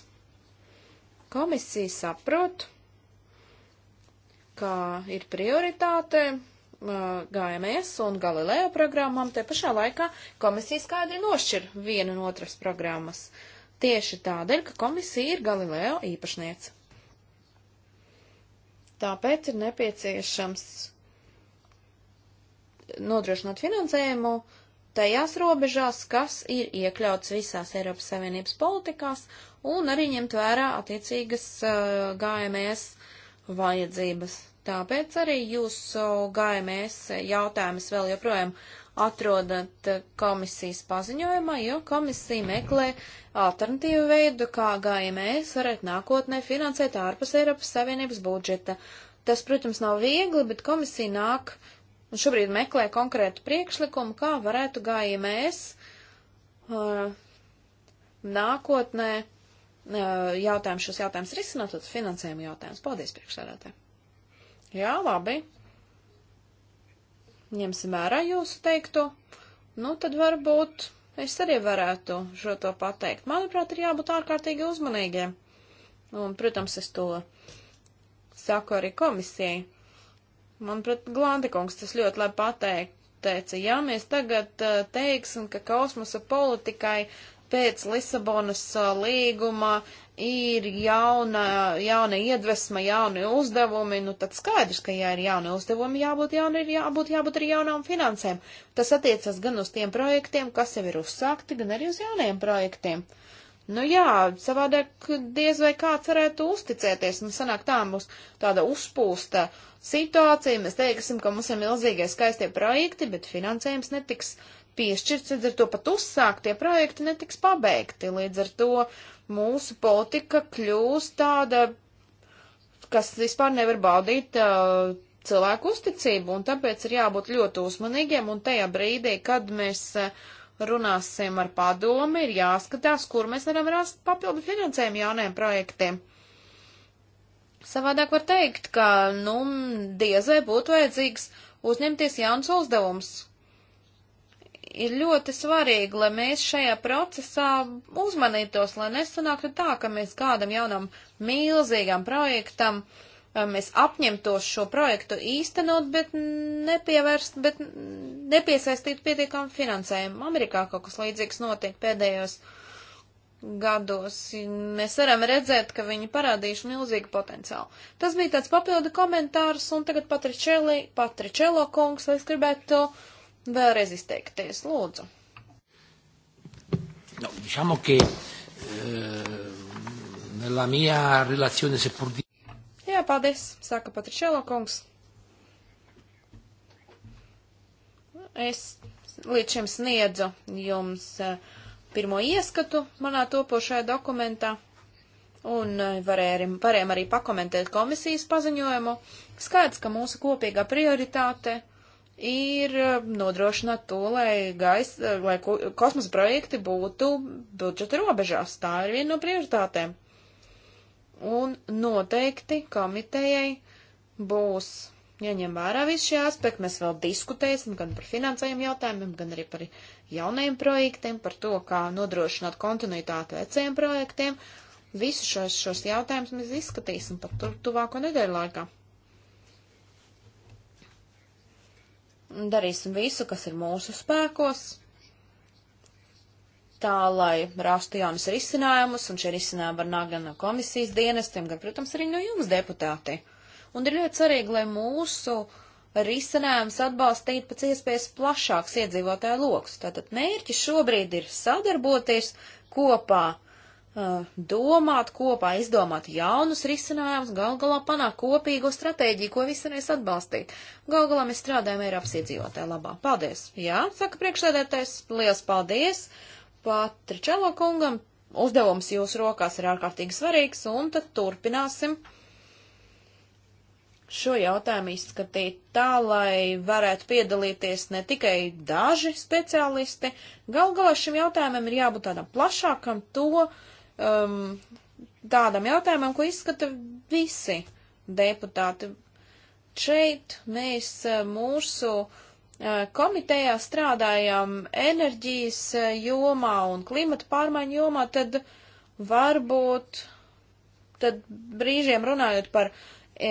Komisija saprot, kā ir prioritāte GMS un Galileo programmām, te pašā laikā komisija skaidri nošķir vienu no otras programmas. Tieši tādēļ, ka komisija ir Galileo īpašniece. Tāpēc ir nepieciešams nodrošināt finansējumu tajās robežās, kas ir iekļauts visās Eiropas Savienības politikās un arī ņemt vērā attiecīgas uh, GMS vajadzības. Tāpēc arī jūsu GMS jautājumus vēl joprojām atrodat komisijas paziņojumā, jo komisija meklē alternatīvu veidu, kā GMS varētu nākotnē finansēt ārpus Eiropas Savienības budžeta. Tas, protams, nav viegli, bet komisija nāk un šobrīd meklē konkrētu priekšlikumu, kā varētu GMS uh, nākotnē uh, jautājumus, šos jautājumus risināt, tas finansējuma jautājums. Paldies, priekšsēdētāji! Jā, labi. Ņemsim vērā jūsu teikto. Nu, tad varbūt es arī varētu šo to pateikt. Manuprāt, ir jābūt ārkārtīgi uzmanīgiem. Un, protams, es to saku arī komisijai. Manuprāt, Glantikungs tas ļoti labi pateikt. Teica, ja mēs tagad teiksim, ka kosmosa politikai pēc Lisabonas uh, līguma ir jauna, jauna iedvesma, jauni uzdevumi, nu tad skaidrs, ka ja ir jauni uzdevumi, jābūt, jauni, ir jābūt, jābūt arī jaunām finansēm. Tas attiecas gan uz tiem projektiem, kas jau ir uzsākti, gan arī uz jauniem projektiem. Nu jā, savādāk diez vai kāds varētu uzticēties, un nu, sanāk tā mums tāda uzpūsta situācija, mēs teiksim, ka mums ir milzīgie skaistie projekti, bet finansējums netiks uh, piešķirts, līdz ar to pat uzsāktie projekti netiks pabeigti. Līdz ar to mūsu politika kļūs tāda, kas vispār nevar baudīt uh, cilvēku uzticību, un tāpēc ir jābūt ļoti uzmanīgiem, un tajā brīdī, kad mēs uh, runāsim ar padomi, ir jāskatās, kur mēs varam rast papildu finansējumu jauniem projektiem. Savādāk var teikt, ka, nu, diezai būtu vajadzīgs uzņemties jauns uzdevums, ir ļoti svarīgi, lai mēs šajā procesā uzmanītos, lai nesanāktu tā, ka mēs kādam jaunam milzīgam projektam eh, mēs apņemtos šo projektu īstenot, bet nepievērst, bet nepiesaistīt pietiekam finansējumu. Amerikā kaut kas līdzīgs notiek pēdējos gados. Mēs varam redzēt, ka viņi parādījuši milzīgu potenciālu. Tas bija tāds papildu komentārs, un tagad Patričelli, Patričello kungs, es gribētu to vēlreiz izteikties, lūdzu. No, diciamo che, eh, nella mia relazione, seppur di... Jā, paldies, saka Patričēlo kungs. Es līdz šim sniedzu jums eh, pirmo ieskatu manā topošajā dokumentā un eh, varējām, varējām arī pakomentēt komisijas paziņojumu. Skaidrs, ka mūsu kopīgā prioritāte ir eh, nodrošināt to, lai, gais, eh, lai kosmosa projekti būtu budžeta robežās. Tā ir viena no prioritātēm. Un noteikti komitejai būs jāņem ja vērā visi šie aspekti. Mēs vēl diskutēsim gan par finansējumu jautājumiem, gan arī par jaunajiem projektiem, par to, kā nodrošināt kontinuitāti vecajiem projektiem. Visu šos, šos jautājumus mēs izskatīsim pat tur tuvāko nedēļu laikā. Darīsim visu, kas ir mūsu spēkos, tā, lai rastu jaunus risinājumus, un šie risinājumi var nākt gan no komisijas dienestiem, gan, protams, arī no jums, deputāti. Un ir ļoti svarīgi, lai mūsu risinājums atbalstītu pēc iespējas plašāks iedzīvotāju lokus. Tātad mērķis šobrīd ir sadarboties kopā Uh, domāt kopā, izdomāt jaunus risinājumus, gal galā panākt kopīgo stratēģiju, ko visi varēs atbalstīt. Gal galā mēs strādājam Eiropas iedzīvotāju labā. Paldies! Jā, saka priekšsēdētājs, liels paldies! Patričelo kungam uzdevums jūsu rokās ir ārkārtīgi svarīgs, un tad turpināsim šo jautājumu izskatīt tā, lai varētu piedalīties ne tikai daži speciālisti. Gal galā šim jautājumam ir jābūt tādam plašākam to, uh, um, tādam jautājumam, ko izskata visi deputāti. Šeit mēs uh, mūsu uh, komitejā strādājam enerģijas uh, jomā un klimata pārmaiņu jomā, tad varbūt, tad brīžiem runājot par e,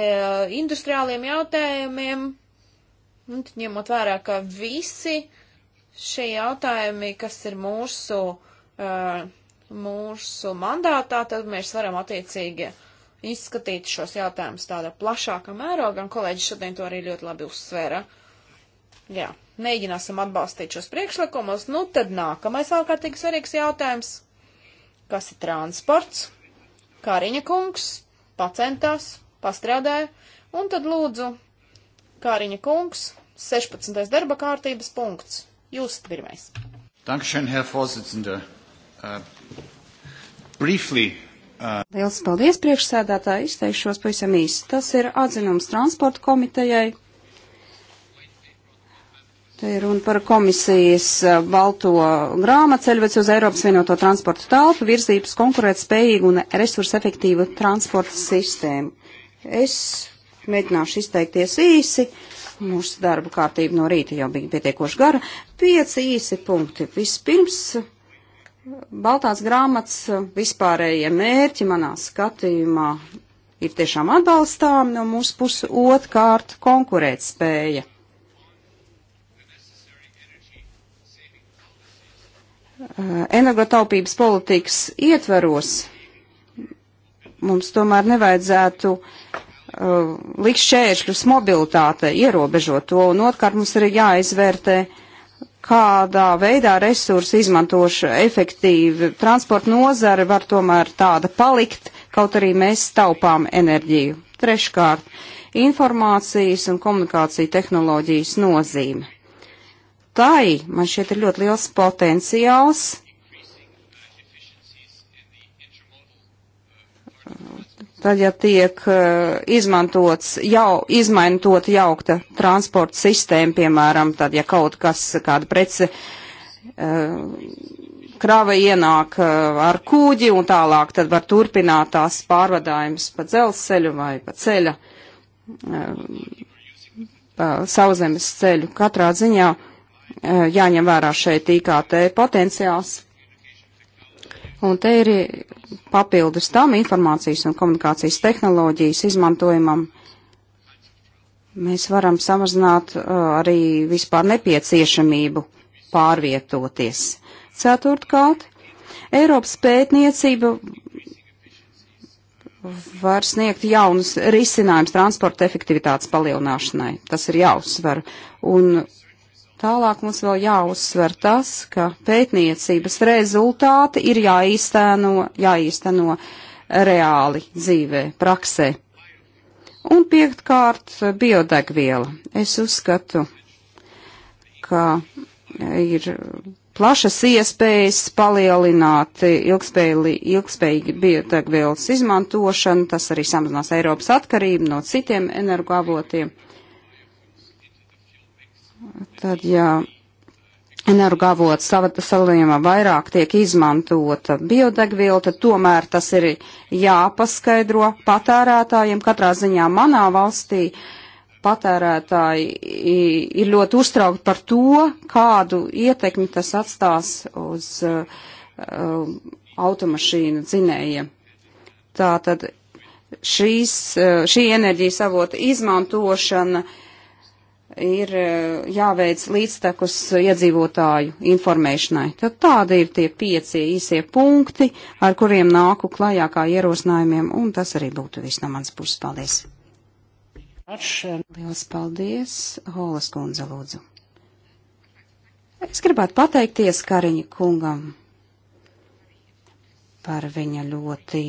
industriāliem jautājumiem, un, ņemot vērā, ka visi šie jautājumi, kas ir mūsu e, mūsu mandātā, tad mēs varam attiecīgi izskatīt šos jautājumus tādā plašākā mērogā, un kolēģi šodien to arī ļoti labi uzsvēra. Jā, mēģināsim atbalstīt šos priekšlikumus. Nu, tad nākamais ārkārtīgi svarīgs jautājums. Kas ir transports? Kāriņa kungs pacentās, pastrādāja, un tad lūdzu, Kāriņa kungs, 16. darba kārtības punkts. Jūs pirmais. Dankšen, Herr Vorsitzende. Uh... Äh, briefly. Uh... Liels paldies priekšsēdētāji, izteikšos pavisam īsi. Tas ir atzinums transporta komitejai. Te ir runa par komisijas uh, balto grāmatu ceļveci uz Eiropas vienoto transportu telpu, virzības konkurēt spējīgu un resursu efektīvu transporta sistēmu. Es mēģināšu izteikties īsi. Mūsu darba kārtība no rīta jau bija pietiekoši gara. Pieci īsi punkti. Vispirms Baltās grāmatas eh, vispārējie mērķi manā skatījumā ir tiešām atbalstāmi no mūsu puses otrkārt konkurēt spēja. Eh, energotaupības politikas ietveros mums tomēr nevajadzētu uh, likt šķēršļus mobilitāte, ierobežot to, un otrkārt mums ir jāizvērtē uh, kādā veidā resursu izmantošu efektīvi. Transporta nozare var tomēr tāda palikt, kaut arī mēs taupām enerģiju. Treškārt, informācijas un komunikāciju tehnoloģijas nozīme. Tai man šeit ir ļoti liels potenciāls Tad, ja tiek uh, izmantots jau, izmainot jaukta transporta sistēma, piemēram, tad, ja kaut kas, kāda prece, uh, krava ienāk uh, ar kūģi un tālāk, tad var turpināt tās pārvadājumus pa dzelzceļu vai pa ceļa, pa sauzemes ceļu. Katrā ziņā jāņem vērā šeit IKT potenciāls Un te ir papildus tam informācijas un komunikācijas tehnoloģijas izmantojumam. Mēs varam samazināt uh, arī vispār nepieciešamību pārvietoties. Ceturtkārt, Eiropas pētniecība var sniegt jaunus risinājumus transporta efektivitātes palielināšanai. Tas ir jāuzsver. Un Tālāk mums vēl jāuzsver tas, ka pētniecības rezultāti ir jāīsteno, jāīsteno reāli dzīvē, praksē. Un piektkārt, biodegviela. Es uzskatu, ka ir plašas iespējas palielināt ilgspējīgi biodegvielas izmantošanu, tas arī samazinās Eiropas atkarību no citiem energoavotiem. Tad, ja energoavots salījumā vairāk tiek izmantota biodegviela, tad tomēr tas ir jāpaskaidro patērētājiem. Katrā ziņā manā valstī patērētāji ir ļoti uztraukti par to, kādu ietekmi tas atstās uz uh, automašīnu dzinējiem. Tātad šīs, uh, šī enerģijas avota izmantošana uh, ir e, jāveic līdztekus iedzīvotāju informēšanai. Tad tādi ir tie pieci īsie punkti, ar kuriem nāku klajā kā ierosinājumiem, un tas arī būtu viss no mans puses. Paldies! Lielas paldies, Holas kundze, lūdzu. Es gribētu pateikties Kariņa kungam par viņa ļoti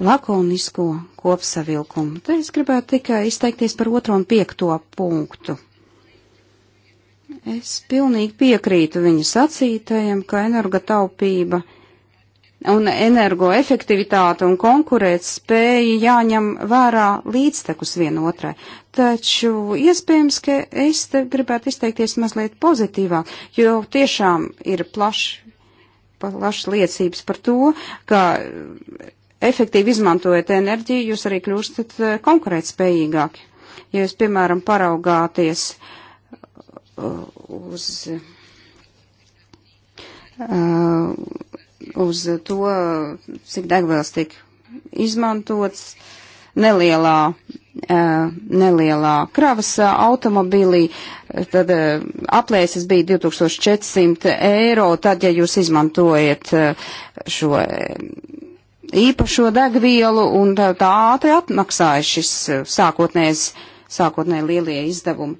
lakonisko kopsavilkumu. Te es gribētu tikai izteikties par otro un piekto punktu. Es pilnīgi piekrītu viņa sacītajam, ka energotaupība un energoefektivitāte un konkurēt spēja jāņem vērā līdztekus vienotrai. Taču iespējams, ka es te gribētu izteikties mazliet pozitīvāk, jo tiešām ir plašs plašs liecības par to, ka efektīvi izmantojat enerģiju, jūs arī kļūstat eh, konkurētspējīgāki. Ja jūs, piemēram, paraugāties uh, uz, uh, uz to, cik degvielas tiek izmantots nelielā, uh, nelielā kravas automobilī, tad aplēses bija 2400 eiro, tad, ja jūs izmantojat šo īpašo degvielu un tā, tā ātri atmaksāja šis eh, sākotnējais, sākotnēji lielie izdevumi.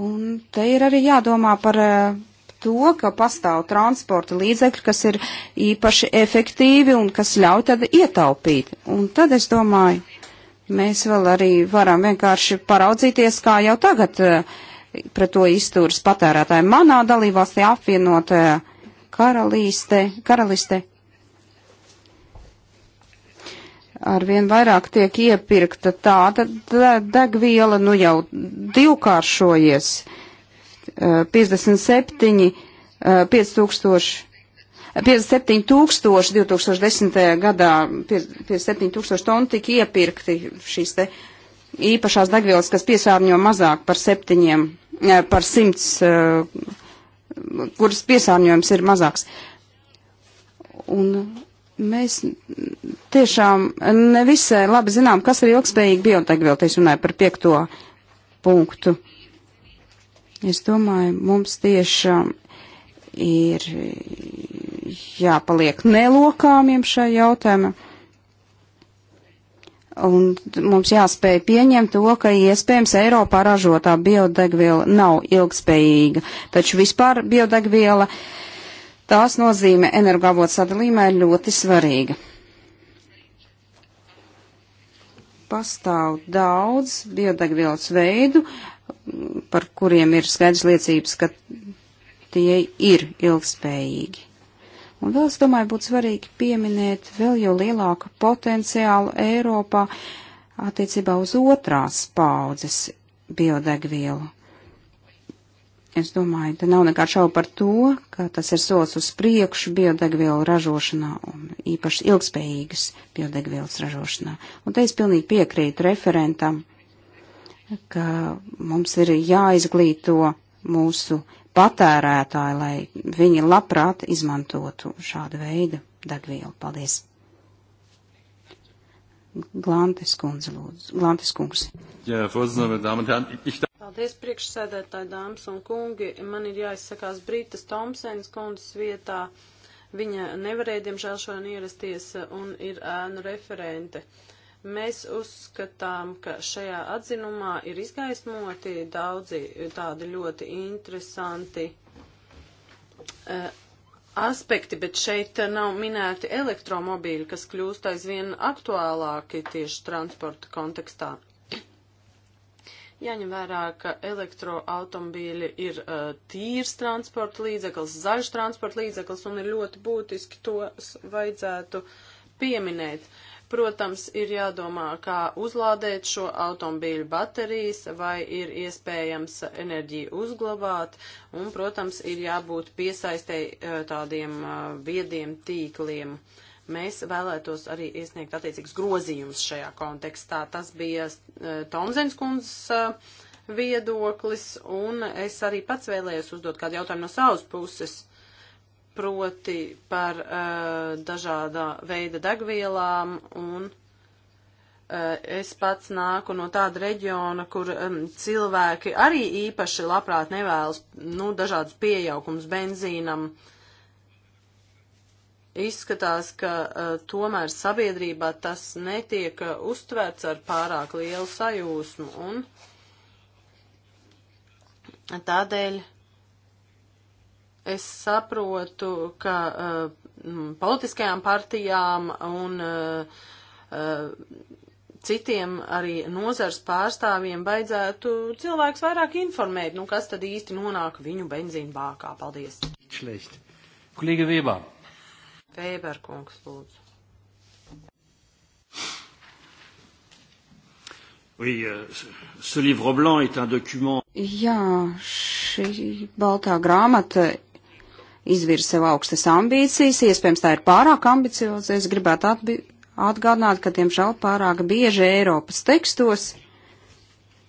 Un te ir arī jādomā par eh, to, ka pastāv transporta līdzekļi, kas ir īpaši efektīvi un kas ļauj tad ietaupīt. Un tad es domāju, mēs vēl arī varam vienkārši paraudzīties, kā jau tagad eh, pret to izturs patērētāji. Manā dalībvalstī apvienotajā karalīste, karaliste arvien vairāk tiek iepirkta tāda degviela, nu jau divkāršojies, 57, 5000. 57 tūkstoši 2010. gadā, 57 tūkstoši tonu tika iepirkti šīs te īpašās degvielas, kas piesārņo mazāk par septiņiem, eh, par simts uh, kuras piesārņojums ir mazāks. Un mēs tiešām nevisai labi zinām, kas ir ilgspējīgi biotekvielties runāja par piekto punktu. Es domāju, mums tiešām ir jāpaliek nelokāmiem šajā jautājumā. Un mums jāspēj pieņemt to, ka iespējams Eiropā ražotā biodegviela nav ilgspējīga, taču vispār biodegviela tās nozīme energoavotu sadalījumā ir ļoti svarīga. Pastāv daudz biodegvielas veidu, par kuriem ir skaidrs liecības, ka tie ir ilgspējīgi. Un vēl es domāju, būtu svarīgi pieminēt vēl jau lielāku potenciālu Eiropā attiecībā uz otrās paudzes biodegvielu. Es domāju, te nav nekā šaubu par to, ka tas ir solis uz priekšu biodegvielu ražošanā un īpaši ilgspējīgas biodegvielas ražošanā. Un te es pilnīgi piekrītu referentam, ka mums ir jāizglīto mūsu patērētāji, lai viņi labprāt izmantotu šādu veidu degvielu. Paldies! Glantes kundze, lūdzu. Glantes kungs. Jā, Fozinova, dāmas un kungi. Paldies, priekšsēdētāji, dāmas un kungi. Man ir jāizsakās Brītas Tomsens kundzes vietā. Viņa nevarēja, diemžēl, šodien ierasties un ir ēnu referente. Uh, Mēs uzskatām, ka šajā atzinumā ir izgaismoti daudzi tādi ļoti interesanti uh, aspekti, bet šeit nav minēti elektromobīļi, kas kļūst aizvien aktuālāki tieši transporta kontekstā. Jāņem vērā, ka elektroautomobīļi ir uh, tīrs transporta līdzeklis, zaļš transporta līdzeklis un ir ļoti būtiski tos vajadzētu pieminēt. Uh, Protams, ir jādomā, kā uzlādēt šo automobīļu baterijas, vai ir iespējams enerģiju uzglabāt, un, protams, ir jābūt piesaistēji eh, tādiem eh, viediem tīkliem. Mēs vēlētos arī iesniegt attiecīgs grozījums šajā kontekstā. Tas bija eh, Tomzens kundzes viedoklis, un es arī pats vēlējos uzdot kādu jautājumu no savas puses proti par uh, eh, dažādā veida degvielām un eh, es pats nāku no tāda reģiona, kur um, cilvēki arī īpaši labprāt nevēlas nu, dažādus piejaukums benzīnam. Izskatās, ka uh, tomēr sabiedrībā tas netiek uh, uztverts ar pārāk lielu sajūsmu un tādēļ uh, Es saprotu, ka uh, politiskajām partijām un uh, uh, citiem arī nozars pārstāvjiem baidzētu cilvēks vairāk informēt, nu kas tad īsti nonāk viņu benzīnu bākā. Paldies. Šlecht. Kolēģi Weber. Weber kungs, lūdzu. Oui, euh, ce livre blanc est un document. Jā, šī baltā grāmata izvirza sev augstas ambīcijas, iespējams tā ir pārāk ambicioza, es gribētu atgādināt, ka tiemžēl pārāk bieži Eiropas tekstos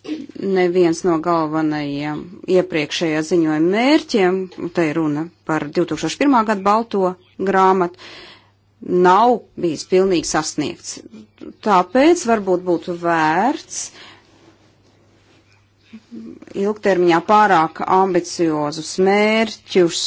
neviens no galvenajiem iepriekšējā ziņojuma mērķiem, te ir runa par 2001. gadu balto grāmatu, nav bijis pilnīgi sasniegts. Tāpēc varbūt būtu vērts ilgtermiņā pārāk ambiciozus mērķus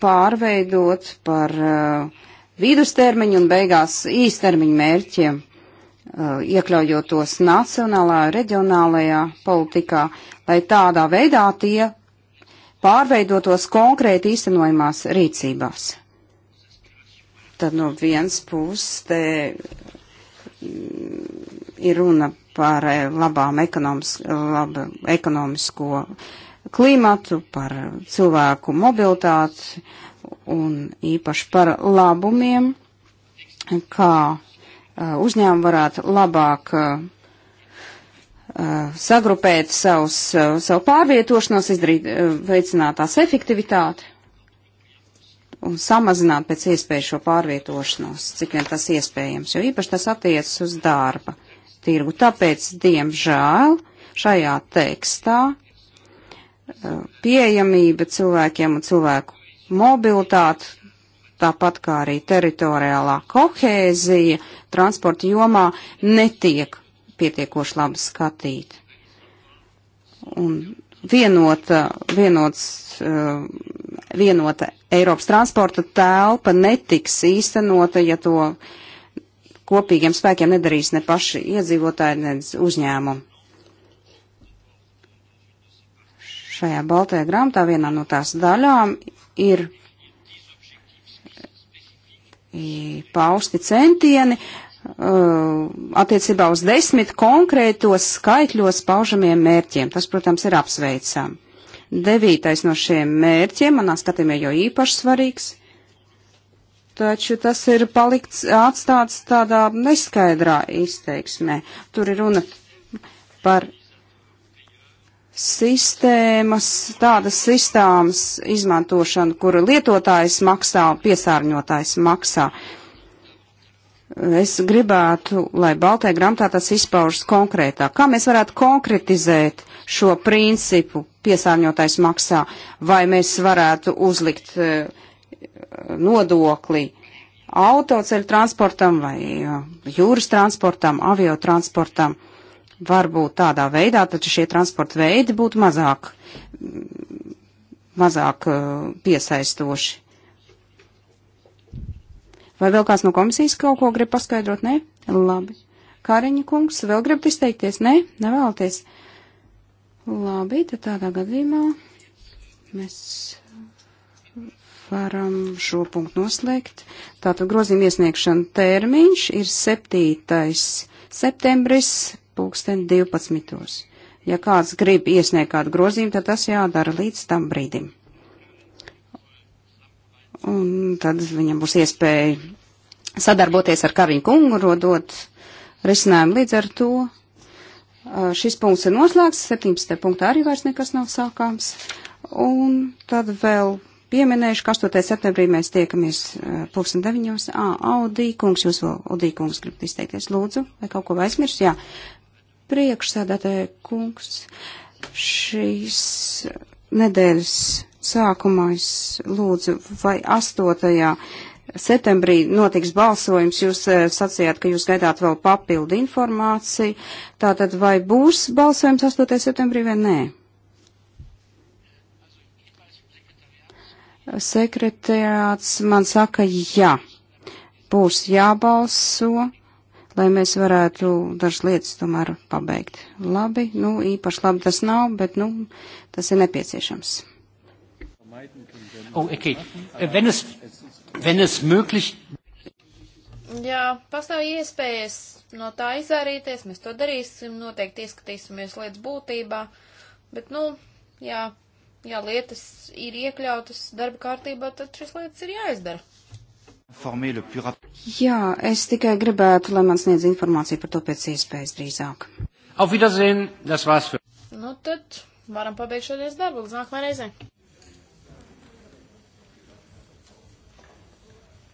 pārveidot par uh, vidustermiņu un beigās īstermiņu mērķiem, uh, iekļaujot tos nacionālā, reģionālajā politikā, lai tādā veidā tie pārveidotos konkrēti īstenojumās rīcībās. Tad no viens puses te mm, ir runa par eh, labām ekonomis, labu ekonomisko klimatu, par cilvēku mobilitāti un īpaši par labumiem, kā uh, uzņēmumi varētu labāk uh, uh, sagrupēt savus, savu pārvietošanos, izdarīt, veicināt tās efektivitāti un samazināt pēc iespējas šo pārvietošanos, cik vien tas iespējams, jo īpaši tas attiecas uz darba tirgu. Tāpēc, diemžēl, šajā tekstā pieejamība cilvēkiem un cilvēku mobilitāte, tāpat kā arī teritoriālā kohēzija transporta jomā netiek pietiekoši labi skatīta. Un vienota, vienots, eh, vienota Eiropas transporta telpa netiks īstenota, ja to kopīgiem spēkiem nedarīs ne paši iedzīvotāji, ne uzņēmumi. Šajā baltajā grāmatā vienā no tās daļām ir pausti centieni uh, attiecībā uz desmit konkrētos skaitļos paužamiem mērķiem. Tas, protams, ir apsveicām. Devītais no šiem mērķiem, manā skatījumā, jau īpaši svarīgs, taču tas ir palikts atstāts tādā neskaidrā izteiksmē. Tur ir runa par sistēmas, tādas sistēmas izmantošanu, kur lietotājs maksā un piesārņotājs maksā. Es gribētu, lai Baltajā grāmatā tas izpaužas konkrētāk. Kā mēs varētu konkretizēt šo principu piesārņotājs maksā, vai mēs varētu uzlikt eh, nodokli autoceļu transportam vai eh, jūras transportam, avio transportam? varbūt tādā veidā, taču šie transporta veidi būtu mazāk, mazāk uh, piesaistoši. Vai vēl kāds no komisijas kaut ko grib paskaidrot? Nē? Labi. Kāriņa kungs, vēl gribat izteikties? Nē? Nevēlaties? Labi, tad tādā gadījumā mēs varam šo punktu noslēgt. Tātad grozījuma iesniegšana termiņš ir 7. septembris pulksten 12. Ja kāds grib iesniegt kādu grozījumu, tad tas jādara līdz tam brīdim. Un tad viņam būs iespēja sadarboties ar Kaviņu kungu, rodot risinājumu līdz ar to. Šis punkts ir noslēgts, 17. punktā arī vairs nekas nav sākāms. Un tad vēl pieminējuši, ka 8. septembrī mēs tiekamies pulksten 9. Ā, Audī kungs, jūs vēl, Audī kungs, gribat izteikties, lūdzu, vai kaut ko aizmirst? Jā, Priekšsēdētāja kungs, šīs nedēļas sākumā es lūdzu, vai 8. septembrī notiks balsojums, jūs eh, sacījāt, ka jūs gaidāt vēl papildu informāciju, tātad vai būs balsojums 8. septembrī vai nē? Sekretariāts man saka, jā, būs jābalso lai mēs varētu dažas lietas tomēr pabeigt. Labi, nu īpaši labi tas nav, bet nu tas ir nepieciešams. Oh, okay. wenn es, wenn es möglich... Jā, pastāv iespējas no tā izvairīties, mēs to darīsim, noteikti ieskatīsimies lietas būtībā, bet, nu, jā, ja lietas ir iekļautas darba kārtībā, tad šīs lietas ir jāizdara. Jā, es tikai gribētu, lai man sniedz informāciju par to pēc iespējas drīzāk. Auf Wiedersehen, das war's für. Nu tad varam pabeigt šodienas darbu, līdz nākamajai reizei.